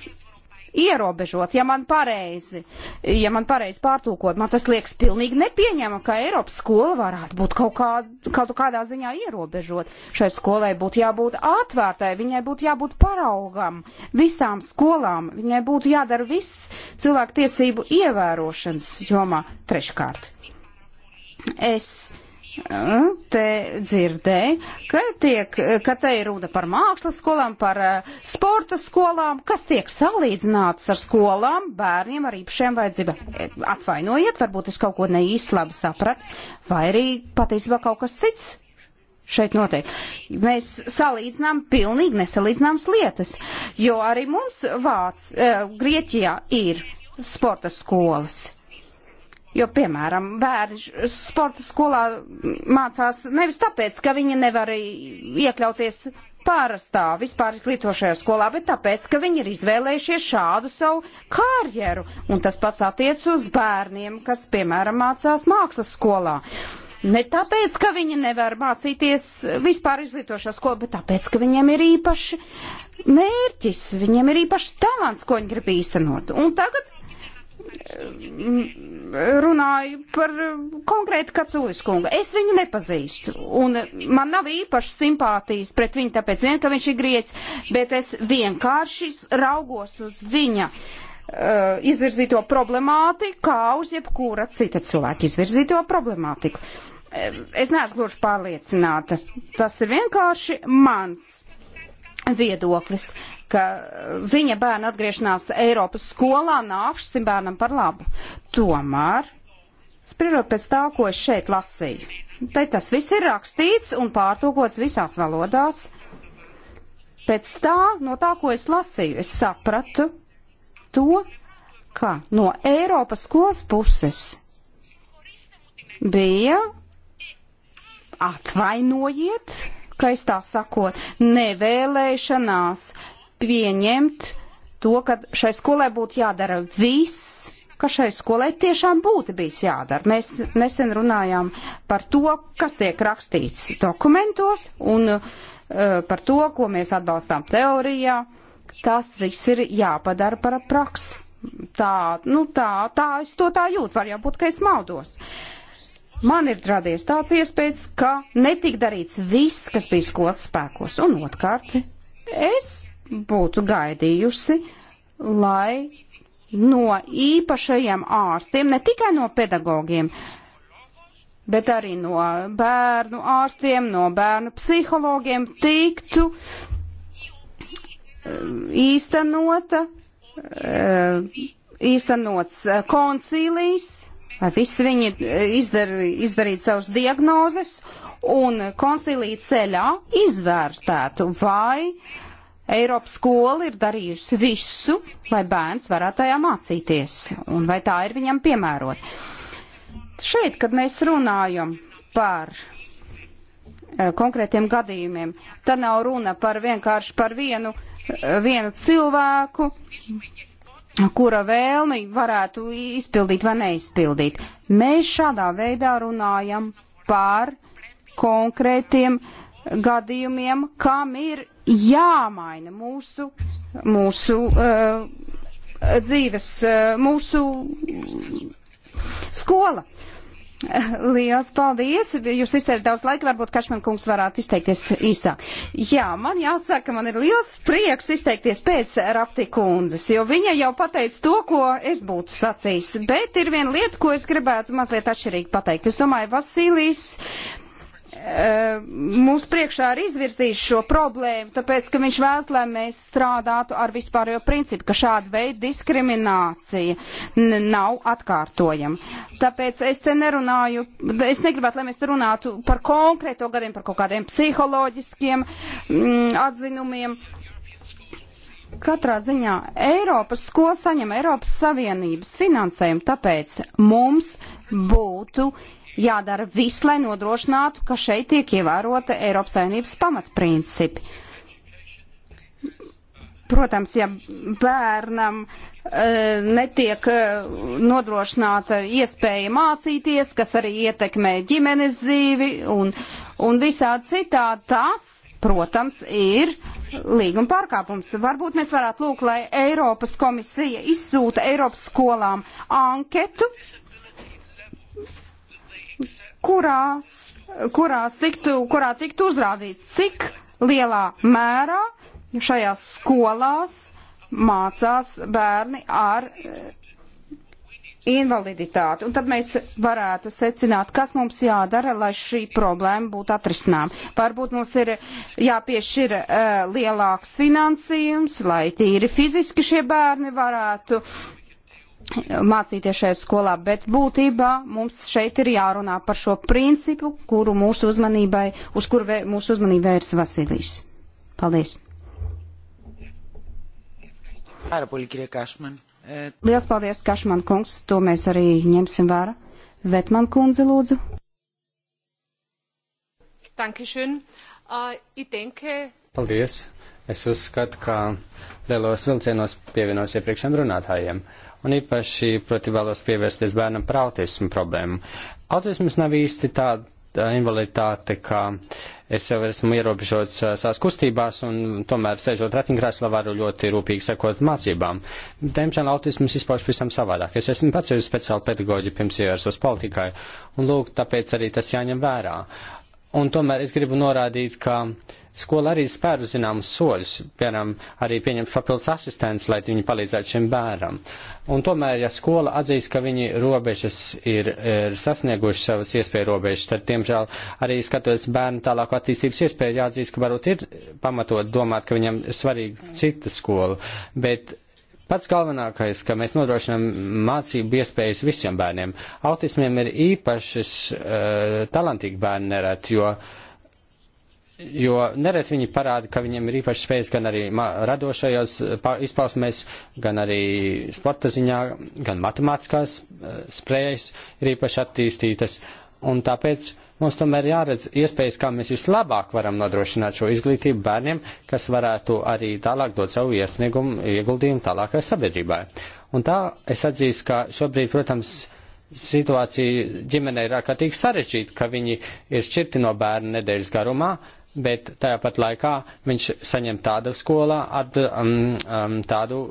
Speaker 3: ierobežot. Ja man pareizi, ja man pareizi pārtūkot, man tas liekas pilnīgi nepieņemama, ka Eiropas skola varētu būt kaut, kā, kaut kādā ziņā ierobežot. Šai skolai būtu jābūt atvērtai, viņai būtu jābūt paraugam visām skolām, viņai būtu jādara viss cilvēku tiesību ievērošanas jomā treškārt. Es te dzirdēju, ka, tiek, ka te ir runa par mākslas skolām, par eh, sporta skolām, kas tiek salīdzināts ar skolām bērniem ar īpašiem vajadzībām. Eh, atvainojiet, varbūt es kaut ko neīsti labi sapratu, vai arī patiesībā kaut kas cits. Šeit notiek. Mēs salīdzinām pilnīgi nesalīdzināmas lietas, jo arī mums Vāc, eh, Grieķijā ir sporta skolas. Jo, piemēram, bērni sporta skolā mācās nevis tāpēc, ka viņi nevar iekļauties pārastā vispār izglītošajā skolā, bet tāpēc, ka viņi ir izvēlējušies šādu savu karjeru. Un tas pats attiec uz bērniem, kas, piemēram, mācās mākslas skolā. Ne tāpēc, ka viņi nevar mācīties vispār izglītošā skolā, bet tāpēc, ka viņiem ir īpaši mērķis, viņiem ir īpaši talants, ko viņi grib īstenot. Un tagad runāju par konkrētu Kaculis kungu. Es viņu nepazīstu, un man nav īpaši simpātijas pret viņu, tāpēc vien, ka viņš ir grieķis, bet es vienkārši raugos uz viņa uh, izvirzīto problemātiku, kā uz jebkura cita cilvēka izvirzīto problemātiku. Um, es neesmu gluži pārliecināta. Tas ir vienkārši mans viedoklis ka viņa bērna atgriešanās Eiropas skolā nāks šim bērnam par labu. Tomēr, spriežot pēc tā, ko es šeit lasīju, te tas viss ir rakstīts un pārtūkots visās valodās. Pēc tā, no tā, ko es lasīju, es sapratu to, ka no Eiropas skolas puses bija atvainojiet, ka es tā sakotu, nevēlēšanās pieņemt to, ka šai skolai būtu jādara viss, ka šai skolai tiešām būtu bijis jādara. Mēs nesen runājām par to, kas tiek rakstīts dokumentos un uh, par to, ko mēs atbalstām teorijā. Tas viss ir jāpadara par praksi. Tā, nu tā, tā es to tā jūtu, var jau būt, ka es maldos. Man ir radies tāds iespējas, ka netika darīts viss, kas bija skolas spēkos. Un otrkārt, es būtu gaidījusi, lai no īpašajiem ārstiem, ne tikai no pedagogiem, bet arī no bērnu ārstiem, no bērnu psihologiem tiktu eh, īstenota, eh, īstenots eh, koncīlijs, lai visi viņi izdar, izdarītu savus diagnozes un koncīlī ceļā izvērtētu, vai uh, Eiropas skola ir darījusi visu, lai bērns varētu tajā mācīties, un vai tā ir viņam piemērot. Šeit, kad mēs runājam par eh, konkrētiem gadījumiem, tad nav runa par vienkārši par vienu, eh, vienu cilvēku, kura vēlmi varētu izpildīt vai neizpildīt. Mēs šādā veidā runājam par konkrētiem gadījumiem, kam ir jāmaina mūsu, mūsu uh, dzīves, uh, mūsu skola. Liels paldies! Jūs izteicat daudz laika, varbūt Kašman kungs varētu izteikties īsāk. Jā, man jāsaka, man ir liels prieks izteikties pēc Rapti kundzes, jo viņa jau pateica to, ko es būtu sacījis. Bet ir viena lieta, ko es gribētu mazliet atšķirīgi pateikt. Es domāju, Vasīlijas Eh, mūsu priekšā ir izvirzījis šo problēmu, tāpēc, ka viņš vēlas, lai mēs strādātu ar vispārējo principu, ka šāda veida diskriminācija nav atkārtojama. Tāpēc es te nerunāju, es negribētu, lai mēs te runātu par konkrēto gadiem, par kaut kādiem psiholoģiskiem mm, atzinumiem. Katrā ziņā Eiropas skola saņem Eiropas Savienības finansējumu, tāpēc mums būtu uh, jādara viss, lai nodrošinātu, ka šeit tiek ievērota Eiropas Savienības pamatprincipi. Protams, ja bērnam e, netiek e, nodrošināta iespēja mācīties, kas arī ietekmē ģimenes dzīvi un, un visādi citādi, tas, protams, ir līguma pārkāpums. Varbūt mēs varētu lūgt, lai Eiropas komisija izsūta Eiropas skolām anketu kurās, kurās tiktu, kurā tiktu uzrādīts, cik lielā mērā šajās skolās mācās bērni ar eh, invaliditāti. Un tad mēs varētu secināt, kas mums jādara, lai šī problēma būtu atrisinām. Varbūt mums ir jāpiešķir uh, lielāks finansījums, lai tīri fiziski šie bērni varētu uh, mācīties šajā skolā, bet būtībā mums šeit ir jārunā par šo principu, kuru mūsu uzmanībai, uz kuru vē, mūsu uzmanībai ir Vasilijs. Paldies! Liels paldies, Kašman kungs, to mēs arī ņemsim vērā. Vetman kundze, lūdzu.
Speaker 5: Dankeschön. Uh, ich denke...
Speaker 4: Paldies. Es uzskatu, ka lielos vilcienos pievienos iepriekšējiem runātājiem. Uh, un īpaši, proti, vēlos pievērsties bērnam par autismu problēmu. Autisms nav īsti tāda invaliditāte, ka es jau esmu ierobežots eh, savās kustībās un tomēr sēžot ratiņkrēslā varu ļoti rūpīgi sekot mācībām. Diemžēl autisms izpauž pavisam savādāk. Es esmu pats jau speciāli pedagoģi pirms ievērsos politikai un lūk, tāpēc arī tas jāņem vērā. Un tomēr es gribu norādīt, ka skola arī spēru zināmus soļus, piemēram, arī pieņemt papildus asistents, lai viņi palīdzētu šim bērnam. Un tomēr, ja skola atzīst, ka viņi robežas ir, ir sasnieguši savas iespēju robežas, tad, diemžēl, arī skatoties bērnu tālāko attīstības iespēju, jāatzīst, ka varbūt ir pamatot domāt, ka viņam ir svarīga cita skola, bet Pats galvenākais, ka mēs nodrošinām mācību iespējas visiem bērniem. Autismiem ir īpašas uh, talantīgi bērni nerēt, jo, jo nerēt viņi parāda, ka viņiem ir īpašas spējas gan arī radošajos eh, izpausmēs, gan arī sporta ziņā, gan matemātiskās uh, eh, spējas ir īpaši attīstītas. Un tāpēc uh, Mums tomēr jāredz iespējas, kā mēs vislabāk varam nodrošināt šo izglītību bērniem, kas varētu arī tālāk dot savu iesniegumu, ieguldījumu tālākai sabiedrībai. Un tā es atzīstu, ka šobrīd, protams, situācija ģimenē ir ārkārtīgi sarežģīta, ka viņi ir šķirti no bērna nedēļas garumā, bet tāpat laikā viņš saņem tādu skolā, at, um, um, tādu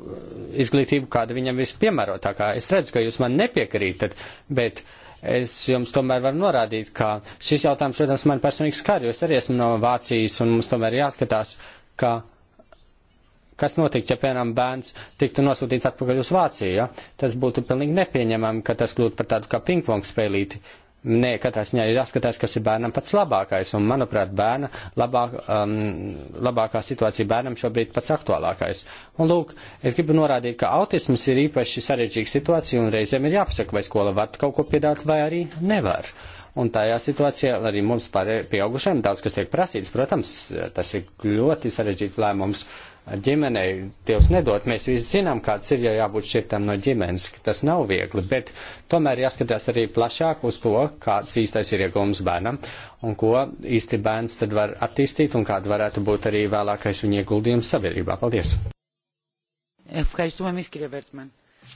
Speaker 4: izglītību, kāda viņam vispiemērotākā. Es redzu, ka jūs man nepiekrītat, bet. Uh, es jums tomēr varu norādīt, ka šis jautājums, protams, man personīgi skar, jo es arī esmu no Vācijas un mums tomēr jāskatās, ka kas notiktu, ja, piemēram, bērns tiktu nosūtīts atpakaļ uz Vāciju. Ja? Tas būtu pilnīgi nepieņemami, ka tas kļūtu par tādu kā pingpong spēlīti. Nē, katrā ziņā ir jāskatās, kas ir bērnam pats labākais, un, manuprāt, bērna labāk, um, labākā situācija bērnam šobrīd pats aktuālākais. Un, lūk, es gribu norādīt, ka autisms ir īpaši sarežģīga situācija, un reizēm ir jāpasaka, vai skola var kaut ko piedāvāt, vai arī nevar. Un tajā situācijā arī mums pieaugušiem daudz kas tiek prasīts. Protams, tas ir ļoti sarežģīts lēmums, ģimenei Dievs nedod. Mēs visi zinām, kāds ir, ja jābūt šķirtam no ģimenes, ka tas nav viegli, bet tomēr jāskatās arī plašāk uz to, kāds īstais ir iegūms bērnam un ko īsti bērns tad var attīstīt un kāda varētu būt arī vēlākais viņa ieguldījums sabiedrībā. Paldies!
Speaker 5: Ευχαριστούμε εμείς κύριε Βέρτμαν.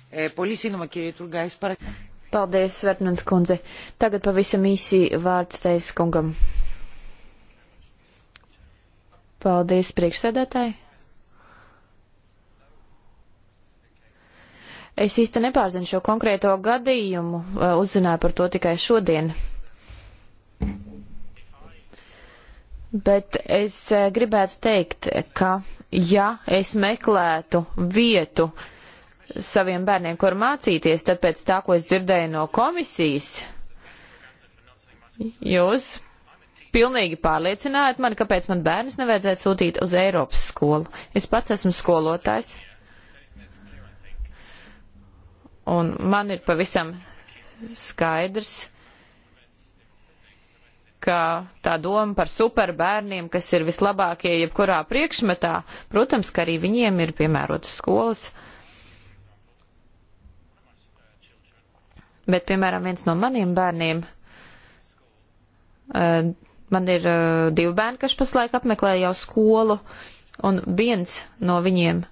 Speaker 5: Ε, πολύ σύντομα κύριε Τουργκάης παρακαλώ.
Speaker 2: Paldies, Vērtmans kundze. Tagad pavisam īsi vārds teis kungam. Paldies, priekšsēdētāji. Es īsti nepārzinu šo konkrēto gadījumu, e, uzzināju par to tikai šodien. Bet es e, gribētu teikt, ka ja es meklētu vietu saviem bērniem, kur mācīties, tad pēc tā, ko es dzirdēju no komisijas, jūs pilnīgi pārliecinājāt mani, kāpēc man bērnus nevajadzētu sūtīt uz Eiropas skolu. Es pats esmu skolotājs. Un man ir pavisam skaidrs, ka tā doma par superbērniem, kas ir vislabākie jebkurā priekšmetā, protams, ka arī viņiem ir piemērotas skolas. Bet, piemēram, viens no maniem bērniem, eh, man ir eh, divi bērni, kas pašlaik apmeklē jau skolu, un viens no viņiem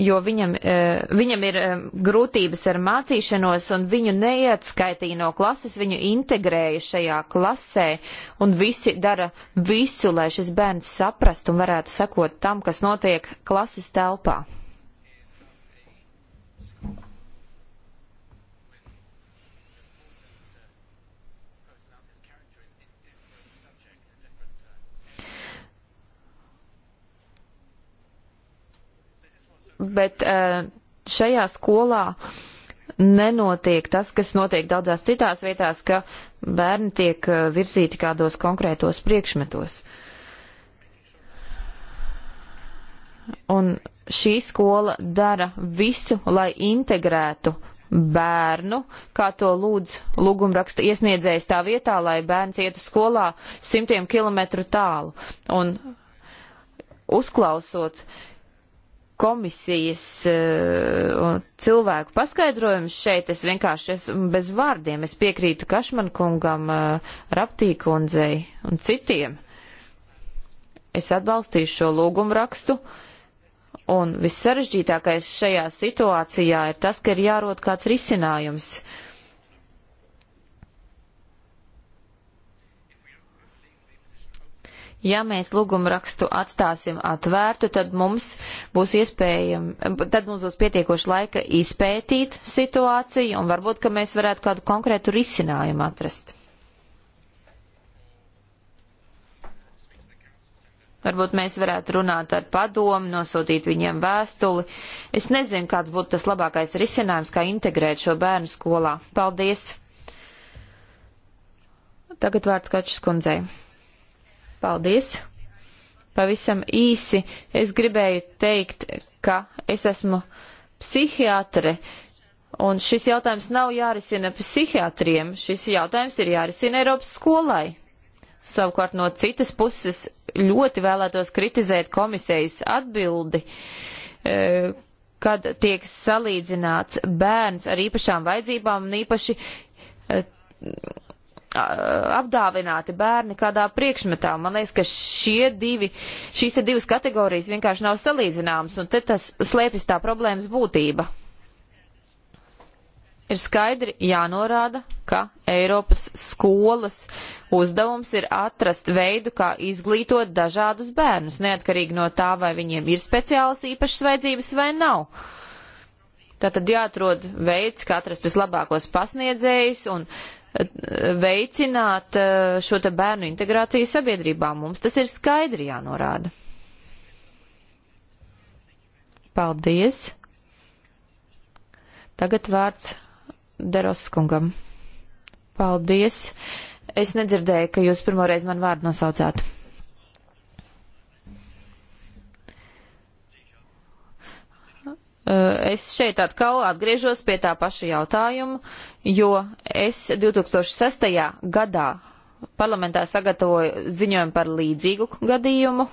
Speaker 2: jo viņam, e, viņam ir e, grūtības ar mācīšanos, un viņu neatskaitīja no klases, viņu integrēja šajā klasē, un visi dara visu, lai šis bērns saprastu un varētu sekot tam, kas notiek klases telpā. bet uh, šajā skolā nenotiek tas, kas notiek daudzās citās vietās, ka bērni tiek uh, virzīti kādos konkrētos priekšmetos. Un šī skola dara visu, lai integrētu bērnu, kā to lūdz lūgumraksta iesniedzējs tā vietā, lai bērns iet uz skolā simtiem kilometru tālu. Un uzklausot komisijas eh, un uh, cilvēku paskaidrojums šeit. Es vienkārši esmu bez vārdiem. Es piekrītu Kašmankungam, uh, eh, Raptīkundzei un citiem. Es atbalstīšu šo lūgumu rakstu. Un vissarežģītākais šajā situācijā ir tas, ka ir jārod kāds risinājums. Uh, ja mēs lūgumu rakstu atstāsim atvērtu, tad mums būs iespējami, tad mums būs pietiekoši laika izpētīt situāciju un varbūt, ka mēs varētu kādu konkrētu risinājumu atrast. Varbūt mēs varētu runāt ar padomu, nosūtīt viņiem vēstuli. Es nezinu, kāds būtu tas labākais risinājums, kā integrēt šo bērnu skolā. Paldies! Tagad vārds Kačs kundzei. Paldies! Pavisam īsi es gribēju teikt, ka es esmu psihiatre, un šis jautājums nav jārisina psihiatriem, šis jautājums ir jārisina Eiropas skolai. Savukārt no citas puses ļoti vēlētos kritizēt komisijas atbildi, e, kad tiek salīdzināts bērns ar īpašām vajadzībām un īpaši e, apdāvināti bērni kādā priekšmetā. Man liekas, ka šie divi, šīs divas kategorijas vienkārši nav salīdzināmas, un te tas slēpjas tā problēmas būtība. Ir skaidri jānorāda, ka Eiropas skolas uzdevums ir atrast veidu, kā izglītot dažādus bērnus, neatkarīgi no tā, vai viņiem ir speciālas īpašas vajadzības vai nav. Tātad jāatrod veids, kā atrast vislabākos pasniedzējus un uh, veicināt eh, šo te bērnu integrāciju sabiedrībā. Mums tas ir skaidri jānorāda. Paldies. Tagad vārds Deroskungam. Paldies. Es nedzirdēju, ka jūs pirmoreiz man vārdu nosaucāt. Eh, es šeit atkal atgriežos pie tā paša jautājuma, jo es 2006. gadā parlamentā sagatavoju ziņojumu par līdzīgu gadījumu,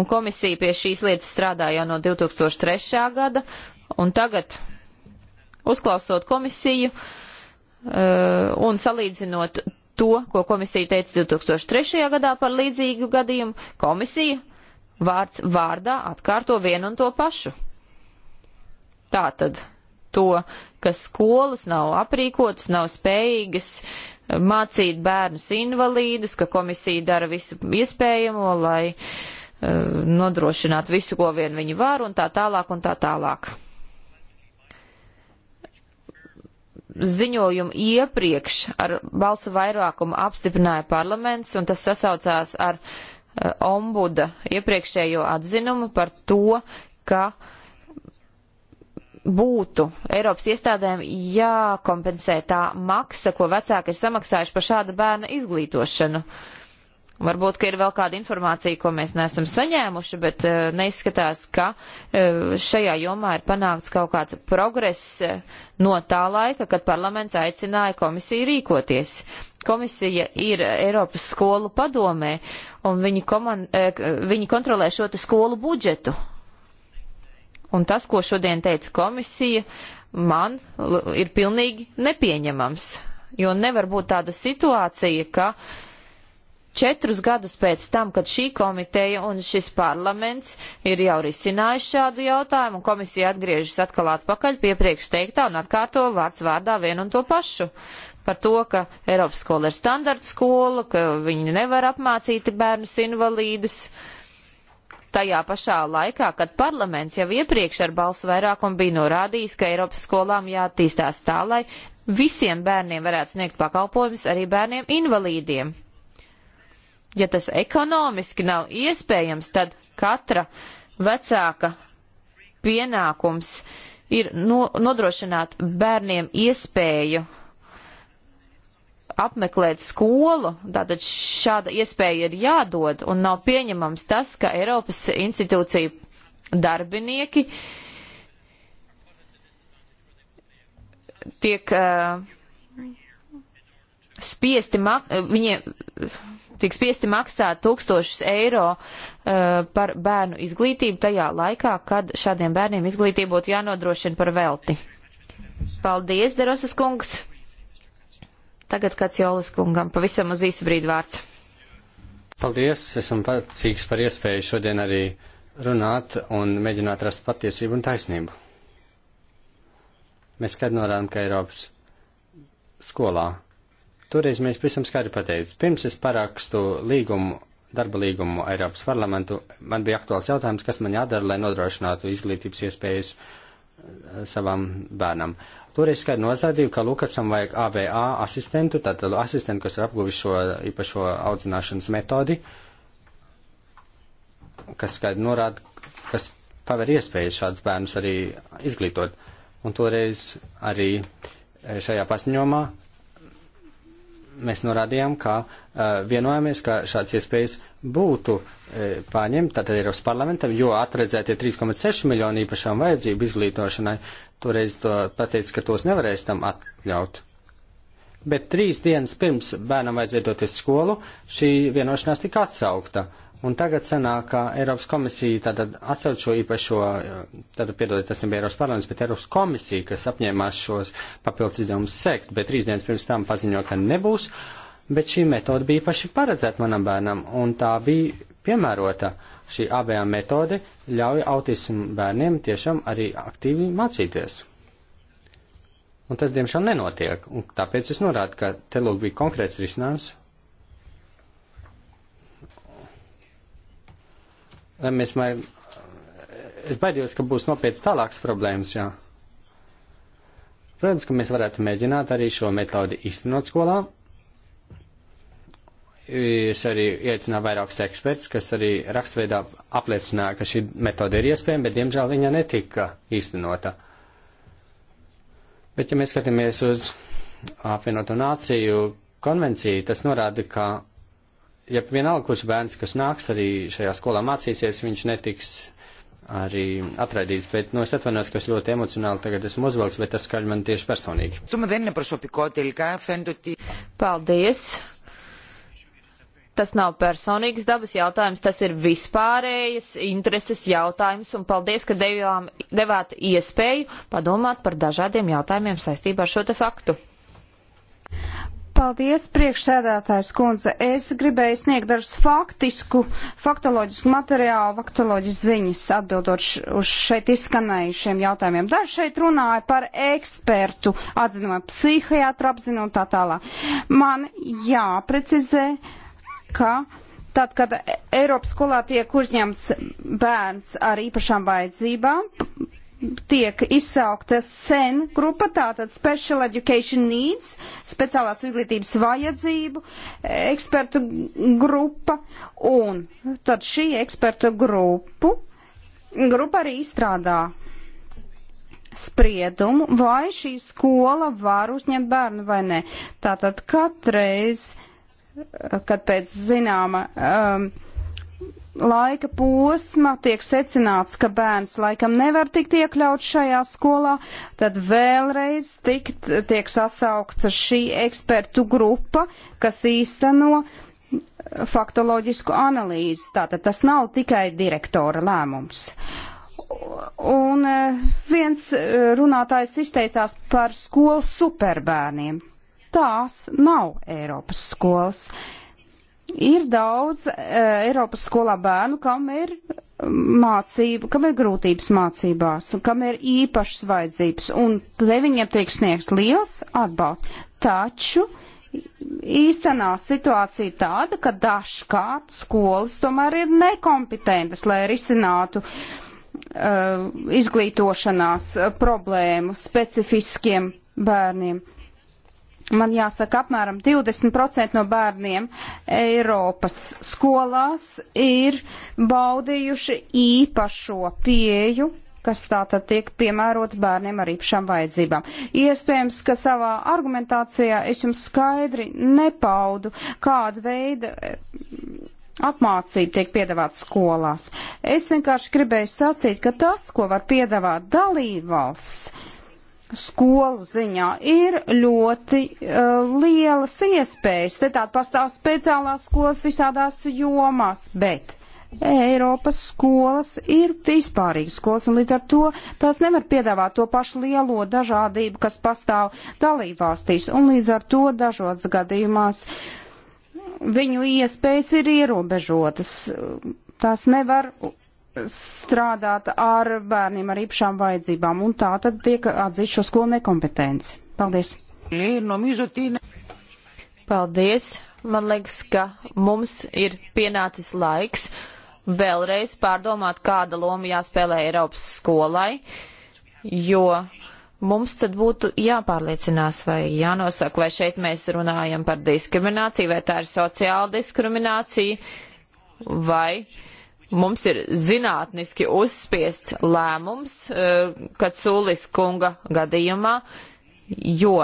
Speaker 2: un komisija pie šīs lietas strādā jau no 2003. gada, un tagad, uzklausot komisiju eh, un salīdzinot to, ko komisija teica 2003. gadā par līdzīgu gadījumu, komisija vārds vārdā atkārto vienu un to pašu. Tātad to, ka skolas nav aprīkotas, nav spējīgas mācīt bērnus invalīdus, ka komisija dara visu iespējamo, lai uh, nodrošinātu visu, ko vien viņi var, un tā tālāk, un tā tālāk. Ziņojumu iepriekš ar balsu vairākumu apstiprināja parlaments, un tas sasaucās ar uh, Eh, ombuda iepriekšējo atzinumu par to, ka būtu Eiropas iestādēm jākompensē tā maksa, ko vecāki ir samaksājuši par šādu bērnu izglītošanu. Uh, Varbūt, ka ir vēl kāda informācija, ko mēs neesam saņēmuši, bet eh, neizskatās, ka eh, šajā jomā ir panākts kaut kāds progress eh, no tā laika, kad parlaments aicināja komisiju rīkoties. Komisija ir Eiropas skolu padomē, un viņi, koman, viņi kontrolē šo skolu budžetu. Un tas, ko šodien teica komisija, man ir pilnīgi nepieņemams, jo nevar būt tāda situācija, ka uh, Četrus gadus pēc tam, kad šī komiteja un šis parlaments ir jau risinājuši šādu jautājumu, un komisija atgriežas atkal atpakaļ pie priekš teiktā un atkārto vārds vārdā vienu un to pašu. Par to, ka Eiropas skola ir standarta skola, ka viņi nevar apmācīt bērnus invalīdus. Tajā pašā laikā, kad parlaments jau iepriekš ar balsu vairākumu bija norādījis, ka Eiropas skolām jāattīstās tā, lai visiem bērniem varētu sniegt pakalpojumus arī bērniem invalīdiem. Ja tas ekonomiski nav iespējams, tad katra vecāka pienākums ir no, nodrošināt bērniem iespēju apmeklēt skolu, tātad šāda iespēja ir jādod, un nav pieņemams tas, ka Eiropas institūciju darbinieki tiek uh, spiesti, viņiem tiek spiesti maksāt tūkstošus eiro uh, par bērnu izglītību tajā laikā, kad šādiem bērniem izglītību būtu jānodrošina par velti. Paldies, Derosas kungs! Tagad kāds Jolas kungam pavisam uz īsu brīdi vārds.
Speaker 4: Paldies, esmu patīks par iespēju šodien arī runāt un mēģināt rast patiesību un taisnību. Mēs kad norādām, ka Eiropas skolā Toreiz mēs pavisam skaidri pateicu, pirms es parakstu līgumu, darba līgumu Eiropas parlamentu, man bija aktuāls jautājums, kas man jādara, lai nodrošinātu izglītības iespējas eh, savam bērnam. Toreiz skaidri nozādīju, ka Lukasam vajag ABA asistentu, tātad asistentu, kas ir apguvis šo īpašo audzināšanas metodi, kas skaidri norāda, kas paver iespēju šādus bērnus arī izglītot. Un toreiz arī eh, šajā paziņojumā mēs norādījām, ka uh, vienojāmies, ka šāds iespējas būtu uh, pārņemt, tātad Eiropas parlamentam, jo atredzētie 3,6 miljoni īpašām vajadzību izglītošanai, toreiz to pateica, ka tos nevarēs tam atļaut. Bet trīs dienas pirms bērnam vajadzēja doties skolu, šī vienošanās tika atsaukta. Uh, Un tagad sanāk, ka Eiropas komisija tātad atcelt šo īpašo, tātad piedodiet, tas nebija Eiropas parlaments, bet Eiropas komisija, kas apņēmās šos papildus izdevumus sekt, bet trīs dienas pirms tam paziņo, ka nebūs, bet šī metode bija paši paredzēta manam bērnam, un tā bija piemērota. Šī abējā metode ļauj autismu bērniem tiešām arī aktīvi mācīties. Un tas, diemžēl, nenotiek, un tāpēc es norādu, ka te lūk bija konkrēts risinājums, lai mēs vai... Es baidos, ka būs nopietnas tālākas problēmas, jā. Protams, ka mēs varētu mēģināt arī šo metodi īstenot skolā. Es arī iecināju vairākus eksperts, kas arī rakstveidā apliecināja, ka šī metode ir iespējama, bet diemžēl viņa netika īstenota. Bet, ja mēs skatāmies uz apvienoto nāciju konvenciju, tas norāda, ka ja vienalga, kurš bērns, kas nāks arī šajā skolā mācīsies, viņš netiks arī atraidīts, bet, nu, es atvainojos, ka es ļoti emocionāli tagad esmu uzvilks, bet tas skaļ man tieši personīgi.
Speaker 2: Paldies! Tas nav personīgs dabas jautājums, tas ir vispārējas intereses jautājums, un paldies, ka devām, devāt iespēju padomāt par dažādiem jautājumiem saistībā ar šo te faktu.
Speaker 3: Paldies, priekšsēdētājs kundze. Es gribēju sniegt dažus faktisku, faktoloģisku materiālu, faktoloģisku ziņas atbildot š, uz šeit izskanējušiem jautājumiem. Daži šeit runāja par ekspertu atzinumu, psihiatru apzinu un tā tālāk. Man jāprecizē, ka tad, kad Eiropas skolā tiek uzņemts bērns ar īpašām vajadzībām, tiek izsaukta sen grupa, tātad Special Education Needs, speciālās izglītības vajadzību ekspertu grupa, un tad šī ekspertu grupu, grupa arī izstrādā spriedumu, vai šī skola var uzņemt bērnu vai nē. Tātad katreiz, kad pēc zināma. Um, laika posma tiek secināts, ka bērns laikam nevar tikt iekļauts šajā skolā, tad vēlreiz tikt, tiek sasaukta šī ekspertu grupa, kas īsteno faktoloģisku analīzi. Tātad tas nav tikai direktora lēmums. Un e, viens e, runātājs izteicās par skolu superbērniem. Tās nav Eiropas skolas. Uh, Ir daudz uh, Eiropas skolā bērnu, kam ir mācība, kam ir grūtības mācībās, kam ir īpašas vajadzības, un te viņiem tiek sniegts liels atbalsts. Taču īstenā situācija tāda, ka dažkārt skolas tomēr ir nekompetentas, lai risinātu uh, izglītošanās problēmu specifiskiem bērniem man jāsaka, apmēram 20% no bērniem Eiropas skolās ir baudījuši īpašo pieju kas tātad tiek piemērot bērniem ar īpašām vajadzībām. Iespējams, ka savā argumentācijā es jums skaidri nepaudu, kāda veida eh, apmācība tiek piedāvāta skolās. Es vienkārši gribēju sacīt, ka tas, ko var piedāvāt dalībvalsts, skolu ziņā ir ļoti uh, lielas iespējas. Te tāda pastāv speciālās skolas visādās jomās, bet Eiropas skolas ir vispārīgas skolas, un līdz ar to tās nevar piedāvāt to pašu lielo dažādību, kas pastāv dalībvalstīs, un līdz ar to dažos gadījumās viņu iespējas ir ierobežotas. Tās nevar strādāt ar bērniem ar īpašām vajadzībām, un tā tad tiek atzīt šo skolu nekompetenci. Paldies! Paldies! Man liekas, ka mums ir
Speaker 2: pienācis laiks vēlreiz pārdomāt, kāda loma jāspēlē Eiropas skolai, jo mums tad būtu jāpārliecinās vai jānosaka, vai šeit mēs runājam par diskrimināciju, vai tā ir sociāla diskriminācija, vai uh, Mums ir zinātniski uzspiests lēmums, e, kad Sūlis kunga gadījumā, jo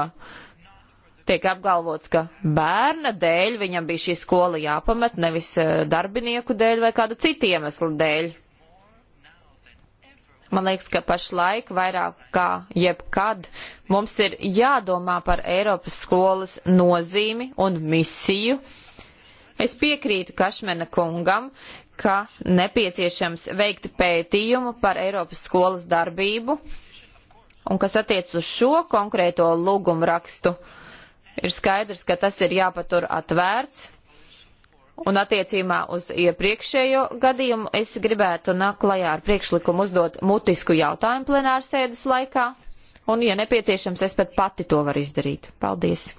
Speaker 2: tiek apgalvots, ka bērna dēļ viņam bija šī skola jāpamet, nevis e, darbinieku dēļ vai kāda cita iemesla dēļ. Man liekas, ka pašlaik vairāk kā jebkad mums ir jādomā par Eiropas skolas nozīmi un misiju. Es piekrītu Kašmena kungam, ka nepieciešams veikt pētījumu par Eiropas skolas darbību, un kas attiec uz šo konkrēto lūgumu rakstu, ir skaidrs, ka tas ir jāpatur atvērts, un attiecībā uz iepriekšējo gadījumu es gribētu nākt klajā ar priekšlikumu uzdot mutisku jautājumu plenārsēdes laikā, un, ja nepieciešams, es pat pati to varu izdarīt.
Speaker 1: Paldies!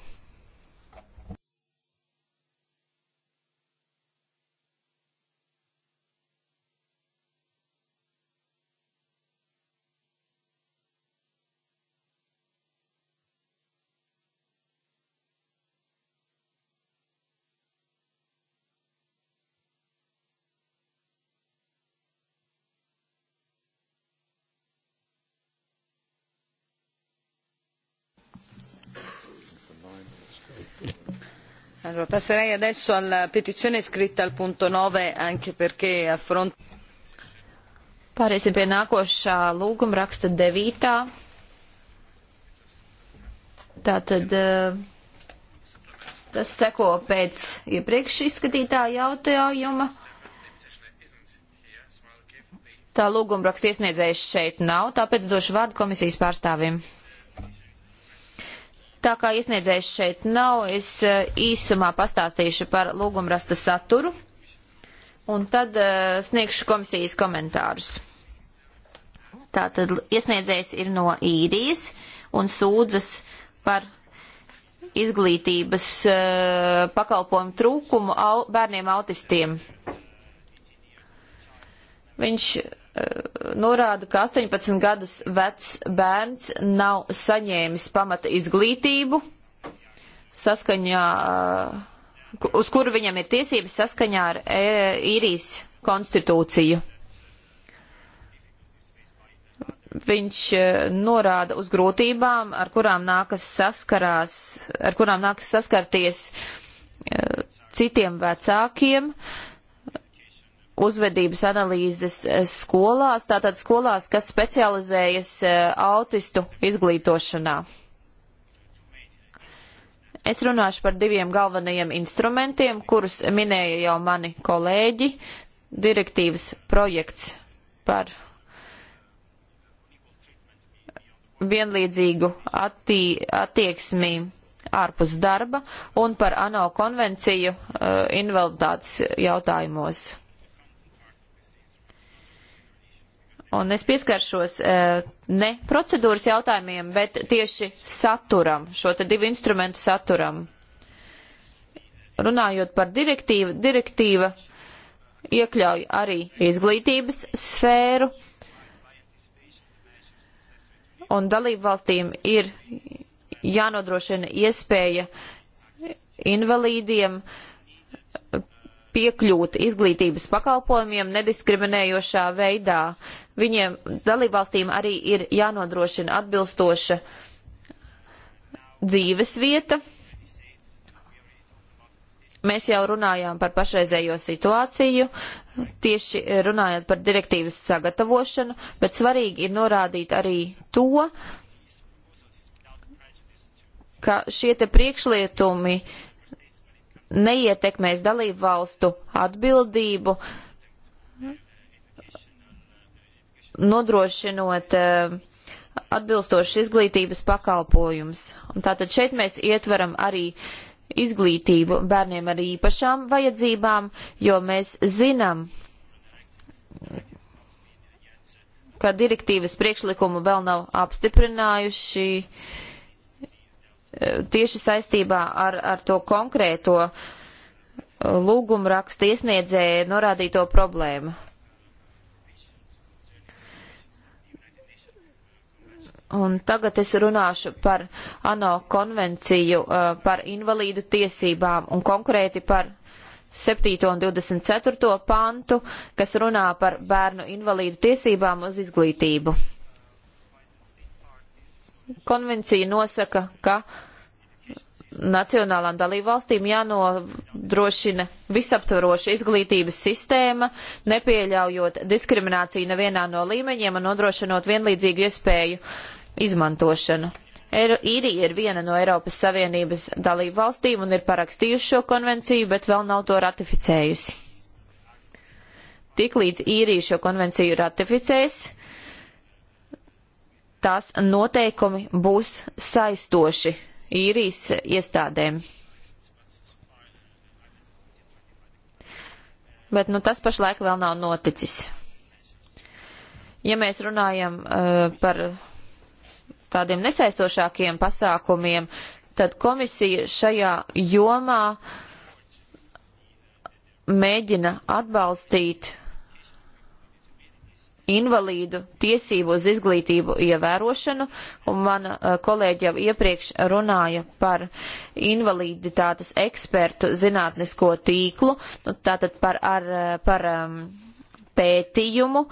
Speaker 1: Allora, passerei adesso alla petizione scritta al punto 9 anche perché affronta. Pārēsim pie nākošā
Speaker 2: lūguma raksta 9. Tātad eh, tas seko pēc iepriekš izskatītā jautājuma. Tā lūguma raksta iesniedzējs šeit nav, tāpēc došu vārdu komisijas pārstāvim. Tā kā iesniedzējs šeit nav, es eh, īsumā pastāstīšu par lūgumrasta saturu un tad uh, sniegšu komisijas komentārus. Tātad iesniedzējs ir no īrijas un sūdzas par izglītības uh, pakalpojumu trūkumu au, bērniem autistiem. Viņš norāda, ka 18 gadus vecs bērns nav saņēmis pamata izglītību, saskaņā, eh, uz kuru viņam ir tiesības saskaņā ar eh, īrijas konstitūciju. Viņš eh, norāda uz grūtībām, ar kurām nākas, saskarās, ar kurām nākas saskarties citiem vecākiem, uh, uzvedības analīzes eh, skolās, tātad skolās, kas specializējas eh, autistu izglītošanā. Es runāšu par diviem galvenajiem instrumentiem, kurus minēja jau mani kolēģi. Direktīvas projekts par vienlīdzīgu attī, attieksmi ārpus darba un par ANO konvenciju uh, invaliditātes jautājumos. un es pieskaršos e, ne procedūras jautājumiem, bet tieši saturam, šo te divu instrumentu saturam. Runājot par direktīvu, direktīva iekļauj arī izglītības sfēru, un dalību valstīm ir jānodrošina iespēja invalīdiem piekļūt izglītības pakalpojumiem nediskriminējošā veidā. Viņiem dalībvalstīm arī ir jānodrošina atbilstoša dzīves vieta. Mēs jau runājām par pašreizējo situāciju, tieši runājot par direktīvas sagatavošanu, bet svarīgi ir norādīt arī to, ka šie te priekšlietumi uh, neietekmēs dalību valstu atbildību, nodrošinot eh, atbilstošas izglītības pakalpojums. Un tātad šeit mēs ietveram arī izglītību bērniem ar īpašām vajadzībām, jo mēs zinām, ka direktīvas priekšlikumu vēl nav apstiprinājuši uh, Eh, tieši saistībā ar, ar to konkrēto eh, lūgumu rakstu iesniedzēju norādīto problēmu. Un tagad es runāšu par ANO konvenciju eh, par invalīdu tiesībām un konkrēti par 7. un 24. pantu, kas runā par bērnu invalīdu tiesībām uz izglītību. Konvencija nosaka, ka uh, nacionālām dalībvalstīm jānodrošina visaptvaroša izglītības sistēma, nepieļaujot diskrimināciju nevienā no līmeņiem un nodrošinot vienlīdzīgu iespēju izmantošanu. Īrija ir viena no Eiropas Savienības dalību valstīm un ir parakstījusi šo konvenciju, bet vēl nav to ratificējusi. Tiklīdz Īrija šo konvenciju ratificēs, tās noteikumi būs saistoši īrijas iestādēm. Bet nu, tas pašlaik vēl nav noticis. Ja mēs runājam uh, par tādiem nesaistošākiem pasākumiem, tad komisija šajā jomā mēģina atbalstīt uh, invalīdu tiesību uz izglītību ievērošanu, un mana eh, kolēģi jau iepriekš runāja par invaliditātes ekspertu zinātnisko tīklu, nu, tātad par, ar, eh, par um, pētījumu,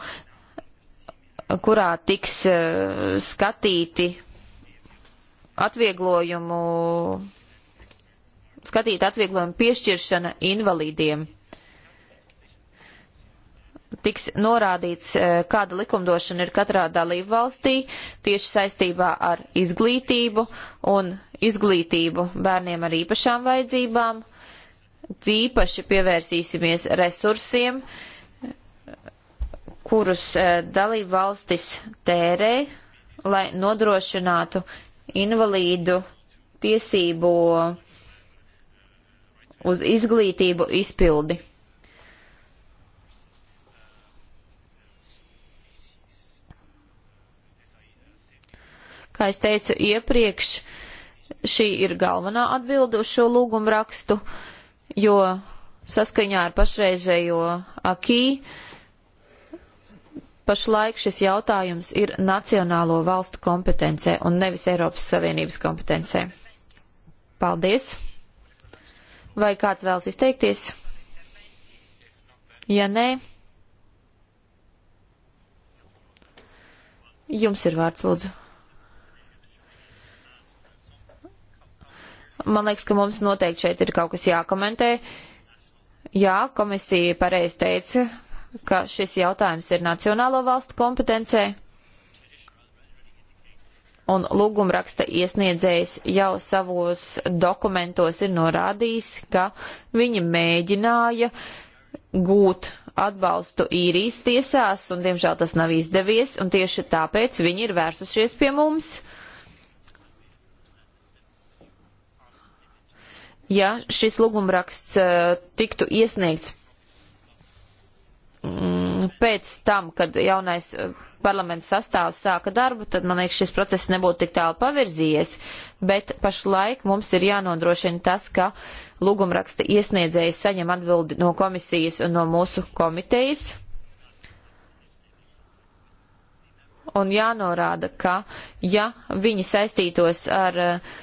Speaker 2: kurā tiks uh, skatīti atvieglojumu skatīt atvieglojumu piešķiršana invalīdiem tiks norādīts, e, kāda likumdošana ir katrā dalību valstī tieši saistībā ar izglītību un izglītību bērniem ar īpašām vajadzībām. Tīpaši pievērsīsimies resursiem, kurus e, dalību valstis tērē, lai nodrošinātu invalīdu tiesību uz izglītību izpildi. Kā es teicu iepriekš, šī ir galvenā atbilde uz šo lūgumu rakstu, jo saskaņā ar pašreizējo akī pašlaik šis jautājums ir nacionālo valstu kompetencē un nevis Eiropas Savienības kompetencē. Paldies! Vai kāds vēlas izteikties? Ja nē, jums ir vārds, lūdzu. Man liekas, ka mums noteikti šeit ir kaut kas jākomentē. Jā, komisija pareizi teica, ka šis jautājums ir nacionālo valstu kompetencē. Un lūgumraksta iesniedzējs jau savos dokumentos ir norādījis, ka viņi mēģināja gūt atbalstu īrijas tiesās, un diemžēl tas nav izdevies, un tieši tāpēc viņi ir vērsušies pie mums. Uh, ja šis lūgumraksts eh, tiktu iesniegts mm, pēc tam, kad jaunais eh, parlaments sastāvs sāka darbu, tad man liekas, šis process nebūtu tik tālu pavirzījies, bet pašlaik mums ir jānodrošina tas, ka lūgumraksta iesniedzējs saņem atbildi no komisijas un no mūsu komitejas. Un jānorāda, ka ja viņi saistītos ar uh,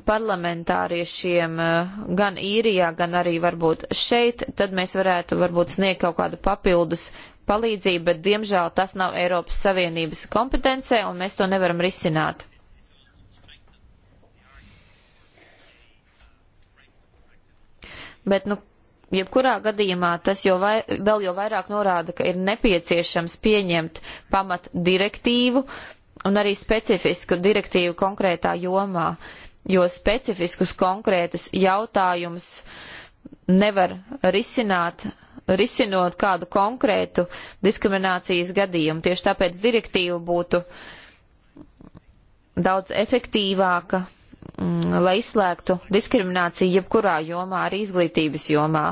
Speaker 2: parlamentāriešiem eh, gan īrijā, gan arī varbūt šeit, tad mēs varētu varbūt sniegt kaut kādu papildus palīdzību, bet diemžēl tas nav Eiropas Savienības kompetencē un mēs to nevaram risināt. Bet, nu, jebkurā gadījumā tas jau vai, vēl jau vairāk norāda, ka ir nepieciešams pieņemt pamat direktīvu un arī specifisku direktīvu konkrētā jomā. Uh, jo specifiskus konkrētus jautājumus nevar risināt, risinot kādu konkrētu diskriminācijas gadījumu. Tieši tāpēc direktīva būtu daudz efektīvāka, m, mm, lai izslēgtu diskrimināciju jebkurā jomā, arī izglītības jomā.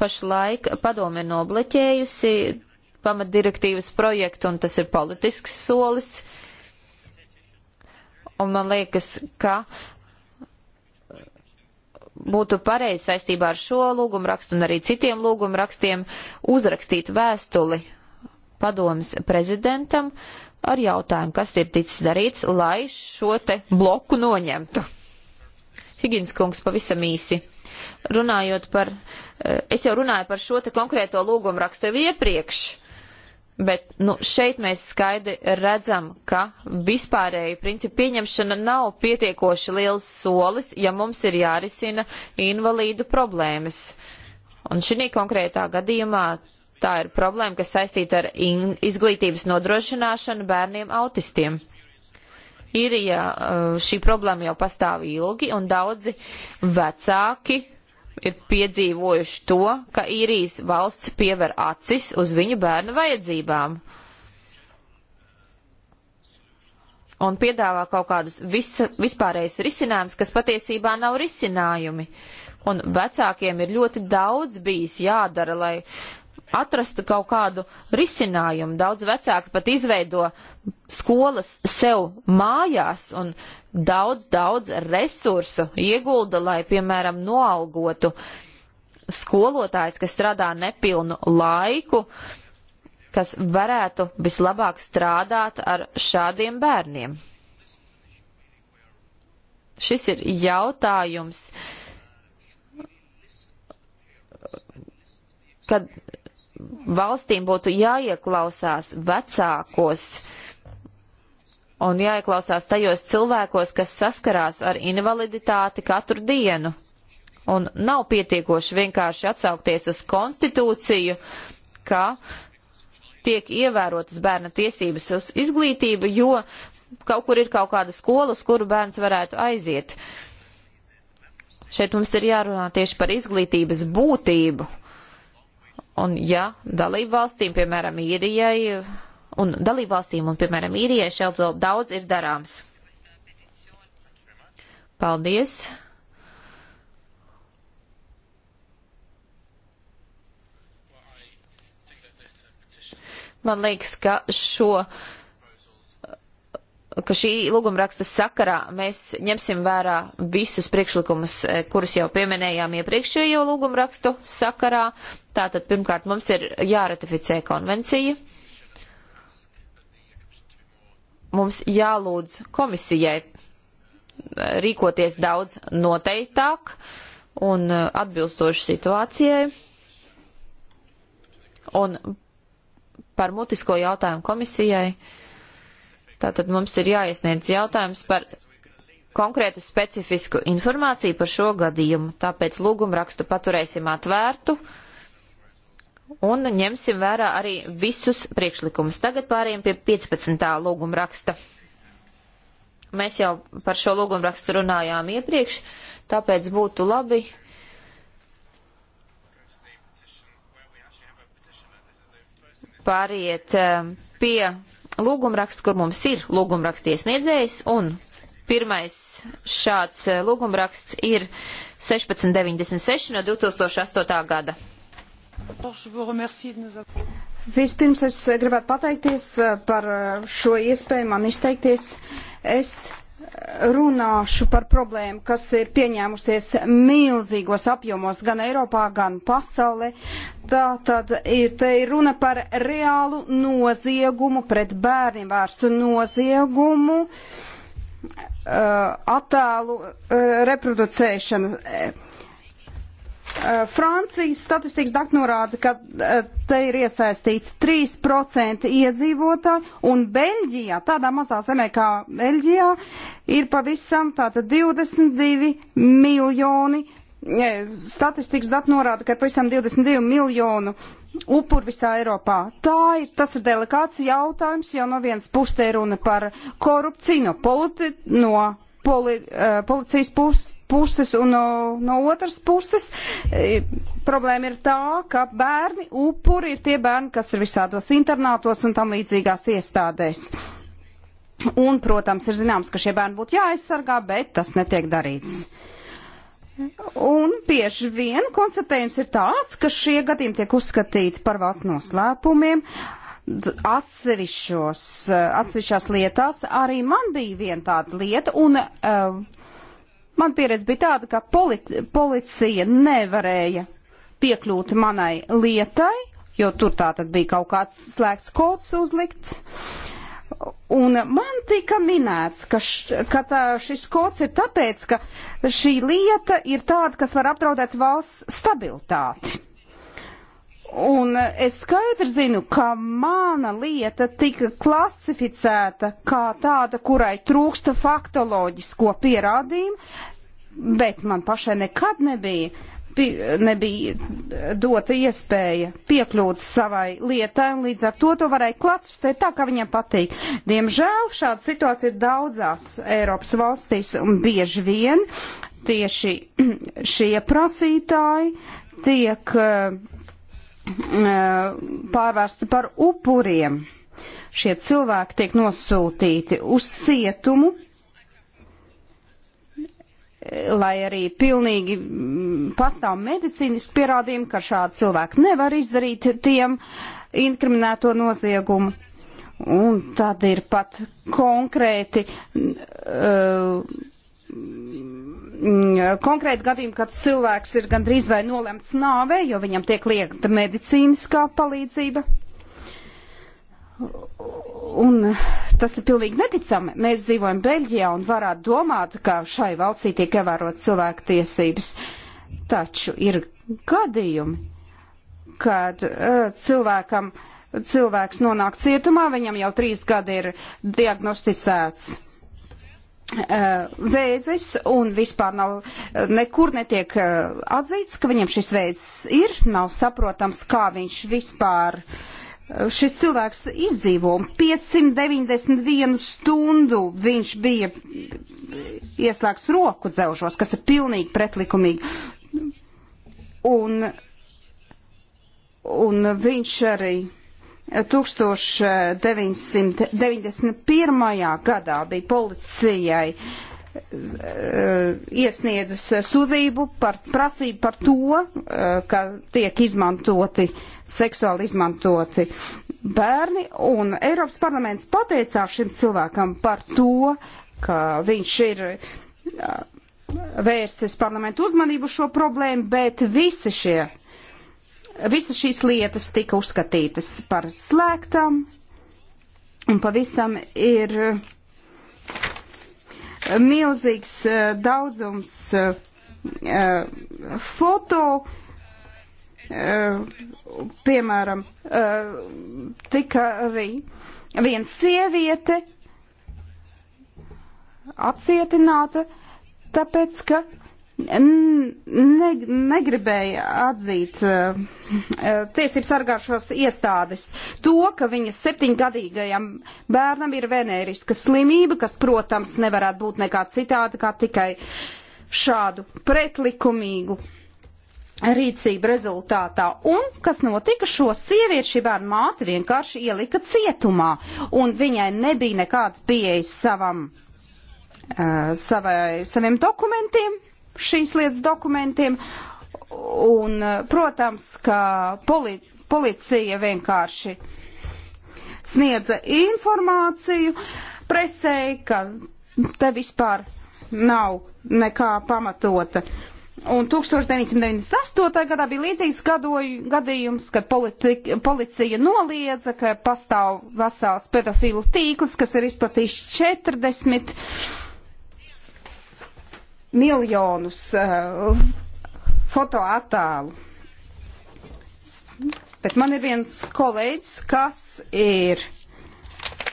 Speaker 2: Pašlaik padome nobleķējusi pamatdirektīvas projektu, un tas ir politisks solis Un man liekas, ka būtu pareizi saistībā ar šo lūgumu rakstu un arī citiem lūgumu rakstiem uzrakstīt vēstuli padomas prezidentam ar jautājumu, kas ir ticis darīts, lai šo te bloku noņemtu. Higins kungs pavisam īsi. Runājot par, eh, es jau runāju par šo te konkrēto lūgumu rakstu jau iepriekš. Bet nu, šeit mēs skaidri redzam, ka vispārēji principu pieņemšana nav pietiekoši liels solis, ja mums ir jārisina invalīdu problēmas. Un šī konkrētā gadījumā tā ir problēma, kas saistīta ar izglītības nodrošināšanu bērniem autistiem. Ir, ja uh, šī problēma jau pastāv ilgi, un daudzi vecāki ir piedzīvojuši to, ka īrijas valsts piever acis uz viņu bērnu vajadzībām un piedāvā kaut kādus vis, vispārējus risinājumus, kas patiesībā nav risinājumi. Un vecākiem ir ļoti daudz bijis jādara, lai atrastu kaut kādu risinājumu. Daudz vecāki pat izveido skolas sev mājās un daudz, daudz resursu iegulda, lai, piemēram, noalgotu skolotājs, kas strādā nepilnu laiku, kas varētu vislabāk strādāt ar šādiem bērniem. Šis ir jautājums, kad valstīm būtu jāieklausās vecākos un jāieklausās tajos cilvēkos, kas saskarās ar invaliditāti katru dienu. Un nav pietiekoši vienkārši atsaukties uz konstitūciju, ka tiek ievērotas bērna tiesības uz izglītību, jo kaut kur ir kaut kāda skola, uz kuru bērns varētu aiziet. Šeit mums ir jārunā tieši par izglītības būtību Un ja dalību valstīm, piemēram, īrijai, un dalību valstīm, un, piemēram, īrijai šeit vēl daudz ir darāms. Paldies! Man liekas, ka šo ka šī lūgumraksta sakarā mēs ņemsim vērā visus priekšlikumus, e, kurus jau pieminējām iepriekšējo lūgumrakstu sakarā. Tātad pirmkārt mums ir jāratificē konvencija. Mums jālūdz komisijai e, rīkoties daudz noteiktāk un e, atbilstoši situācijai. Un par mutisko jautājumu komisijai uh, Tātad mums ir jāiesniedz jautājums par konkrētu specifisku informāciju par šo gadījumu. Tāpēc lūgumu rakstu paturēsim atvērtu un ņemsim vērā arī visus priekšlikumus. Tagad pārējiem pie 15. lūgumu raksta. Mēs jau par šo lūgumu rakstu runājām iepriekš, tāpēc būtu labi. Pāriet eh, pie lūgumraksts, kur mums ir lūgumraksts iesniedzējs, un pirmais šāds eh, lūgumraksts ir 1696 no 2008. gada.
Speaker 3: Vispirms es gribētu pateikties eh, par eh, šo iespēju man izteikties. Es runāšu par problēmu, kas ir pieņēmusies milzīgos apjomos gan Eiropā, gan pasaulē. Tā tad ir, te ir runa par reālu noziegumu, pret bērniem vērstu noziegumu, uh, attēlu uh, reproducēšanu Eh, Francijas statistikas dati norāda, ka eh, te ir iesaistīti 3% iedzīvotāji, un Beļģijā, tādā mazā zemē kā Beļģijā, ir pavisam tātad 22 miljoni. Eh, statistikas dati norāda, ka ir pavisam 22 miljonu upuri visā Eiropā. Tā ir, tas ir delikāts jautājums, jo no vienas puses te ir runa par korupciju, no, politi, no poli, uh, policijas puses puses un no, no otras puses. E, problēma ir tā, ka bērni upuri ir tie bērni, kas ir visādos internātos un tam līdzīgās iestādēs. Un, protams, ir zināms, ka šie bērni būtu jāaizsargā, bet tas netiek darīts. Un bieži vien konstatējums ir tāds, ka šie gadījumi tiek uzskatīti par valsts noslēpumiem, atsevišķos, atsevišķās lietās. Arī man bija viena tāda lieta, un uh, Man pieredze bija tāda, ka politi policija nevarēja piekļūt manai lietai, jo tur tā tad bija kaut kāds slēgts kods uzlikts. Un man tika minēts, ka, š, ka tā, šis kods ir tāpēc, ka šī lieta ir tāda, kas var apdraudēt valsts stabilitāti. Un es skaidri zinu, ka mana lieta tika klasificēta kā tāda, kurai trūksta faktoloģisko pierādījumu, bet man pašai nekad nebija, nebija dota iespēja piekļūt savai lietai, un līdz ar to to varēja klātspēt tā, kā viņam patīk. Diemžēl šāda situācija ir daudzās Eiropas valstīs, un bieži vien tieši šie prasītāji tiek eh, eh, pārvērsti par upuriem. Šie cilvēki tiek nosūtīti uz cietumu, lai arī pilnīgi mm, pastāv medicīniski pierādījumi, ka šādi cilvēki nevar izdarīt tiem inkriminēto noziegumu. Un tad ir pat konkrēti, uh, konkrēti gadījumi, kad cilvēks ir gandrīz vai nolemts nāvē, jo viņam tiek liekta medicīniskā palīdzība. Un tas ir pilnīgi neticami. Mēs dzīvojam Beļģijā un varētu domāt, ka šai valstī tiek ievērot cilvēku tiesības. Taču ir gadījumi, kad uh, cilvēkam, cilvēks nonāk cietumā, viņam jau trīs gadi ir diagnosticēts uh, e, vēzis un vispār nav, e, nekur netiek uh, atzīts, ka viņam šis vēzis ir, nav saprotams, kā viņš vispār uh, šis cilvēks izdzīvo. 591 stundu viņš bija ieslēgts roku dzēvšos, kas ir pilnīgi pretlikumīgi. Un, un viņš arī 1991. gadā bija policijai iesniedzis sūdzību par prasību par to, eh, ka tiek izmantoti, seksuāli izmantoti bērni, un Eiropas parlaments pateicās šim cilvēkam par to, ka viņš ir eh, vērsis parlamentu uzmanību šo problēmu, bet visi šie, visas šīs lietas tika uzskatītas par slēgtām, un pavisam ir milzīgs eh, daudzums eh, foto, eh, piemēram, tika arī viena sieviete apcietināta, tāpēc, ka ne, negribēja atzīt uh, tiesību sargāšos iestādes to, ka viņa septiņgadīgajam bērnam ir venēriska slimība, kas, protams, nevarētu būt nekā citāda, kā tikai šādu pretlikumīgu rīcību rezultātā. Un kas notika? Šo sieviešu šī bērna māte vienkārši ielika cietumā, un viņai nebija nekāda pieejas savam, uh, savai, saviem dokumentiem šīs lietas dokumentiem. Un, eh, protams, ka poli policija vienkārši sniedza informāciju presēji, ka te vispār nav nekā pamatota. Un 1998. gadā bija līdzīgs gadoju, gadījums, kad politika, policija noliedza, ka pastāv vesels pedofilu tīkls, kas ir izplatījis 40 miljonus uh, eh, fotoattēlu. Bet man ir viens kolēģis, kas ir,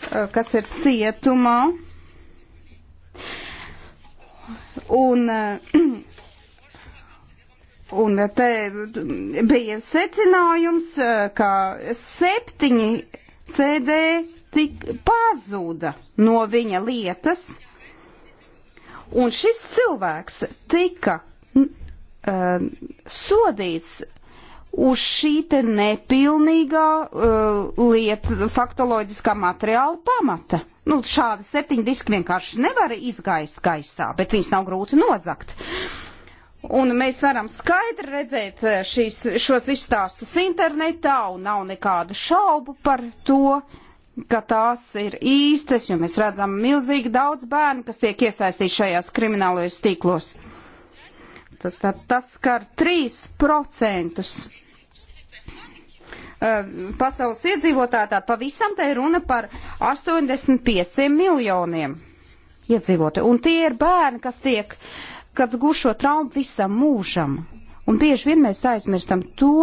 Speaker 3: uh, kas ir cietumā. Un, uh, un te bija secinājums, ka septiņi CD tik pazuda no viņa lietas Un šis cilvēks tika uh, sodīts uz šī te nepilnīgā uh, lieta faktoloģiskā materiāla pamata. Nu, šādi septiņi diski vienkārši nevar izgaist gaisā, bet viņus nav grūti nozakt. Un mēs varam skaidri redzēt uh, šīs, šos visus stāstus internetā, un nav nekādu šaubu par to. Uh, ka tās ir īstas, jo mēs redzam milzīgi daudz bērnu, kas tiek iesaistīti šajās kriminālajos tīklos. Tad, tad tas skar 3% pasaules iedzīvotāji, tad pavisam te ir runa par 85 miljoniem iedzīvotāju. Un tie ir bērni, kas tiek, kad gušo traumu visam mūžam. Un bieži vien mēs aizmirstam to,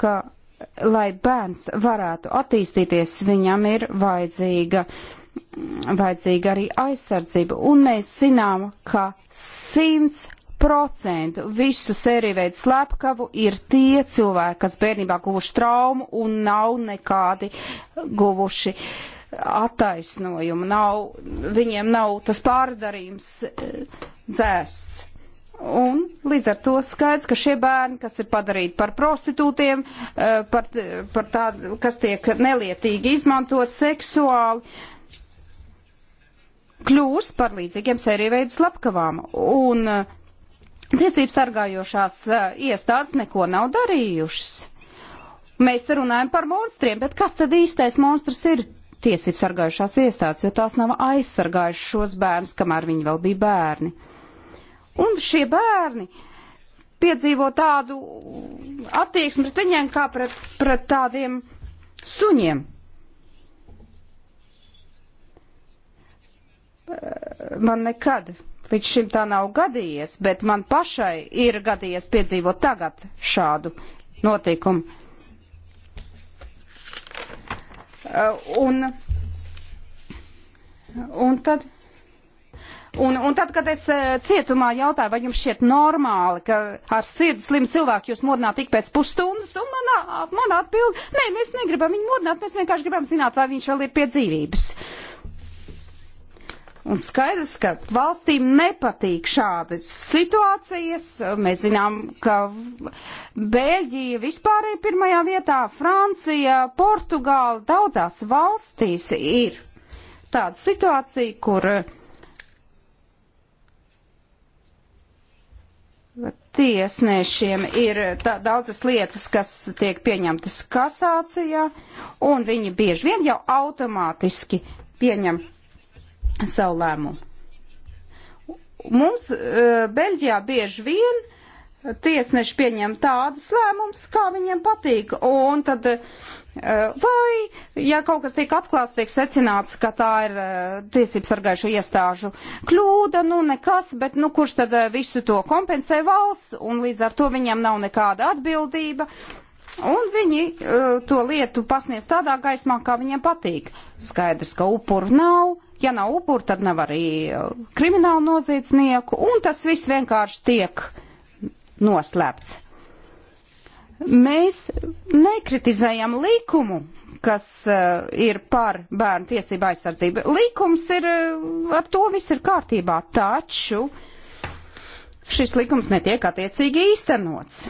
Speaker 3: ka lai bērns varētu attīstīties, viņam ir vajadzīga, vajadzīga arī aizsardzība. Un mēs zinām, ka simts procentu visu sēriju veidu slepkavu ir tie cilvēki, kas bērnībā guvuši traumu un nav nekādi guvuši attaisnojumu. Nav, viņiem nav tas pārdarījums eh, dzēsts. Un līdz ar to skaidrs, ka šie bērni, kas ir padarīti par prostitūtiem, eh, par, par tādu, kas tiek nelietīgi izmantot seksuāli, kļūs par līdzīgiem sērijveidu slepkavām. Un eh, tiesības sargājošās eh, iestādes neko nav darījušas. Mēs te runājam par monstriem, bet kas tad īstais monstrs ir? Tiesības sargājušās iestādes, jo tās nav aizsargājušas šos bērnus, kamēr viņi vēl bija bērni. Un šie bērni piedzīvo tādu attieksmi pret viņiem kā pret, pret tādiem suņiem. Man nekad līdz šim tā nav gadījies, bet man pašai ir gadījies piedzīvot tagad šādu notikumu. Un, un tad Un, un tad, kad es eh, cietumā jautāju, vai jums šķiet normāli, ka ar sirds slimu cilvēku jūs modināt tik pēc pusstundas, un manā, manā atbild, nē, mēs negribam viņu modināt, mēs vienkārši gribam zināt, vai viņš vēl ir pie dzīvības. Un skaidrs, ka valstīm nepatīk šādas situācijas. Mēs zinām, ka Bēļģija vispār ir pirmajā vietā, Francija, Portugāla, daudzās valstīs ir tāda situācija, kur uh, tiesnešiem ir tā, daudzas lietas, kas tiek pieņemtas kasācijā, un viņi bieži vien jau automātiski pieņem savu lēmumu. Mums e, Beļģijā bieži vien tiesneši pieņem tādus lēmumus, kā viņiem patīk, un tad Eh, vai, ja kaut kas tiek atklāts, tiek secināts, ka tā ir eh, tiesības sargājušo iestāžu kļūda, nu nekas, bet nu kurš tad eh, visu to kompensē valsts, un līdz ar to viņam nav nekāda atbildība, un viņi uh, to lietu pasniedz tādā gaismā, kā viņiem patīk. Skaidrs, ka upuru nav, ja nav upuru, tad nav arī kriminālu noziedznieku, un tas viss vienkārši tiek noslēpts. Mēs nekritizējam likumu, kas uh, ir par bērnu tiesību aizsardzību. Likums ir, eh, ar to viss ir kārtībā, taču šis likums netiek attiecīgi īstenots.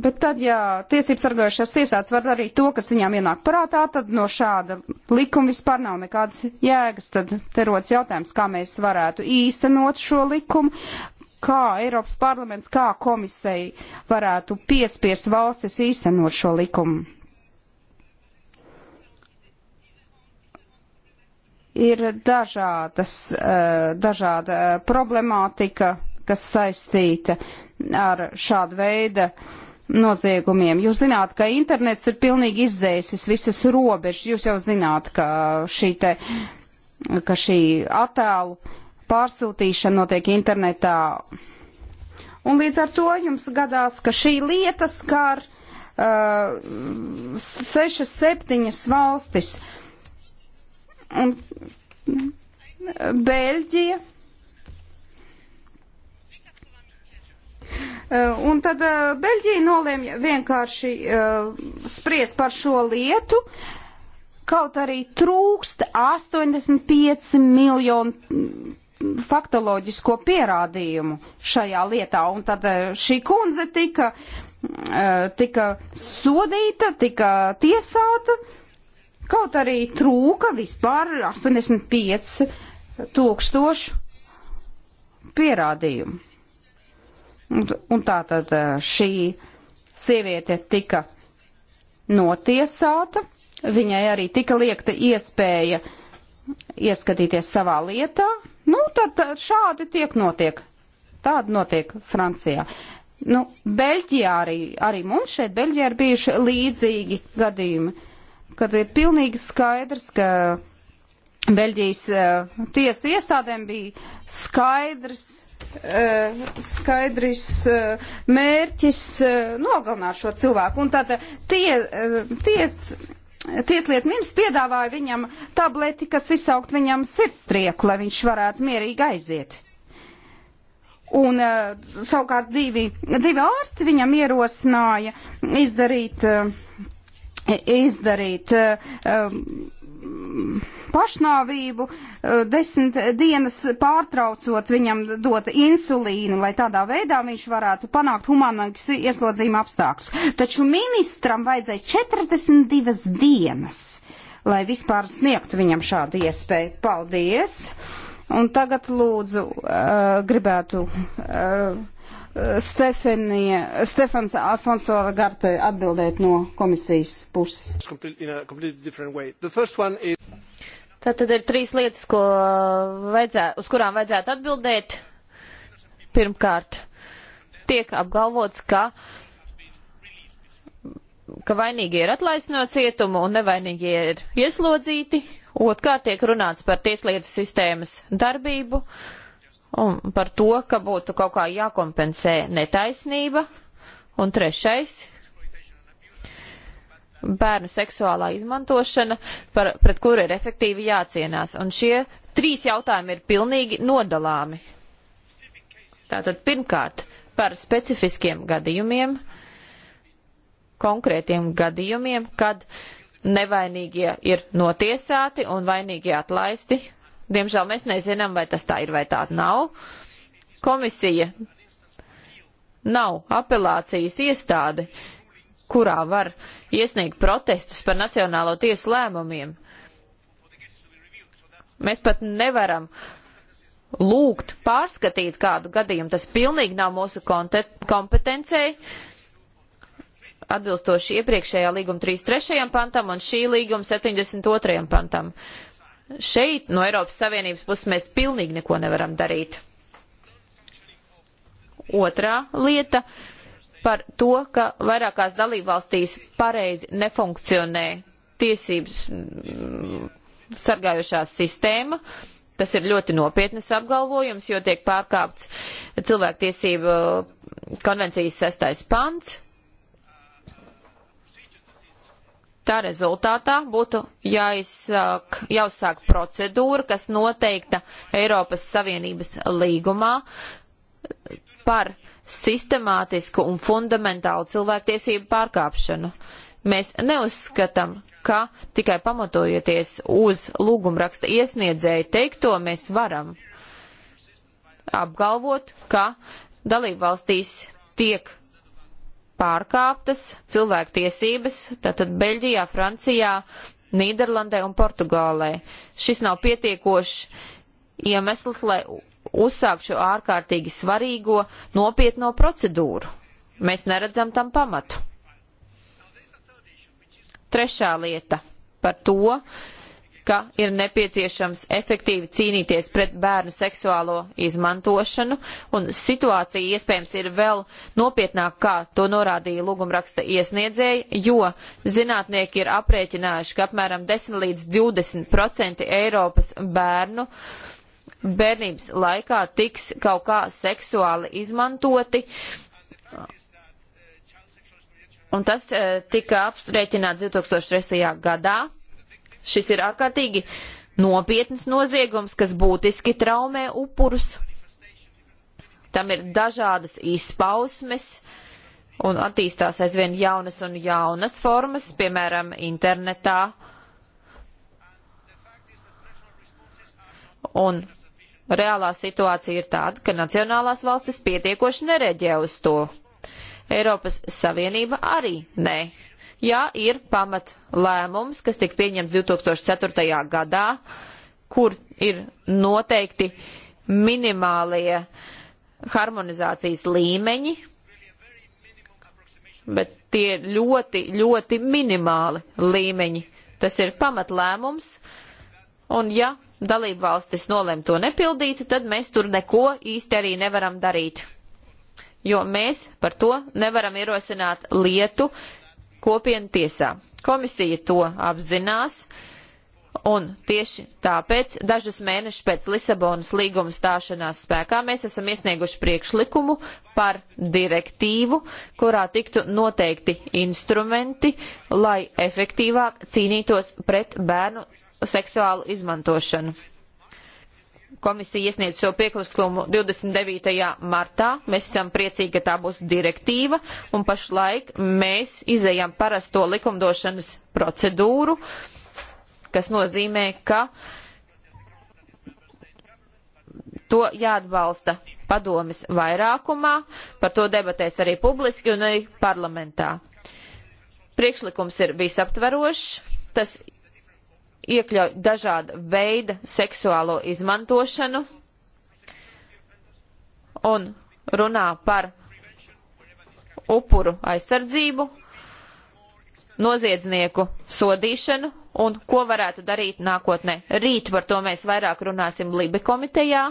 Speaker 3: Bet tad, ja tiesības sargojušās tiesāts var darīt to, kas viņām ienāk prātā, tad no šāda likuma vispār nav nekādas jēgas. Tad te rodas jautājums, kā mēs varētu īstenot šo likumu, kā Eiropas parlaments, kā komisija varētu piespiest valstis īstenot šo likumu. Ir dažādas, eh, dažāda problemātika, kas saistīta ar šādu veidu noziegumiem. Jūs zināt, ka internets ir pilnīgi izdzēsis visas robežas. Jūs jau zināt, ka šī, te, ka šī attēlu pārsūtīšana notiek internetā. Un līdz ar to jums gadās, ka šī lieta skar uh, sešas, septiņas valstis. Un mm, Beļģija. Uh, un tad uh, Beļģija nolēma vienkārši uh, spriest par šo lietu, kaut arī trūkst 85 miljonu faktoloģisko pierādījumu šajā lietā, un tad eh, šī kundze tika, eh, tika sodīta, tika tiesāta, kaut arī trūka vispār 85 tūkstošu pierādījumu. Un, un tā tad eh, šī sieviete tika notiesāta, viņai arī tika liekta iespēja ieskatīties savā lietā, Nu, tad šādi tiek notiek. Tāda notiek Francijā. Nu, Beļģijā arī, arī mums šeit Beļģijā ir bijuši līdzīgi gadījumi, kad ir pilnīgi skaidrs, ka Beļģijas uh, tiesa iestādēm bija skaidrs, uh, skaidrs uh, mērķis uh, nogalināt šo cilvēku. Un tad uh, tie, uh, tiesa Tieslietu ministrs piedāvāja viņam tableti, kas izsaukt viņam sirdstrieku, lai viņš varētu mierīgi aiziet. Un uh, savukārt divi, divi ārsti viņam ierosināja izdarīt, uh, izdarīt uh, um, pašnāvību, eh, desmit dienas pārtraucot viņam dot insulīnu, lai tādā veidā viņš varētu panākt humanāks ieslodzījuma apstākļus. Taču ministram vajadzēja 42 dienas, lai vispār sniegtu viņam šādu iespēju. Paldies! Un tagad lūdzu uh, gribētu. Uh, eh, Stefanija, Stefans Alfonso Lagarte atbildēt no komisijas puses. Is... Tad, tad ir trīs lietas, ko vajadzē, uz
Speaker 2: kurām vajadzētu atbildēt. Pirmkārt, tiek apgalvots, ka, ka vainīgi ir atlaisti no cietuma un nevainīgi ir ieslodzīti. Otkārt, tiek runāts par tieslietu sistēmas darbību un par to, ka būtu kaut kā jākompensē netaisnība. Un trešais, bērnu seksuālā izmantošana, par, pret kuru ir efektīvi jācienās. Un šie trīs jautājumi ir pilnīgi nodalāmi. Tātad pirmkārt par specifiskiem gadījumiem, konkrētiem gadījumiem, kad nevainīgie ir notiesāti un vainīgie atlaisti. Diemžēl mēs nezinām, vai tas tā ir vai tā nav. Komisija nav apelācijas iestāde, uh, kurā var iesniegt protestus par Nacionālo tiesu lēmumiem. Mēs pat nevaram lūgt pārskatīt kādu gadījumu. Tas pilnīgi nav mūsu kompetencei. Atbilstoši iepriekšējā līguma 33. pantam un šī līguma 72. pantam. Šeit no Eiropas Savienības puses mēs pilnīgi neko nevaram darīt. Otrā lieta par to, ka vairākās dalībvalstīs pareizi nefunkcionē tiesības mm, sargājošā sistēma. Tas ir ļoti nopietnas apgalvojums, jo tiek pārkāpts cilvēktiesību konvencijas sestais pants. Tā rezultātā būtu jāizsāk, jāuzsāk procedūra, kas noteikta Eiropas Savienības līgumā par uh, sistemātisku un fundamentālu cilvēktiesību pārkāpšanu. Mēs neuzskatām, ka tikai pamatojoties uz lūgumraksta iesniedzēju teikto, mēs varam apgalvot, ka dalībvalstīs tiek pārkāptas cilvēktiesības, tātad Beļģijā, Francijā, Nīderlandē un Portugālē. Šis nav pietiekošs iemesls, lai uzsākt šo ārkārtīgi svarīgo, nopietno procedūru. Mēs neredzam tam pamatu. Trešā lieta par to, ka ir nepieciešams efektīvi cīnīties pret bērnu seksuālo izmantošanu, un situācija iespējams ir vēl nopietnāk, kā to norādīja lūgumraksta iesniedzēji, jo zinātnieki ir aprēķinājuši, ka apmēram 10 līdz 20 procenti Eiropas bērnu uh, bērnības laikā tiks kaut kā seksuāli izmantoti. Un tas eh, tika aprēķināts 2003. gadā. Šis ir ārkārtīgi nopietns noziegums, kas būtiski traumē upurus. Tam ir dažādas izpausmes un attīstās aizvien jaunas un jaunas formas, piemēram, internetā. Un Reālā situācija ir tāda, ka nacionālās valstis pietiekoši nereģē uz to. Eiropas Savienība arī nē. Jā, ir pamat lēmums, kas tika pieņemts 2004. gadā, kur ir noteikti minimālie harmonizācijas līmeņi, bet tie ļoti, ļoti minimāli līmeņi. Tas ir pamatlēmums, un ja dalību valstis nolem to nepildīt, tad mēs tur neko īsti arī nevaram darīt. Jo mēs par to nevaram ierosināt lietu kopienu tiesā. Komisija to apzinās, un tieši tāpēc dažus mēnešus pēc Lisabonas līguma stāšanās spēkā mēs esam iesnieguši priekšlikumu par direktīvu, kurā tiktu noteikti instrumenti, lai efektīvāk cīnītos pret bērnu seksuālu izmantošanu. Komisija iesniedz šo pieklaskumu 29. martā. Mēs esam priecīgi, ka tā būs direktīva, un pašlaik mēs izējām parasto likumdošanas procedūru, kas nozīmē, ka to jāatbalsta padomis vairākumā, par to debatēs arī publiski un arī parlamentā. Priekšlikums ir visaptverošs, tas iekļauj dažāda veida seksuālo izmantošanu un runā par upuru aizsardzību, noziedznieku sodīšanu un ko varētu darīt nākotnē. Rīt par to mēs vairāk runāsim Libe komitejā.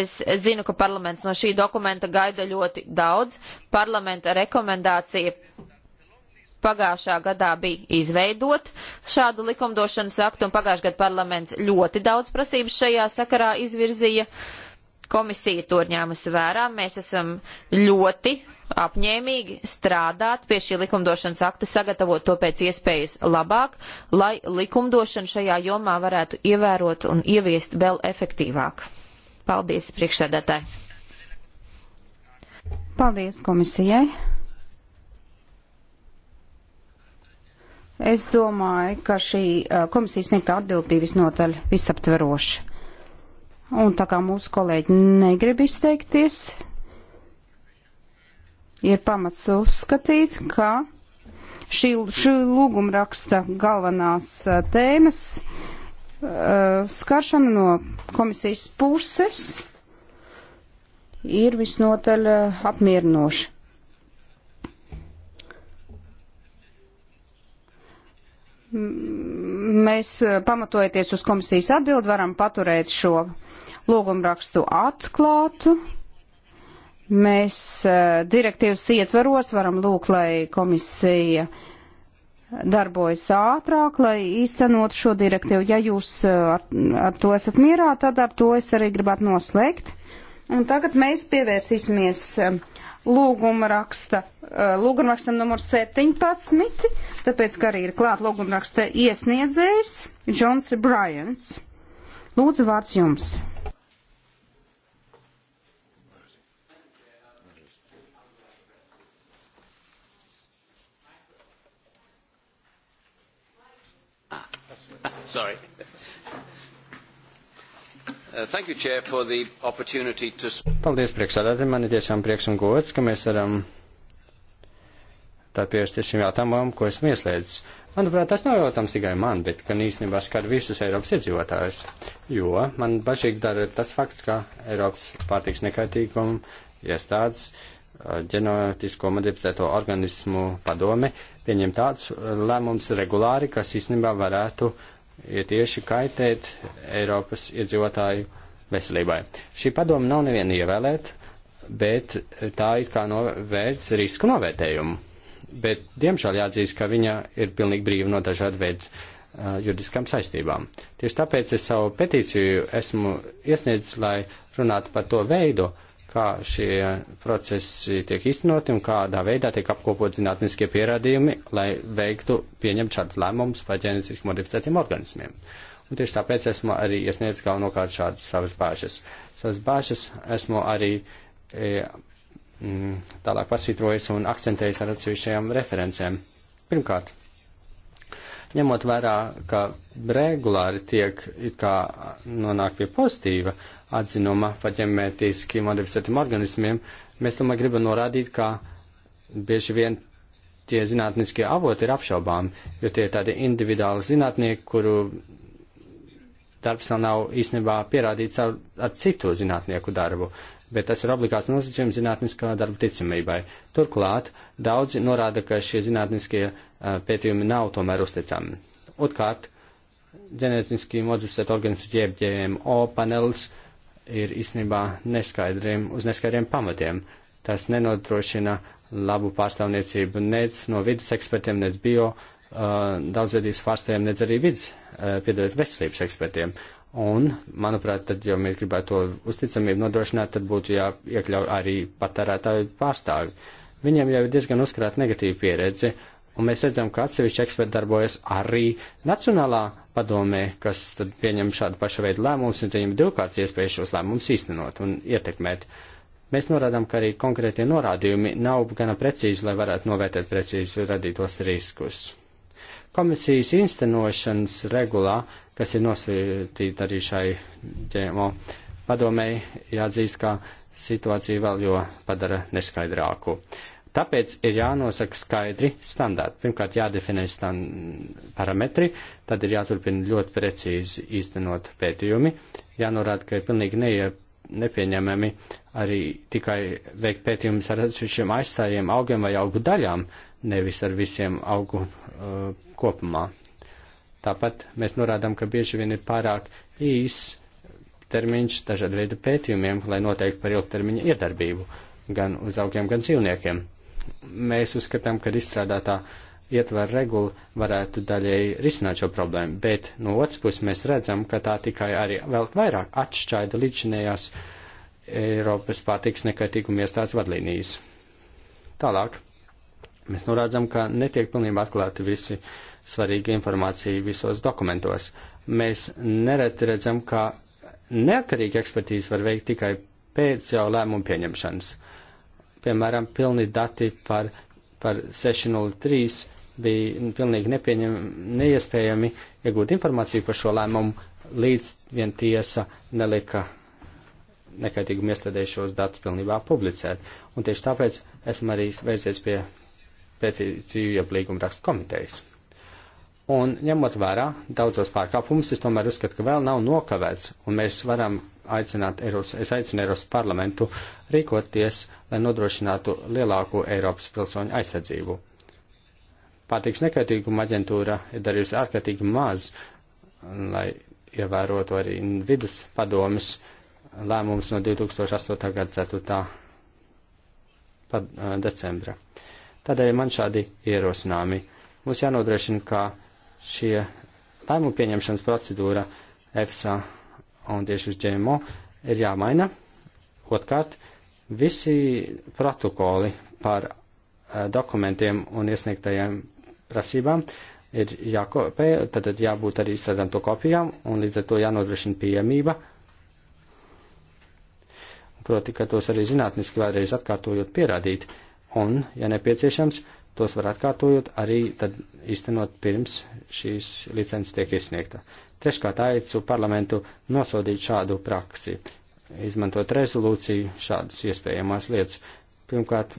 Speaker 2: Es zinu, ka parlaments no šī dokumenta gaida ļoti daudz. Parlamenta rekomendācija pagājušā gadā bija izveidot šādu likumdošanas aktu, un pagājušā gada parlaments ļoti daudz prasības šajā sakarā izvirzīja. Komisija to ir ņēmusi vērā. Mēs esam ļoti apņēmīgi strādāt pie šī likumdošanas akta, sagatavot to pēc iespējas labāk, lai likumdošana šajā jomā varētu ievērot un ieviest vēl efektīvāk. Paldies priekšsēdētāji!
Speaker 3: Paldies komisijai! Es domāju, ka šī eh, komisijas sniegta atbilde bija visnotaļ visaptveroša. Un tā kā mūsu kolēģi negrib izteikties, ir pamats uzskatīt, ka šī, šī lūguma raksta galvenās eh, tēmas eh, skaršana no komisijas puses ir visnotaļ apmierinoša. Mēs eh, pamatojoties uz komisijas atbildi varam paturēt šo lūgumrakstu atklātu. Mēs eh, direktīvas ietveros varam lūgt, lai komisija darbojas ātrāk, lai īstenot šo direktīvu. Ja jūs eh, ar, ar to esat mierā, tad ar to es arī gribētu noslēgt. Un tagad mēs pievērsīsimies lūguma raksta, eh, lūguma rakstam numur 17, tāpēc, ka arī ir klāt lūguma raksta iesniedzējs Džons Bryans. Lūdzu, vārds jums.
Speaker 8: Sorry. Uh, thank you, Chair, for the opportunity to...
Speaker 4: Paldies, priekšsādātāji. Man ir tiešām prieks un gods, ka mēs varam tā pievērst šim jautājumam, ko esmu ieslēdzis. Manuprāt, tas nav jautājums tikai man, bet gan īstenībā skar visus Eiropas iedzīvotājus. Jo man bažīgi dara tas fakts, ka Eiropas pārtiks nekaitīguma iestādes uh, ģenotisko modificēto organismu padome pieņem tāds uh, lēmums regulāri, kas īstenībā varētu uh, ir tieši kaitēt Eiropas iedzīvotāju veselībai. Šī padoma nav neviena ievēlēt, bet tā it kā novērts risku novērtējumu. Bet, diemžēl, jāatzīst, ka viņa ir pilnīgi brīva no dažādu veidu uh, juridiskām saistībām. Tieši tāpēc es savu petīciju esmu iesniedzis, lai runātu par to veidu, kā šie procesi tiek īstenoti un kādā veidā tiek apkopot zinātniskie pierādījumi, lai veiktu pieņemt šādus lēmumus par ģenetiski modificētiem organismiem. Un tieši tāpēc esmu arī iesniedzis galvenokārt šādas savas bāžas. Savas bāžas esmu arī e, m, mm, tālāk pasvitrojis un akcentējis ar atsevišķajām referencēm. Pirmkārt, ņemot vērā, ka regulāri tiek it kā nonāk pie pozitīva atzinuma par ģenētiski modificētiem organismiem, mēs tomēr gribam norādīt, ka bieži vien tie zinātniskie avoti ir apšaubām, jo tie ir tādi individuāli zinātnieki, kuru darbs vēl nav īstenībā pierādīts ar, ar citu zinātnieku darbu bet tas ir obligāts nosacījums zinātniskā darba ticamībai. Turklāt daudzi norāda, ka šie zinātniskie pētījumi nav tomēr uzticami. Otkārt, ģenētiski modificēt organismu jeb GMO panels ir īstenībā neskaidriem, uz neskaidriem pamatiem. Tas nenodrošina labu pārstāvniecību nec no vidas ekspertiem, nec bio uh, daudzveidības pārstāvjiem, nec arī vidas, uh, piedodiet, veselības ekspertiem. Un, manuprāt, tad, ja mēs gribētu to uzticamību nodrošināt, tad būtu jāiekļauj arī patērētāju pārstāvi. Viņiem jau ir diezgan uzkrāta negatīva pieredze, un mēs redzam, ka atsevišķi eksperti darbojas arī Nacionālā padomē, kas tad pieņem šādu pašu veidu lēmumus, un viņiem ir divkārts iespējas šos lēmumus īstenot un ietekmēt. Mēs norādām, ka arī konkrētie norādījumi nav gana precīzi, lai varētu novērtēt precīzi radītos riskus. Komisijas instenošanas regulā kas ir nosūtīta arī šai ģēmo padomēji, jāatzīst, ka situācija vēl jo padara neskaidrāku. Tāpēc ir jānosaka skaidri standarti. Pirmkārt, jādefinē parametri, tad ir jāturpina ļoti precīzi īstenot pētījumi, jānorāda, ka ir pilnīgi neie, nepieņemami arī tikai veikt pētījumus ar atsevišķiem aizstājiem augiem vai augu daļām, nevis ar visiem augu uh, kopumā. Tāpat mēs norādām, ka bieži vien ir pārāk īss termiņš dažādu veidu pētījumiem, lai noteikti par ilgtermiņa iedarbību gan uz augiem, gan dzīvniekiem. Mēs uzskatām, ka izstrādātā ietver regula varētu daļēji risināt šo problēmu, bet no otras puses mēs redzam, ka tā tikai arī vēl vairāk atšķaida līdzinējās Eiropas pārtiks nekaitīguma iestādes vadlīnijas. Tālāk mēs norādzam, ka netiek pilnībā atklāti visi uh, svarīga informācija visos dokumentos. Mēs nereti redzam, ka neatkarīga ekspertīze var veikt tikai pēc jau lēmumu pieņemšanas. Piemēram, pilni dati par, par 603 bija pilnīgi nepieņem, neiespējami iegūt informāciju par šo lēmumu, līdz vien tiesa nelika nekaitīgumu iestrādējušos datus pilnībā publicēt. Un tieši tāpēc esmu arī vērsies pie pētīciju ieplīguma rakstu komitejas. Un ņemot vērā daudzos pārkāpumus, es tomēr uzskatu, ka vēl nav nokavēts, un mēs varam aicināt Eiropas, es aicinu Eiropas parlamentu rīkoties, lai nodrošinātu lielāku Eiropas pilsoņu aizsardzību. Pārtiks nekaitīguma aģentūra ir darījusi ārkārtīgi maz, lai ievērotu arī vidas padomis lēmums no 2008. gada 4. Eh, decembra. Tādēļ man šādi ierosinājumi. Mums jānodrošina, ka šie lēmumu pieņemšanas procedūra EFSA un tieši uz GMO ir jāmaina. Otkārt, visi protokoli par eh, dokumentiem un iesniegtajiem prasībām ir jākopē, tad jābūt arī izstrādām to kopijām un līdz ar to jānodrošina pieejamība. Proti, ka tos arī zinātniski vēlreiz atkārtojot pierādīt un, ja nepieciešams, tos var atkārtojot arī tad iztenot pirms šīs licences tiek izsniegta. Treškārt aicu parlamentu nosodīt šādu praksi, izmantot rezolūciju šādas iespējamās lietas. Pirmkārt,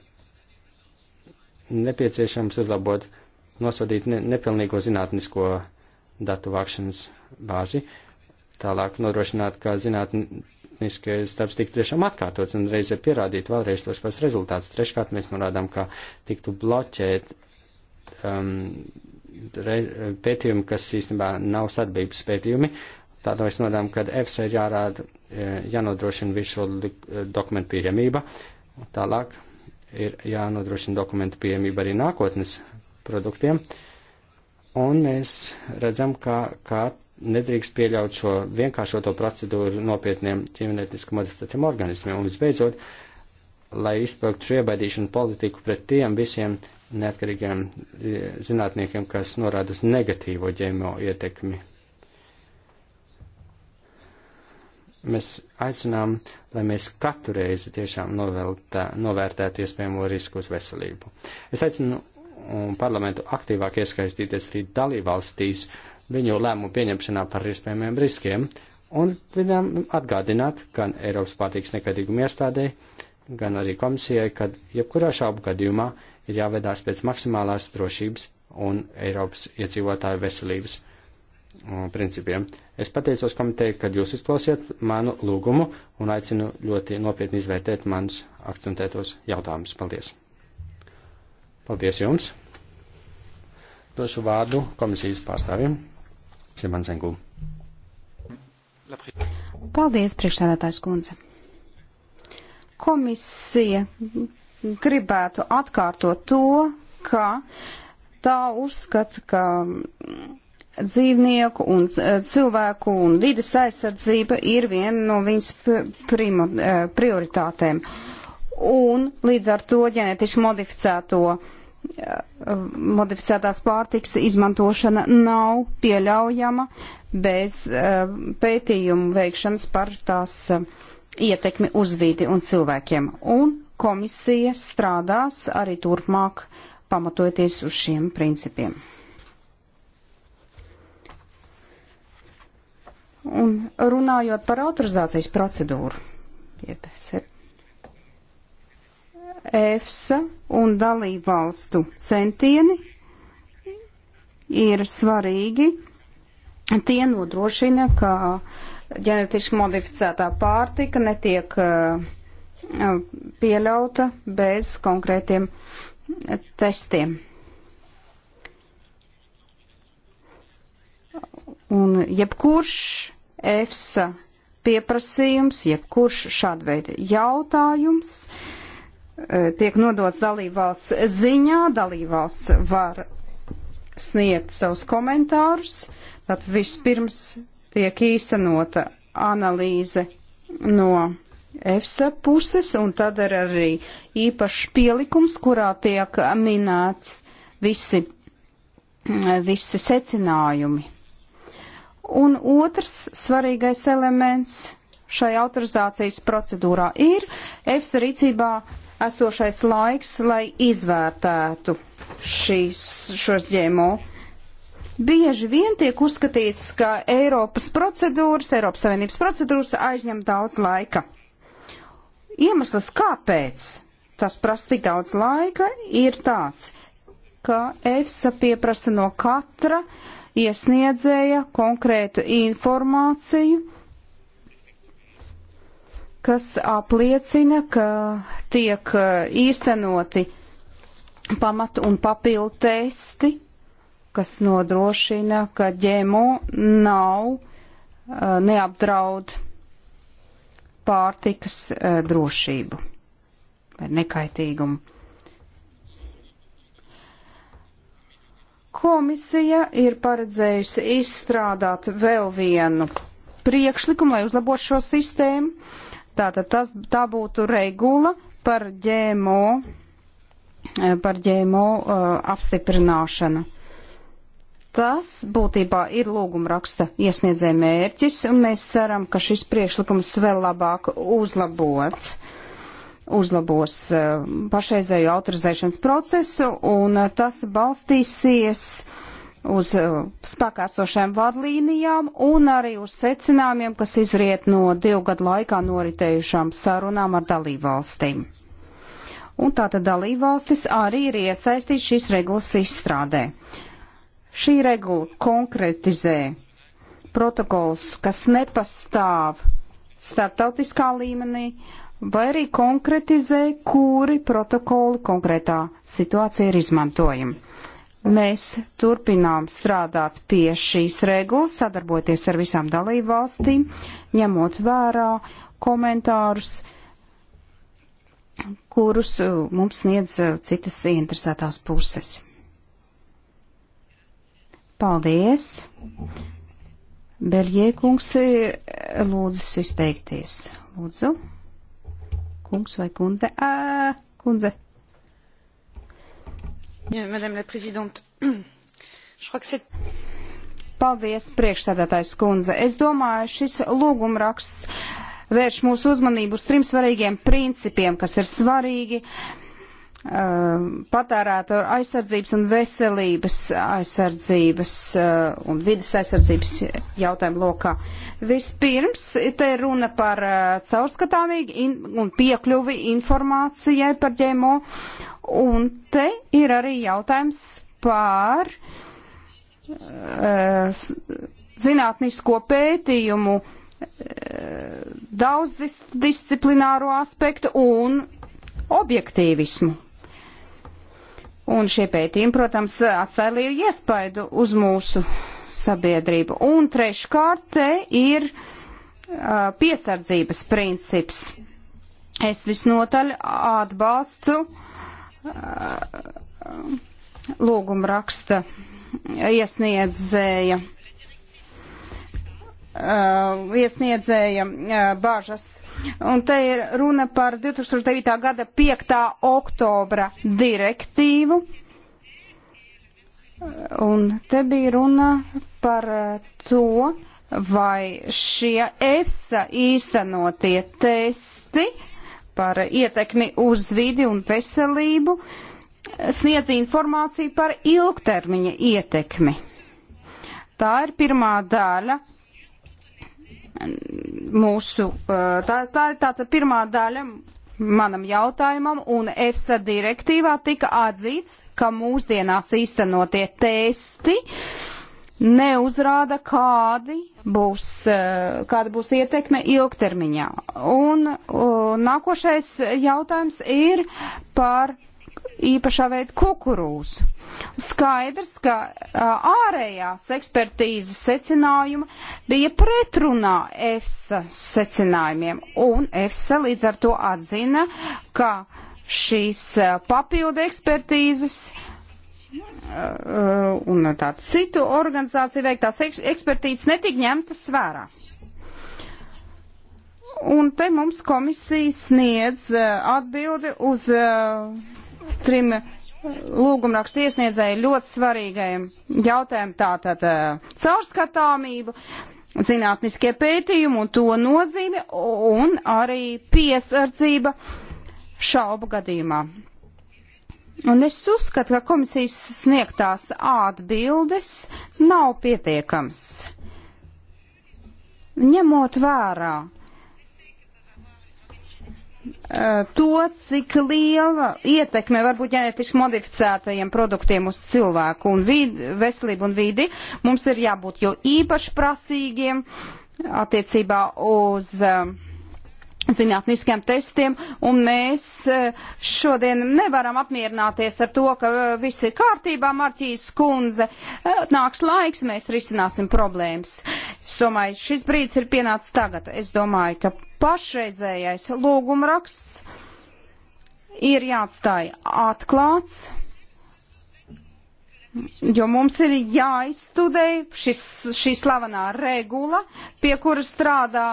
Speaker 4: nepieciešams uzlabot, nosodīt ne, nepilnīgo zinātnisko datu vākšanas bāzi, tālāk nodrošināt, ka zinātni tehniskais darbs tik tiešām atkārtots un reizē pierādīt vēlreiz tos pats rezultātus. Treškārt mēs norādām, ka tiktu bloķēt um, re, pētījumi, kas īstenībā nav sadarbības pētījumi. Tādā mēs norādām, ka EFSA ir jārāda, e, jānodrošina visu šo e, dokumentu pieejamība. Tālāk ir jānodrošina dokumentu pieejamība arī nākotnes produktiem. Un mēs redzam, ka, ka nedrīkst pieļaut šo vienkāršoto procedūru nopietniem ķīmētiski modificētiem organismiem. Un visbeidzot, lai izpildītu šo iebaidīšanu politiku pret tiem visiem neatkarīgiem e, zinātniekiem, kas norāda uz negatīvo ģēmo ietekmi. Mēs aicinām, lai mēs katru reizi tiešām noveltā, novērtētu iespējamo risku uz veselību. Es aicinu um, parlamentu aktīvāk iesaistīties arī dalībvalstīs, uh, viņu lēmumu pieņemšanā par iespējamiem riskiem un viņam atgādināt gan Eiropas pārtīks nekadīgumu iestādē, gan arī komisijai, ka jebkurā šaubu gadījumā ir jāvedās pēc maksimālās drošības un Eiropas iedzīvotāju veselības uh, principiem. Es pateicos komiteju, kad jūs izklausiet manu lūgumu un aicinu ļoti nopietni izvērtēt manus akcentētos jautājumus. Paldies! Paldies jums! Došu vārdu komisijas pārstāvjiem. Simansenku.
Speaker 3: Paldies, priekšsēdētājs kundze. Komisija gribētu atkārtot to, ka tā uzskata, ka dzīvnieku un cilvēku un vides aizsardzība ir viena no viņas prima, eh, prioritātēm. Un līdz ar to ģenetiski modificēto uh, modificētās pārtiks izmantošana nav pieļaujama bez eh, pētījumu veikšanas par tās eh, ietekmi uz vidi un cilvēkiem. Un komisija strādās arī turpmāk pamatojoties uz šiem principiem. Un runājot par autorizācijas procedūru, jeb EFSA un dalībvalstu centieni ir svarīgi. Tie nodrošina, ka ģenetiski modificētā pārtika netiek uh, pieļauta bez konkrētiem testiem. Un jebkurš EFSA pieprasījums, jebkurš šāda veida jautājums uh, Eh, tiek nodots dalībvalsts ziņā, dalībvalsts var sniegt savus komentārus, tad vispirms tiek īstenota analīze no EFSA puses, un tad ir arī īpašs pielikums, kurā tiek minēts visi, eh, visi secinājumi. Un otrs svarīgais elements šai autorizācijas procedūrā ir EFSA rīcībā esošais laiks, lai izvērtētu šīs, šos ģēmo. Bieži vien tiek uzskatīts, ka Eiropas procedūras, Eiropas Savienības procedūras aizņem daudz laika. Iemesls, kāpēc tas prasa tik daudz laika, ir tāds, ka EFSA pieprasa no katra iesniedzēja konkrētu informāciju kas apliecina, ka tiek uh, īstenoti pamat un papildu testi, kas nodrošina, ka ģēmo nav uh, neapdraud pārtikas uh, drošību vai nekaitīgumu. Komisija ir paredzējusi izstrādāt vēl vienu priekšlikumu, lai uzlabotu šo sistēmu Tātad tas, tā būtu regula par ģēmo, eh, par ģēmo uh, apstiprināšanu. Tas būtībā ir lūguma raksta iesniedzē mērķis, un mēs ceram, ka šis priekšlikums vēl labāk uzlabot, uzlabos uh, eh, pašreizēju autorizēšanas procesu, un uh, tas balstīsies uh, uz eh, spēkā esošajām vadlīnijām un arī uz secinājumiem, kas izriet no divu gadu laikā noritējušām sarunām ar dalībvalstīm. Un tātad dalībvalstis arī ir iesaistīts šīs regulas izstrādē. Šī regula konkretizē protokols, kas nepastāv starptautiskā līmenī, vai arī konkretizē, kuri protokoli konkrētā situācija ir izmantojami. Mēs turpinām strādāt pie šīs regulas, sadarboties ar visām dalību valstīm, ņemot vērā komentārus, kurus uh, mums sniedz uh, citas interesētās puses. Paldies! Beļģie kungs uh, lūdzas izteikties. Lūdzu, kungs vai kundze? Ā, kundze. Madame la Présidente, je crois que c'est. Paldies, priekšstādātājs kundze. Es domāju, šis lūgumraksts vērš mūsu uzmanību uz trim svarīgiem principiem, kas ir svarīgi uh, patērētāju aizsardzības un veselības aizsardzības uh, un vidas aizsardzības jautājumu lokā. Vispirms, te ir runa par uh, caurskatāmīgu in un piekļuvi informācijai par ģēmo Un te ir arī jautājums par uh, zinātnisko pētījumu uh, daudzdisciplināro aspektu un objektīvismu. Un šie pētījumi, protams, atstāja lielu iespaidu uz mūsu sabiedrību. Un treškārt te ir uh, piesardzības princips. Es visnotaļ atbalstu uh, lūguma raksta iesniedzēja, uh, iesniedzēja uh, bažas. Un te ir runa par 2009. gada 5. oktobra direktīvu. Un te bija runa par uh, to, vai šie EFSA īstenotie testi uh, par ietekmi uz vidi un veselību sniedz informāciju par ilgtermiņa ietekmi. Tā ir pirmā daļa mūsu, tā, tā ir tā, tā pirmā daļa manam jautājumam, un EFSA direktīvā tika atzīts, ka mūsdienās īstenotie testi uh, neuzrāda, kādi būs, eh, kāda būs ietekme ilgtermiņā. Un, un nākošais jautājums ir par īpašā veida kukurūzu. Skaidrs, ka ārējās ekspertīzes secinājuma bija pretrunā EFSA secinājumiem, un EFSA līdz ar to atzina, ka šīs papildu ekspertīzes uh, Uh, un tādu citu organizāciju veiktās ekspertītes netika ņemtas vērā. Un te mums komisija sniedz uh, atbildi uz uh, trim lūgumrakstu iesniedzēju ļoti svarīgajiem jautājumiem tātad caurskatāmību, zinātniskie pētījumi un to nozīme un arī piesardzība šaubu gadījumā. Un es uzskatu, ka komisijas sniegtās atbildes nav pietiekams. Ņemot vērā eh, to, cik liela ietekme var būt ģenetiski modificētajiem produktiem uz cilvēku un vidi, veselību un vidi, mums ir jābūt jo īpaši prasīgiem attiecībā uz uh, zinātniskiem testiem, un mēs e, šodien nevaram apmierināties ar to, ka e, viss ir kārtībā, Marķīs kundze, e, nāks laiks, mēs risināsim problēmas. Es domāju, šis brīdis ir pienācis tagad. Es domāju, ka pašreizējais lūgumraksts ir jāatstāja atklāts, jo mums ir jāizstudē šis, šī slavenā regula, pie kura strādā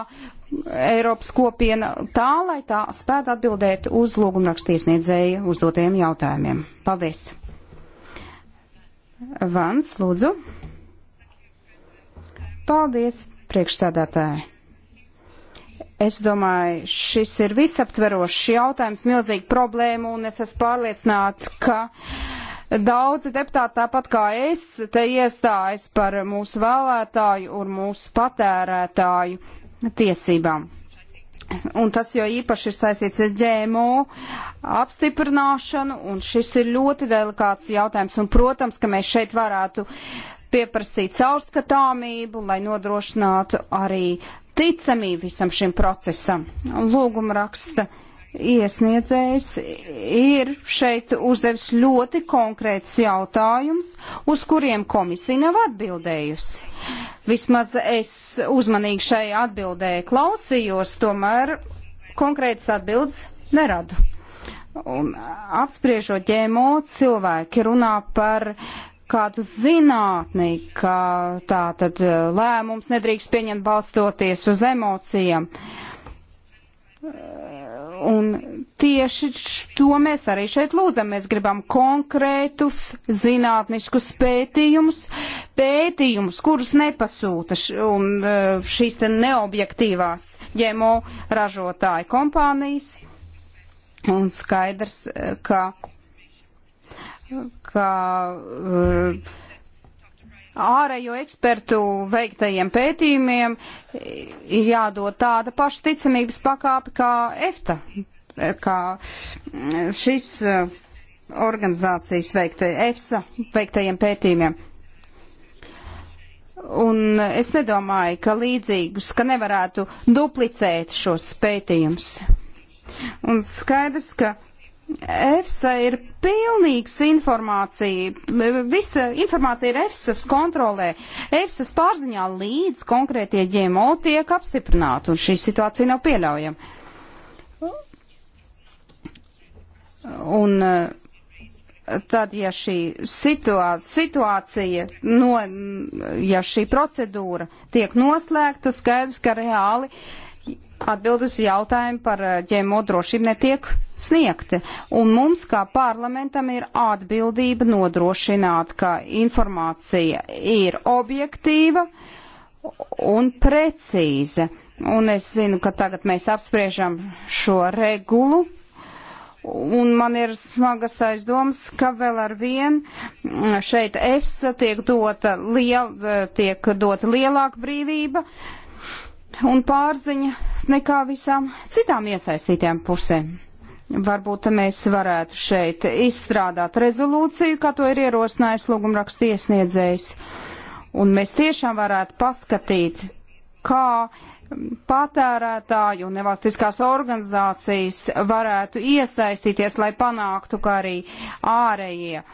Speaker 3: Eiropas kopiena tā, lai tā spētu atbildēt uz lūgumrakstiesniedzēju uzdotajiem jautājumiem. Paldies! Vans, lūdzu. Paldies, priekšsēdētāji. Es domāju, šis ir visaptverošs jautājums, milzīga problēma, un es esmu pārliecināta, ka daudzi deputāti, tāpat kā es, te iestājas par mūsu vēlētāju un mūsu patērētāju tiesībām. Un tas jau īpaši ir saistīts ar ģēmo apstiprināšanu, un šis ir ļoti delikāts jautājums. Un, protams, ka mēs šeit varētu pieprasīt caurskatāmību, lai nodrošinātu arī ticamību visam šim procesam. Lūguma raksta. Uh, iesniedzējs ir šeit uzdevis ļoti konkrēts jautājums, uz kuriem komisija nav atbildējusi. Vismaz es uzmanīgi šai atbildē klausījos, tomēr konkrētas atbildes neradu. Un apspriežot ģēmo, cilvēki runā par kādu zinātni, ka tā tad eh, lēmums nedrīkst pieņemt balstoties uz emocijām. Uh, Un tieši to mēs arī šeit lūdzam. Mēs gribam konkrētus zinātniskus pētījumus, pētījumus, kurus nepasūta š, un, e, šīs te neobjektīvās ģemo ražotāju kompānijas. Un skaidrs, e, ka, ka e, ārējo ekspertu veiktajiem pētījumiem ir jādod tāda paša ticamības pakāpe kā EFTA, kā šis eh, organizācijas veiktai, EFSA veiktajiem pētījumiem. Un es nedomāju, ka līdzīgus, ka nevarētu duplicēt šos pētījumus. Un skaidrs, ka EFSA ir pilnīgs informācija, visa informācija ir EFSA's kontrolē. EFSA's pārziņā līdz konkrētie ģēmo tiek apstiprināti, un šī situācija nav pieļaujama. Un eh, tad, ja šī situācija, situācija no, ja šī procedūra tiek noslēgta, skaidrs, ka reāli uh, atbild uz jautājumu par eh, ģēmo drošību netiek sniegti. Un mums, kā parlamentam, ir atbildība nodrošināt, ka informācija ir objektīva un precīza. Un es zinu, ka tagad mēs apspriežam šo regulu. Un man ir smagas aizdomas, ka vēl ar vienu mm, šeit EFSA tiek dota, liel, eh, tiek dota lielāka brīvība, uh, un pārziņa nekā visām citām iesaistītām pusēm. Varbūt mēs varētu šeit izstrādāt rezolūciju, kā to ir ierosinājis lūgumraksta iesniedzējs. Un mēs tiešām varētu paskatīt, kā patērētāju un nevalstiskās organizācijas varētu iesaistīties, lai panāktu, ka arī ārējie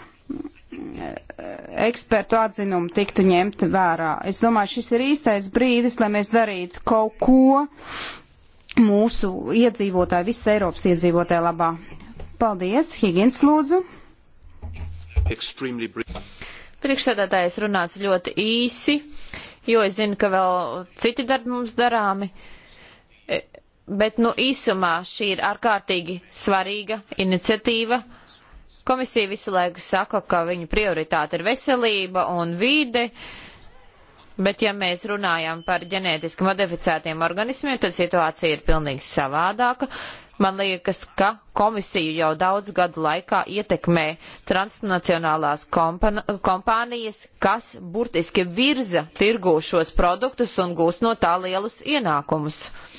Speaker 3: ekspertu atzinumu tiktu ņemt vērā. Es domāju, šis ir īstais brīdis, lai mēs darītu kaut ko mūsu iedzīvotāju, visas Eiropas iedzīvotāju labā. Paldies, Higgins lūdzu.
Speaker 2: Priekšsēdētājs runās ļoti īsi, jo es zinu, ka vēl citi darbi mums darāmi e, bet nu īsumā šī ir ārkārtīgi svarīga iniciatīva Komisija visu laiku saka, ka viņu prioritāte ir veselība un vīde, bet ja mēs runājam par ģenētiski modificētiem organismiem, tad situācija ir pilnīgi savādāka. Man liekas, ka komisiju jau daudz gadu laikā ietekmē transnacionālās kompānijas, kas burtiski virza tirgūšos produktus un gūs no tā lielus ienākumus. Uh,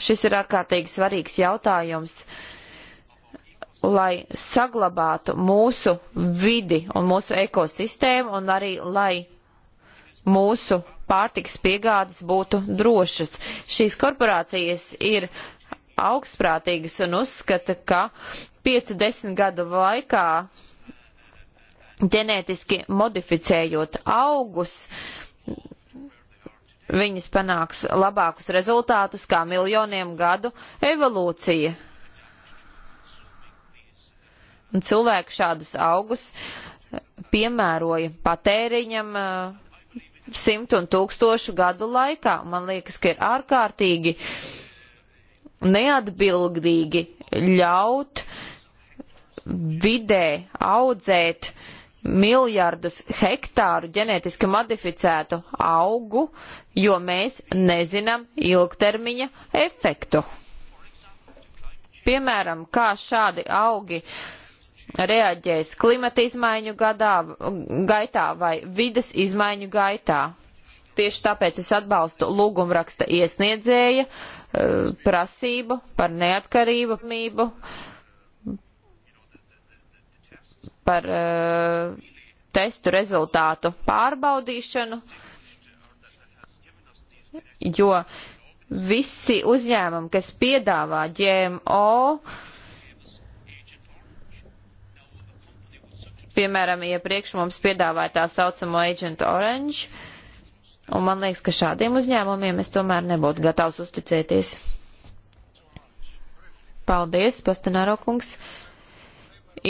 Speaker 2: Šis ir ārkārtīgi svarīgs jautājums, lai saglabātu mūsu vidi un mūsu ekosistēmu un arī lai mūsu pārtiks piegādes būtu drošas. Šīs korporācijas ir augstprātīgas un uzskata, ka 5-10 gadu laikā ģenētiski modificējot augus, viņas panāks labākus rezultātus kā miljoniem gadu evolūcija. Un cilvēki šādus augus eh, piemēroja patēriņam eh, simtu un tūkstošu gadu laikā. Man liekas, ka ir ārkārtīgi neatbildīgi ļaut vidē audzēt uh, miljardus hektāru ģenētiski modificētu augu, jo mēs nezinām ilgtermiņa efektu. Piemēram, kā šādi augi reaģēs klimata izmaiņu gadā, gaitā vai vidas izmaiņu gaitā. Tieši tāpēc es atbalstu lūgumraksta iesniedzēja eh, prasību par neatkarību, mību, uh, par uh, testu rezultātu pārbaudīšanu, jo visi uzņēmumi, kas piedāvā GMO, piemēram, iepriekš mums piedāvāja tā saucamo Agent Orange, un man liekas, ka šādiem uzņēmumiem es tomēr nebūtu gatavs uzticēties. Paldies, Pastanaro kungs.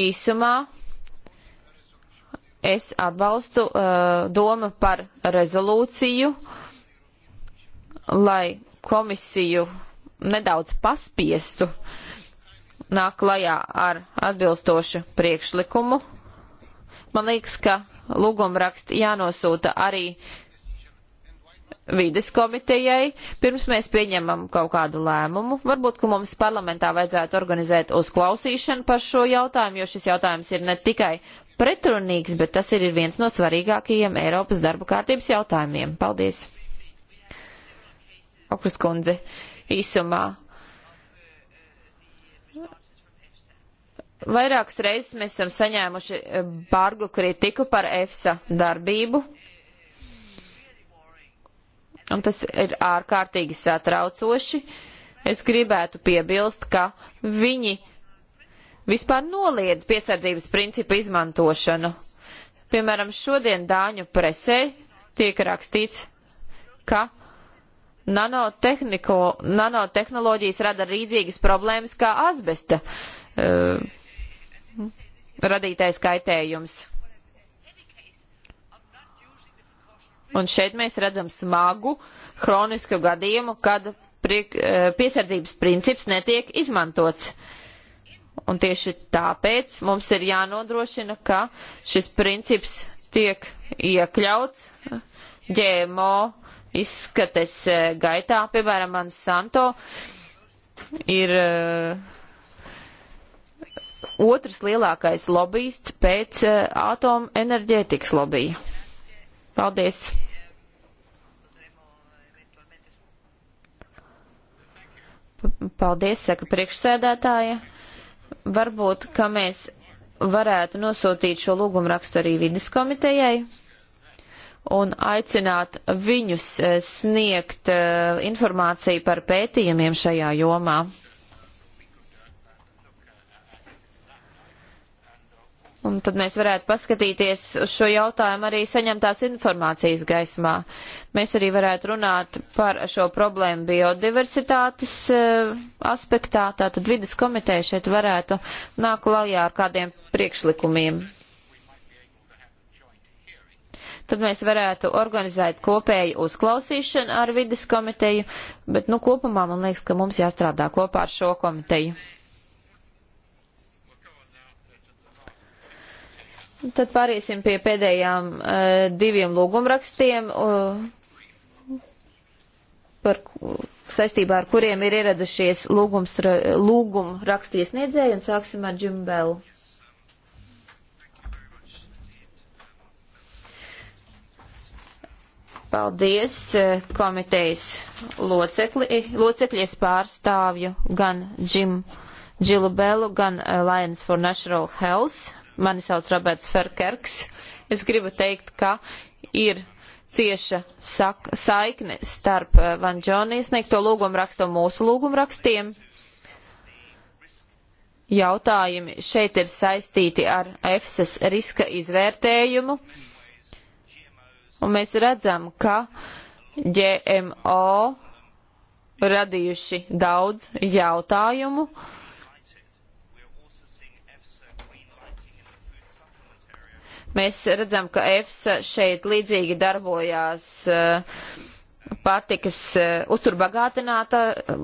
Speaker 2: Īsumā es atbalstu uh, domu par rezolūciju, lai komisiju nedaudz paspiestu nāk klajā ar atbilstošu priekšlikumu. Man liekas, ka lūgumraksts jānosūta arī vides komitejai, pirms mēs pieņemam kaut kādu lēmumu. Varbūt, ka mums parlamentā vajadzētu organizēt uzklausīšanu par šo jautājumu, jo šis jautājums ir ne tikai pretrunīgs, bet tas ir viens no svarīgākajiem Eiropas darba kārtības jautājumiem. Paldies! Okus kundze, īsumā. Vairākas reizes mēs esam saņēmuši eh, bargu kritiku par EFSA darbību. Un tas ir ārkārtīgi satraucoši. Es gribētu piebilst, ka viņi vispār noliedz piesardzības principu izmantošanu. Piemēram, šodien Dāņu presē tiek rakstīts, ka nanotehnoloģijas rada līdzīgas problēmas kā asbesta uh, radītais kaitējums. Un šeit mēs redzam smagu, hronisku gadījumu, kad priek, uh, piesardzības princips netiek izmantots. Uh, Un tieši tāpēc mums ir jānodrošina, ka šis princips tiek iekļauts ģēmo izskates e, gaitā. Piemēram, Monsanto ir e, otrs lielākais lobbyists pēc e, atomenerģētikas lobija. Paldies! Paldies, saka priekšsēdētāja. Varbūt, ka mēs varētu nosūtīt šo lūgumu rakstu arī vidas komitejai un aicināt viņus eh, sniegt eh, informāciju par pētījumiem šajā jomā. Un tad mēs varētu paskatīties uz šo jautājumu arī saņemtās informācijas gaismā. Mēs arī varētu runāt par šo problēmu biodiversitātes e, aspektā, tātad vidas komiteja šeit varētu nāk lajā ar kādiem priekšlikumiem. Tad mēs varētu organizēt kopēju uzklausīšanu ar vidas komiteju, bet nu kopumā man liekas, ka mums jāstrādā kopā ar šo komiteju. Tad pāriesim pie pēdējām uh, diviem lūgumrakstiem, uh, par, saistībā ar kuriem ir ieradušies lūgums, lūgum rakstu iesniedzēji, un sāksim ar Džimbelu. Paldies eh, komitejas locekli, locekļies pārstāvju gan Džim Džilubelu, gan Alliance for Natural Health Mani sauc Roberts Ferkerks. Es gribu teikt, ka ir cieša sak, saikne starp eh, Van Džoni sniegto lūgumrakstu un mūsu lūgumrakstiem. Jautājumi šeit ir saistīti ar EFSAS riska izvērtējumu, un mēs redzam, ka GMO radījuši daudz jautājumu. Uh, Mēs redzam, ka EFSA šeit līdzīgi darbojās eh, pārtikas eh, uzturbagātinātā,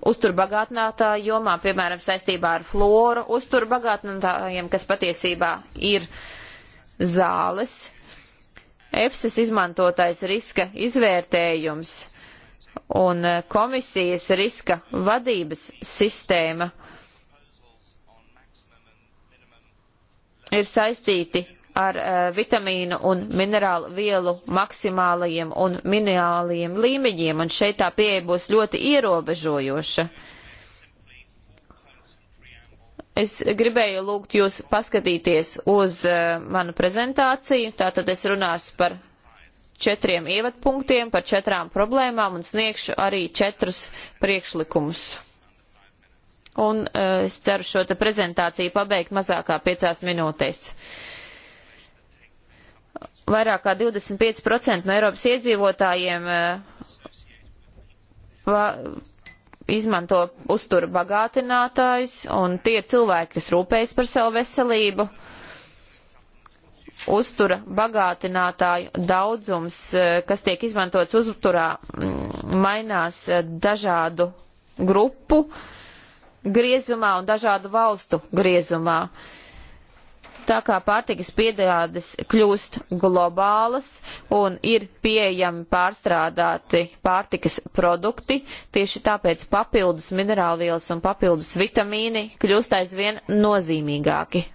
Speaker 2: uzturbagātinātā jomā, piemēram, saistībā ar floru uzturbagātinātājiem, kas patiesībā ir zāles. EFSAS izmantotais riska izvērtējums un eh, komisijas riska vadības sistēma ir saistīti ar uh, vitamīnu un minerālu vielu maksimālajiem un minimālajiem līmeņiem, un šeit tā pieeja būs ļoti ierobežojoša. Es gribēju lūgt jūs paskatīties uz uh, manu prezentāciju, tātad es runāšu par četriem ievadpunktiem, par četrām problēmām un sniegšu arī četrus priekšlikumus. Un uh, es ceru šo te prezentāciju pabeigt mazākā piecās minūtēs. Uh, vairāk kā 25% no Eiropas iedzīvotājiem eh, va, izmanto uzturu bagātinātājs, un tie ir cilvēki, kas rūpējas par savu veselību. Uztura bagātinātāju daudzums, eh, kas tiek izmantots uzturā, mm, mainās eh, dažādu grupu griezumā un dažādu valstu griezumā. Uh, tā kā pārtikas piegādes kļūst globālas un ir pieejami pārstrādāti pārtikas produkti, tieši tāpēc papildus minerālvielas un papildus vitamīni kļūst aizvien nozīmīgāki.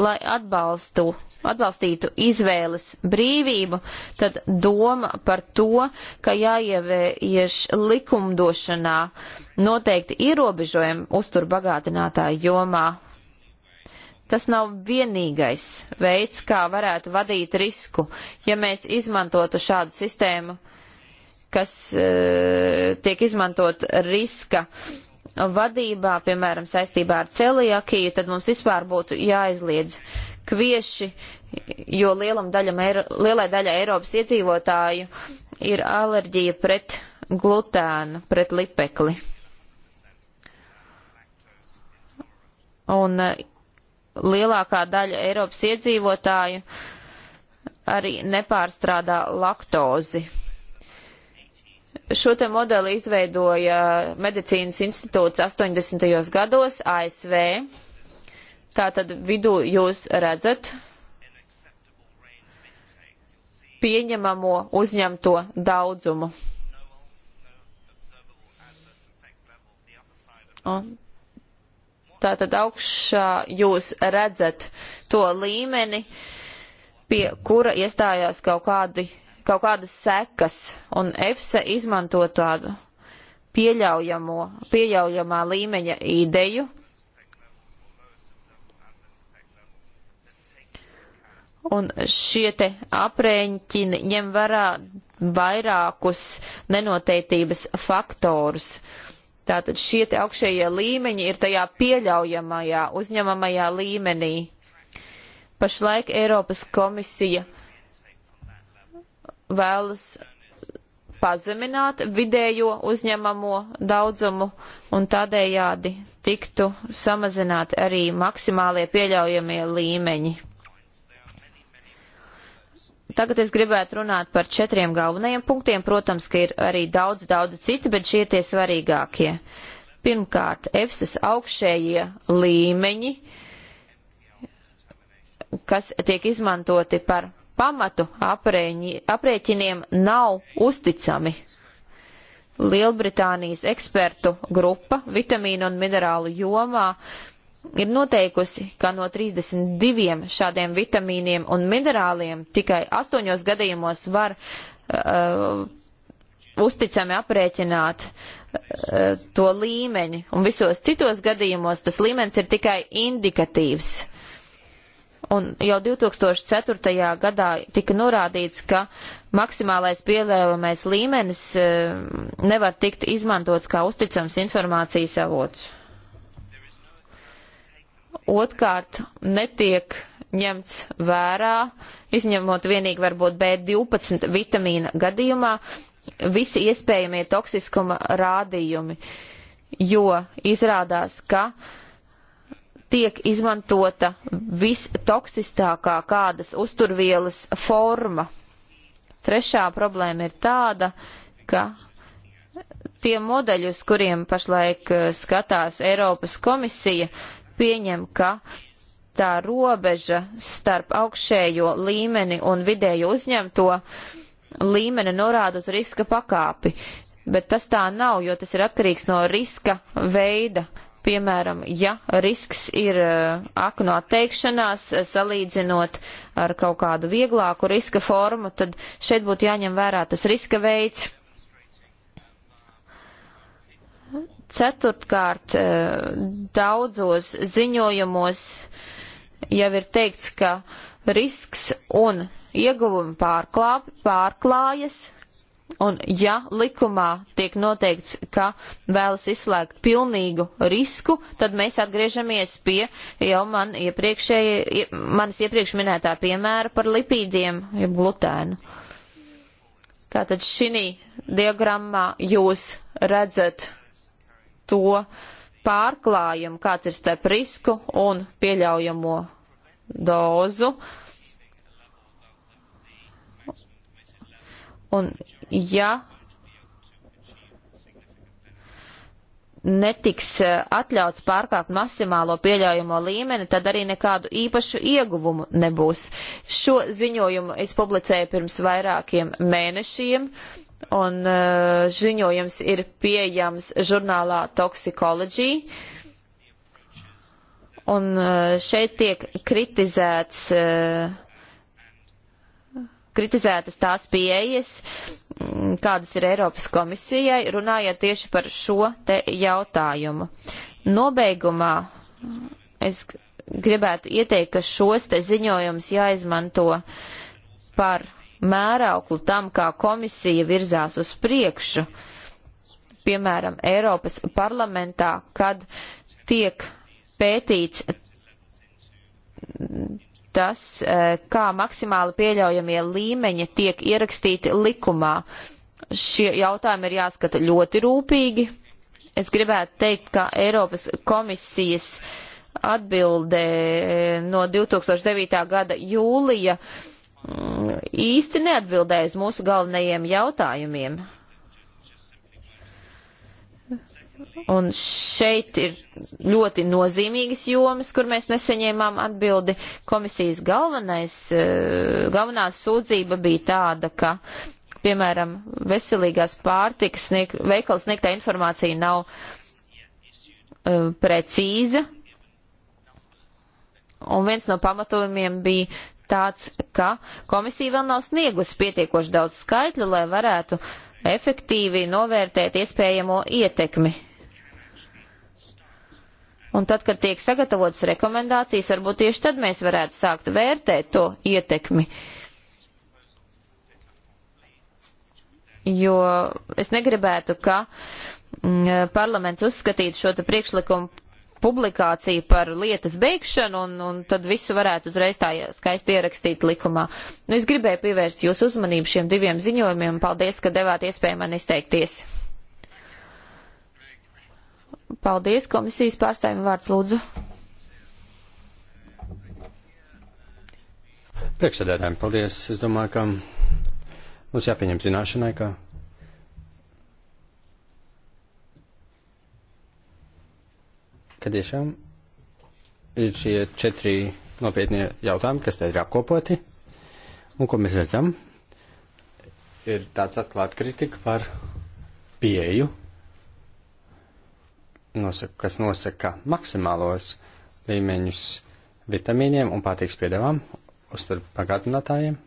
Speaker 2: Lai atbalstu, atbalstītu izvēles brīvību, tad doma par to, ka jāievieš likumdošanā noteikti ierobežojumi uzturbagātinātāju jomā tas nav vienīgais veids, kā varētu vadīt risku, ja mēs izmantotu šādu sistēmu, kas e, tiek izmantot riska vadībā, piemēram, saistībā ar celiakiju, tad mums vispār būtu jāizliedz kvieši, jo Eiro, lielai daļai Eiropas iedzīvotāju ir alerģija pret glutēnu, pret lipekli. Un eh, lielākā daļa Eiropas iedzīvotāju arī nepārstrādā laktozi. Šo te modeli izveidoja medicīnas institūts 80. gados ASV. Tātad vidū jūs redzat pieņemamo uzņemto daudzumu. Un Tātad augšā jūs redzat to līmeni, pie kura iestājās kaut, kādi, kaut kādas sekas, un EFSA izmanto tādu pieļaujamo, pieļaujamā līmeņa ideju. Un šie te aprēķini ņem vērā vairākus nenoteiktības faktorus. Uh, Tātad šie te augšējie līmeņi ir tajā pieļaujamajā, uzņemamajā līmenī. Pašlaik Eiropas komisija vēlas pazemināt vidējo uzņemamo daudzumu un tādējādi tiktu samazināti arī maksimālie pieļaujamie līmeņi. Tagad es gribētu runāt par četriem galvenajiem punktiem. Protams, ka ir arī daudz, daudz citi, bet šie ir tie svarīgākie. Pirmkārt, EFSAS augšējie līmeņi, kas tiek izmantoti par pamatu aprēņi, aprēķiniem, nav uzticami. Lielbritānijas ekspertu grupa vitamīnu un minerālu jomā uh, ir noteikusi, ka no 32 šādiem vitamīniem un minerāliem tikai 8 gadījumos var uh, uzticami aprēķināt uh, to līmeņi, un visos citos gadījumos tas līmenis ir tikai indikatīvs. Un jau 2004. gadā tika norādīts, ka maksimālais pieļaujamais līmenis uh, nevar tikt izmantots kā uzticams informācijas avots. Otkārt, netiek ņemts vērā, izņemot vienīgi varbūt B12 vitamīna gadījumā, visi iespējamie toksiskuma rādījumi, jo izrādās, ka tiek izmantota vistoksistākā kādas uzturvielas forma. Trešā problēma ir tāda, ka tie modeļi, uz kuriem pašlaik eh, skatās Eiropas komisija, pieņem, ka tā robeža starp augšējo līmeni un vidēju uzņemto līmeni norāda uz riska pakāpi. Bet tas tā nav, jo tas ir atkarīgs no riska veida. Piemēram, ja risks ir eh, aknu atteikšanās, eh, salīdzinot ar kaut kādu vieglāku riska formu, tad šeit būtu jāņem vērā tas riska veids, Ceturtkārt, eh, daudzos ziņojumos jau ir teikts, ka risks un ieguvumi pārklā, pārklājas, un ja likumā tiek noteikts, ka vēlas izslēgt pilnīgu risku, tad mēs atgriežamies pie jau man iepriekšēji, manis iepriekš minētā piemēra par lipīdiem, jeb glutēnu. Tātad šī diagrammā jūs redzat to pārklājumu, kāds ir starp risku un pieļaujamo dozu. Un ja netiks e, atļauts pārkāpt maksimālo pieļaujamo līmeni, tad arī nekādu īpašu ieguvumu nebūs. Šo ziņojumu es publicēju pirms vairākiem mēnešiem. Uh, un uh, ziņojums ir pieejams žurnālā Toxicology. Un uh, šeit tiek kritizēts, uh, kritizētas tās pieejas, mm, kādas ir Eiropas komisijai, runājot tieši par šo te jautājumu. Nobeigumā es gribētu ieteikt, ka šos te ziņojumus jāizmanto par mērauklu tam, kā komisija virzās uz priekšu, piemēram, Eiropas parlamentā, kad tiek pētīts tas, eh, kā maksimāli pieļaujamie līmeņi tiek ierakstīti likumā. Šie jautājumi ir jāskata ļoti rūpīgi. Es gribētu teikt, ka Eiropas komisijas atbilde no 2009. gada jūlija uh, Mm, īsti neatbildēja uz mūsu galvenajiem jautājumiem. Un šeit ir ļoti nozīmīgas jomas, kur mēs nesaņēmām atbildi. Komisijas galvenais, eh, galvenā sūdzība bija tāda, ka, piemēram, veselīgās pārtikas snieg, veikals sniegtā informācija nav uh, precīza. Un viens no pamatojumiem bija tāds, ka komisija vēl nav sniegusi pietiekoši daudz skaitļu, lai varētu efektīvi novērtēt iespējamo ietekmi. Un tad, kad tiek sagatavotas rekomendācijas, varbūt tieši tad mēs varētu sākt vērtēt to ietekmi. Jo es negribētu, ka mm, parlaments uzskatītu šo priekšlikumu publikāciju par lietas beigšanu, un, un tad visu varētu uzreiz tā skaisti ierakstīt likumā. Nu, es gribēju pievērst jūsu uzmanību šiem diviem ziņojumiem. Paldies, ka devāt iespēju man izteikties. Paldies, komisijas pārstāvjiem vārds lūdzu.
Speaker 4: Priekšsēdētājiem, paldies. Es domāju, ka mums jāpieņem zināšanai, ka ka tiešām ir šie četri nopietnie jautājumi, kas te ir apkopoti. Un ko mēs redzam? Ir tāds atklāta kritika par pieeju, nosaka, kas nosaka maksimālos līmeņus vitamīniem un pārtīks piedevām uztur pagātinātājiem.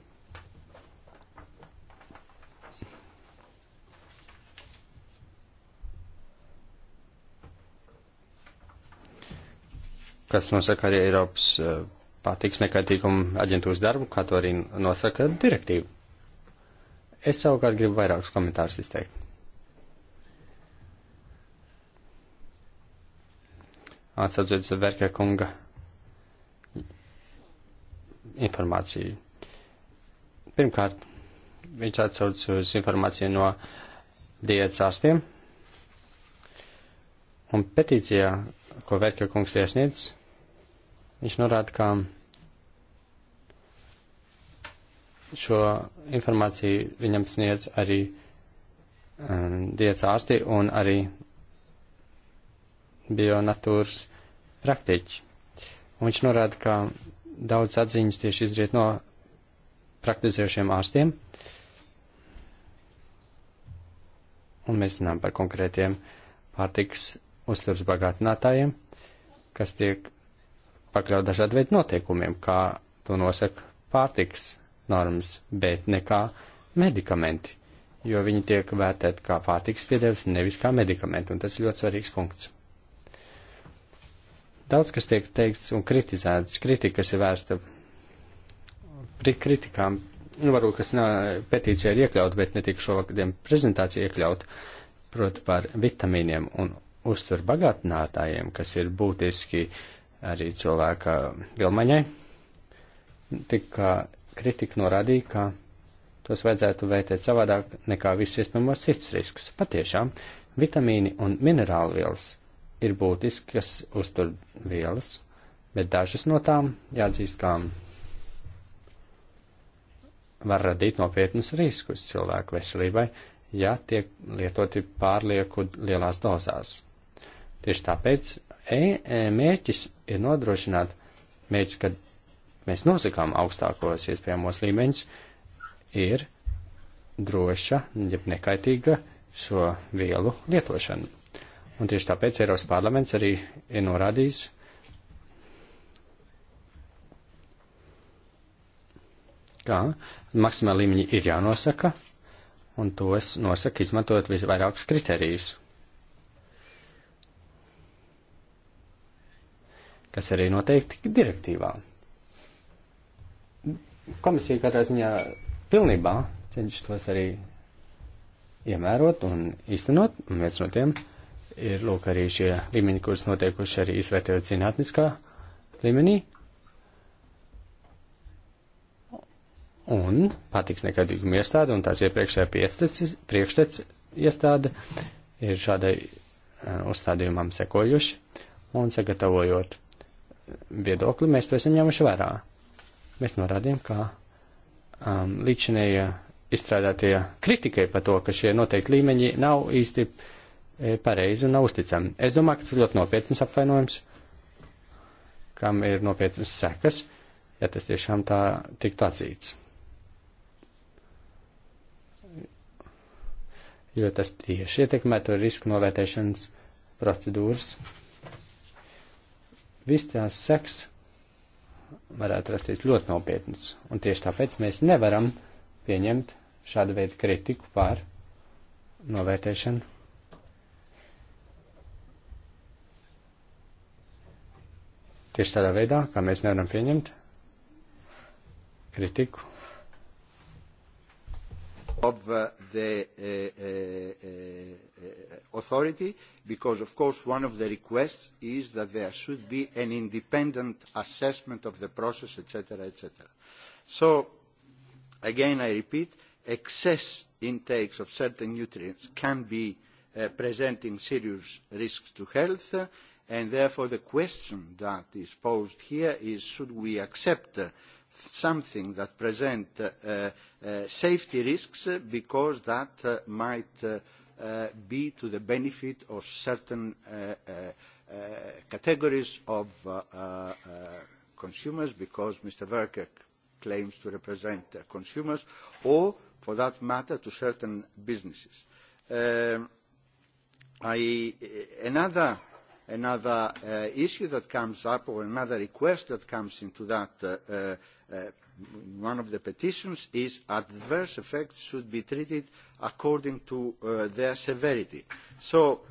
Speaker 4: kas nosaka arī Eiropas eh, pārtiks nekaitīguma aģentūras darbu, kā to arī nosaka direktīva. Es savukārt gribu vairākus komentārus izteikt. Atsaucoties uz Verke kunga informāciju. Pirmkārt, viņš atsauc uz informāciju no diētas ārstiem. Un petīcijā, ko Verke kungs iesniedz, Viņš norāda, ka šo informāciju viņam sniedz arī um, diets ārsti un arī bionatūras praktiķi. Un viņš norāda, ka daudz atziņas tieši izriet no praktizējušiem ārstiem. Un mēs zinām par konkrētiem pārtiks uzturs bagātinātājiem, kas tiek pakļaut dažādu veidu noteikumiem, kā to nosaka pārtiks normas, bet nekā medikamenti, jo viņi tiek vērtēti kā pārtiks piedevs, nevis kā medikamenti, un tas ir ļoti svarīgs punkts. Daudz, kas tiek teikts un kritizēts, kritikas ir vērsta pret kritikām, nu, varbūt, kas nav petīcija ir iekļaut, bet netika šovakardien prezentācija iekļaut, proti par vitamīniem un uztur bagātinātājiem, kas ir būtiski uh, arī cilvēka Vilmaņai, tika kritika norādīja, ka tos vajadzētu vērtēt savādāk nekā visus iespējamos cits riskus. Patiešām, vitamīni un minerālu vielas ir būtiskas uzturvielas, bet dažas no tām jāatzīst, kā var radīt nopietnus riskus cilvēku veselībai, ja tiek lietoti pārlieku lielās dozās. Tieši tāpēc E, e, mērķis ir nodrošināt mērķis, kad mēs nosakām augstākos iespējamos līmeņus, ir droša, ja nekaitīga šo vielu lietošana. Un tieši tāpēc Eiropas parlaments arī ir norādījis, ka maksimāli līmeņi ir jānosaka, un tos nosaka izmantot visvairākus kriterijus. kas arī noteikti direktīvā. Komisija katrā ziņā pilnībā cenšas tos arī iemērot un īstenot, un viens no tiem ir lūk arī šie līmeņi, kurus noteikuši arī izvērtējot zinātniskā līmenī. Un patiks nekādīguma iestāde un tās iepriekšējā priekštec iestāde ir šādai uh, uzstādījumam sekojuši un sagatavojot viedokli mēs to esam ņēmuši vērā. Mēs norādījām, ka um, līdšanēja izstrādātie kritikai par to, ka šie noteikti līmeņi nav īsti e, pareizi un nav uzticami. Es domāju, ka tas ļoti nopietnas apvainojums, kam ir nopietnas sekas, ja tas tiešām tā tiktu atzīts. Jo tas tieši ietekmētu risku novērtēšanas procedūras Viss tās seks varētu rasties ļoti nopietnas, un tieši tāpēc mēs nevaram pieņemt šādu veidu kritiku pār novērtēšanu. Tieši tādā veidā, kā mēs nevaram pieņemt kritiku
Speaker 8: of uh, the uh, uh, uh, uh, authority because, of course, one of the requests is that there should be an independent assessment of the process, etc., etc. So, again, I repeat, excess intakes of certain nutrients can be uh, presenting serious risks to health, uh, and therefore the question that is posed here is should we accept uh, something that present uh, uh, safety risks uh, because that uh, might uh, uh, be to the benefit of certain uh, uh, uh, categories of uh, uh, uh consumers because Mr. Verker claims to represent uh, consumers or for that matter to certain businesses. Uh, I, another uh, another uh, issue that comes up or another request that comes into that uh, uh, uh, one of the petitions is adverse effects should be treated according to uh, their severity. So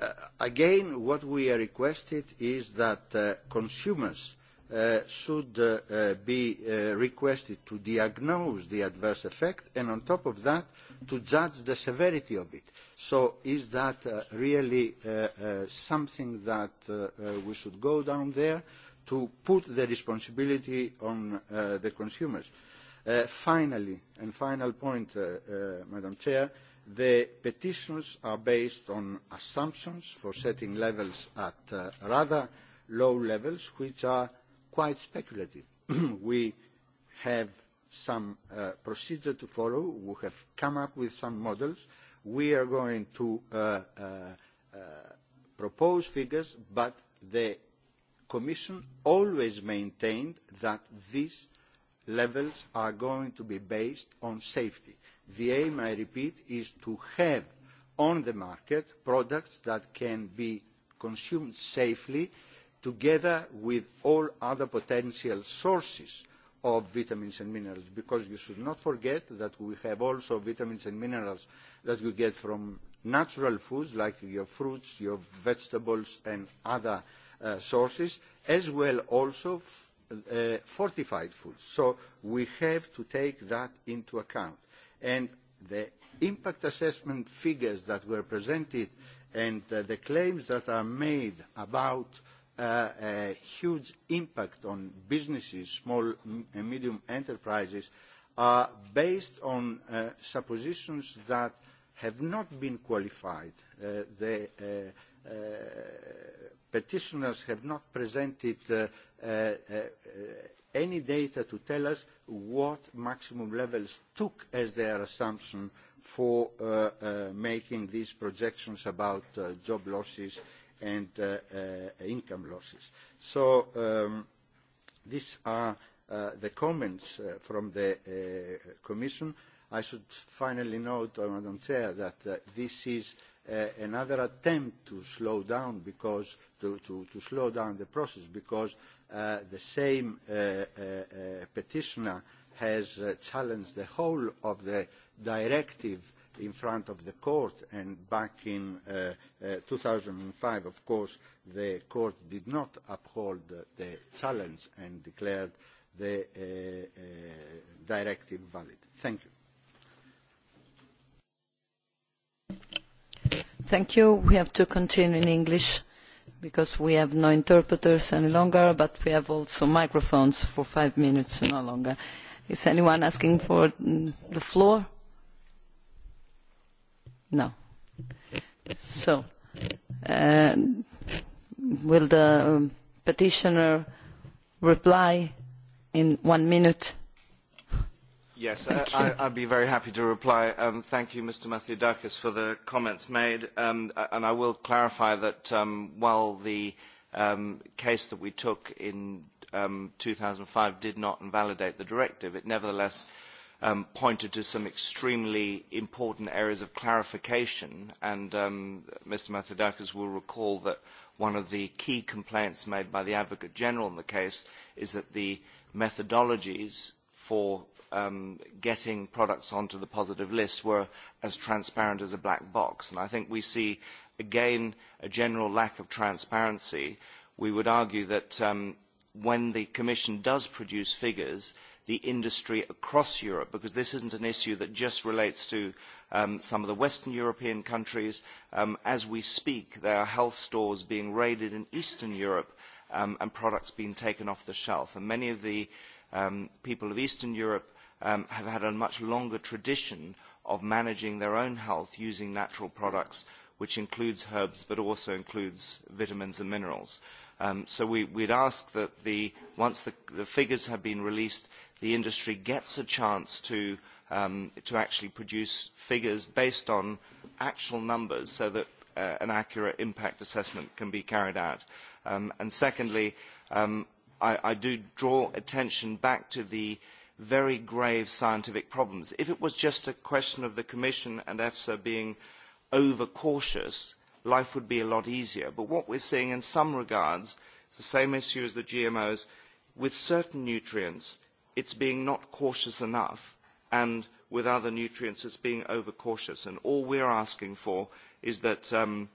Speaker 8: uh, again, what we are requested is that uh, consumers uh, should uh, uh, be uh, requested to diagnose the adverse effect and on top of that uh, to judge the severity of it. So is that uh, really uh, uh, something that uh, uh, we should go down there to put the responsibility on uh, the consumers? Uh, finally, and final point, uh, uh, Madam Chair, the petitions are based on assumptions for setting levels at uh, rather low levels, which are quite speculative. we have uh, some uh, procedure to follow. We have come up with some models. We are going to uh, uh, uh, propose figures, but the Commission always maintained that these levels are going to be based on safety. The aim, I repeat, is to have on the market products that can be consumed safely together with all other potential sources of vitamins and minerals because you should not forget that we have also vitamins and minerals that you get from natural foods like your fruits, your vegetables and other uh, sources as well also f uh, fortified foods. So we have to take that into account. And the impact assessment figures that were presented and uh, the claims that are made about uh, uh, a huge impact on businesses, small and medium enterprises, are based on uh, suppositions that have not been qualified. Uh, the uh, uh, petitioners have not presented uh, uh, uh, any data to tell us what maximum levels took as their assumption for uh, uh, making these projections about uh, job losses uh, and uh, uh, uh, income losses. So um, these are uh, the comments uh, from the uh, Commission. I should finally note, uh, Madam Chair, that uh, this is uh, another attempt to slow down because to, to, to slow down the process because uh, the same uh, uh, uh, petitioner has uh, challenged the whole of the directive in front of the court and back in uh, uh, 2005 of course the court did not uphold the challenge and declared the uh, uh, directive valid. Thank you.
Speaker 1: Thank you. We have to continue in English because we have no interpreters any longer, but we have also microphones for five minutes no longer. Is anyone asking for mm, the floor? No. So, uh, will the um, petitioner reply in one minute?
Speaker 9: Yes, I, I, I'd be very happy to reply. Um, thank you, Mr. Mathiodakis, for the comments made. Um, and I will clarify that um, while the um, case that we took in um, 2005 did not invalidate the directive, it nevertheless uh, um, pointed to some extremely important areas of clarification, and um, Mr. Mathidakis will recall that one of the key complaints made by the Advocate General in the case is that the methodologies for um, getting products onto the positive list were as transparent as a black box. And I think we see, again, a general lack of transparency. We would argue that um, when the Commission does produce figures, uh, the industry across Europe, because this isn't an issue that just relates to um, some of the Western European countries. Um, as we speak, there are health stores being raided in Eastern Europe um, and products being taken off the shelf. And many of the um, people of Eastern Europe um, have had a much longer tradition of managing their own health using natural products, which includes herbs but also includes vitamins and minerals. Um, so we, we'd ask that the, once the, the figures have been released, the industry gets a chance to, um, to actually produce figures based on actual numbers so that uh, an accurate impact assessment can be carried out. Um, and secondly, um, I, I do draw attention back to the very grave scientific problems. If it was just a question of the Commission and EFSA being overcautious, life would be a lot easier. But what we're seeing in some regards, it's the same issue as the GMOs, with certain nutrients, it's being not cautious enough and with other nutrients it's being overcautious. And all we're asking for is that um,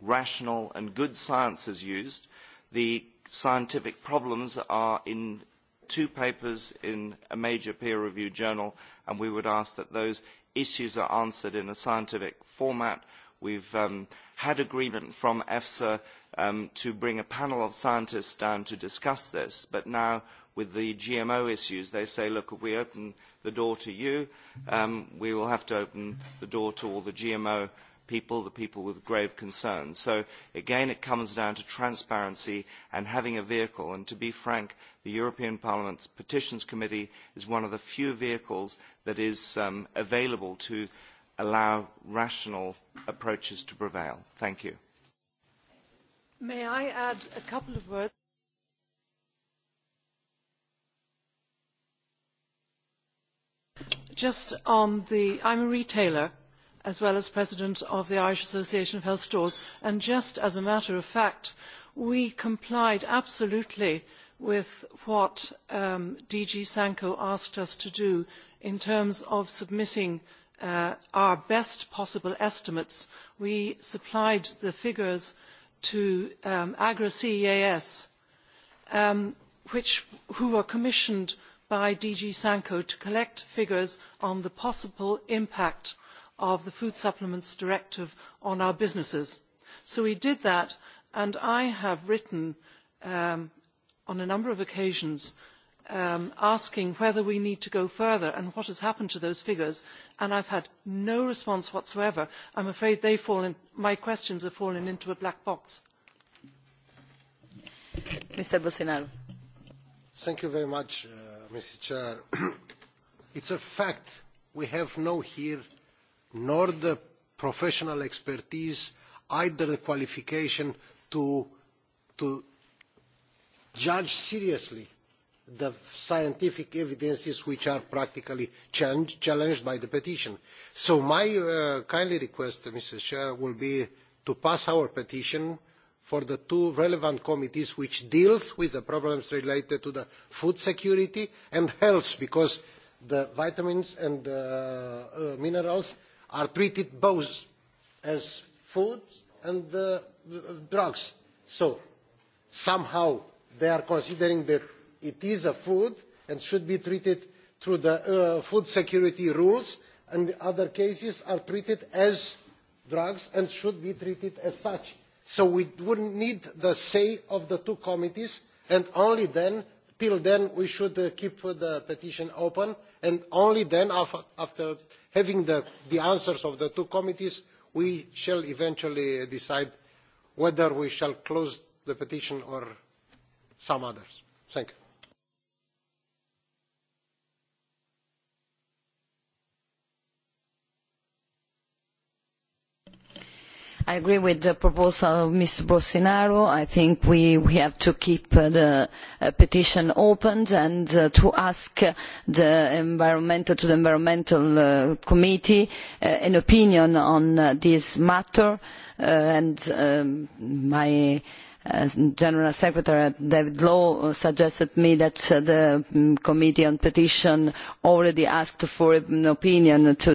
Speaker 9: rational and good science is used. The scientific problems are in two papers in a major peer-reviewed journal, and we would ask that those issues are answered in a scientific format. We've um, had agreement from EFSA um, to bring a panel of scientists down to discuss this, but now with the GMO issues. They say, look, if we open the door to you, um, we will have to open the door to all the GMO people, the people with grave concerns. So again, it comes down to transparency and having a vehicle. And to be frank, the European Parliament's Petitions Committee is one of the few vehicles that is um, available to allow rational approaches to prevail. Thank you.
Speaker 5: May I add a couple of words? Just on the, I'm a retailer as well as president of the Irish Association of Health Stores, and just as a matter of fact, we complied absolutely with what um, DG Sanko asked us to do in terms of submitting uh, our best possible estimates. We supplied the figures to um, Agra CEAS, um, which, who were commissioned by dg sanco to collect figures on the possible impact of the food supplements directive on our businesses. so we did that and i have written um, on a number of occasions um, asking whether we need to go further and what has happened to those figures and i've had no response whatsoever. i'm afraid they fall in, my
Speaker 6: questions have fallen into a black box. mr. Bolsonaro. thank you very much. Uh, Mr. Chair. it's a fact. We have no here, nor the professional expertise, either the qualification to, to judge seriously the scientific evidences which are practically challenge, challenged by the petition. So my uh, kindly request, Mr. Chair, will be to pass our petition uh, for the two relevant committees which deal with the problems related to food security and health because the vitamins and uh, uh, minerals are treated both as food and uh, drugs. So somehow they are considering that it is a food and should be treated through the uh, food security rules and other cases are treated as drugs and should be treated as such so we would not need the say of the two committees and only then until then we should uh, keep the petition open and only then after having the, the answers of the two committees we shall eventually decide whether we shall close the petition or some others. thank you.
Speaker 1: I agree with the proposal of Mr. Bolsonaro. I think we, we have to keep uh, the uh, petition open and uh, to ask the environmental, to the environmental uh, committee uh, an opinion on uh, this matter. Uh, and um, my As uh, General Secretary David Law suggested me that uh, the mm, Committee on Petition already asked for an opinion to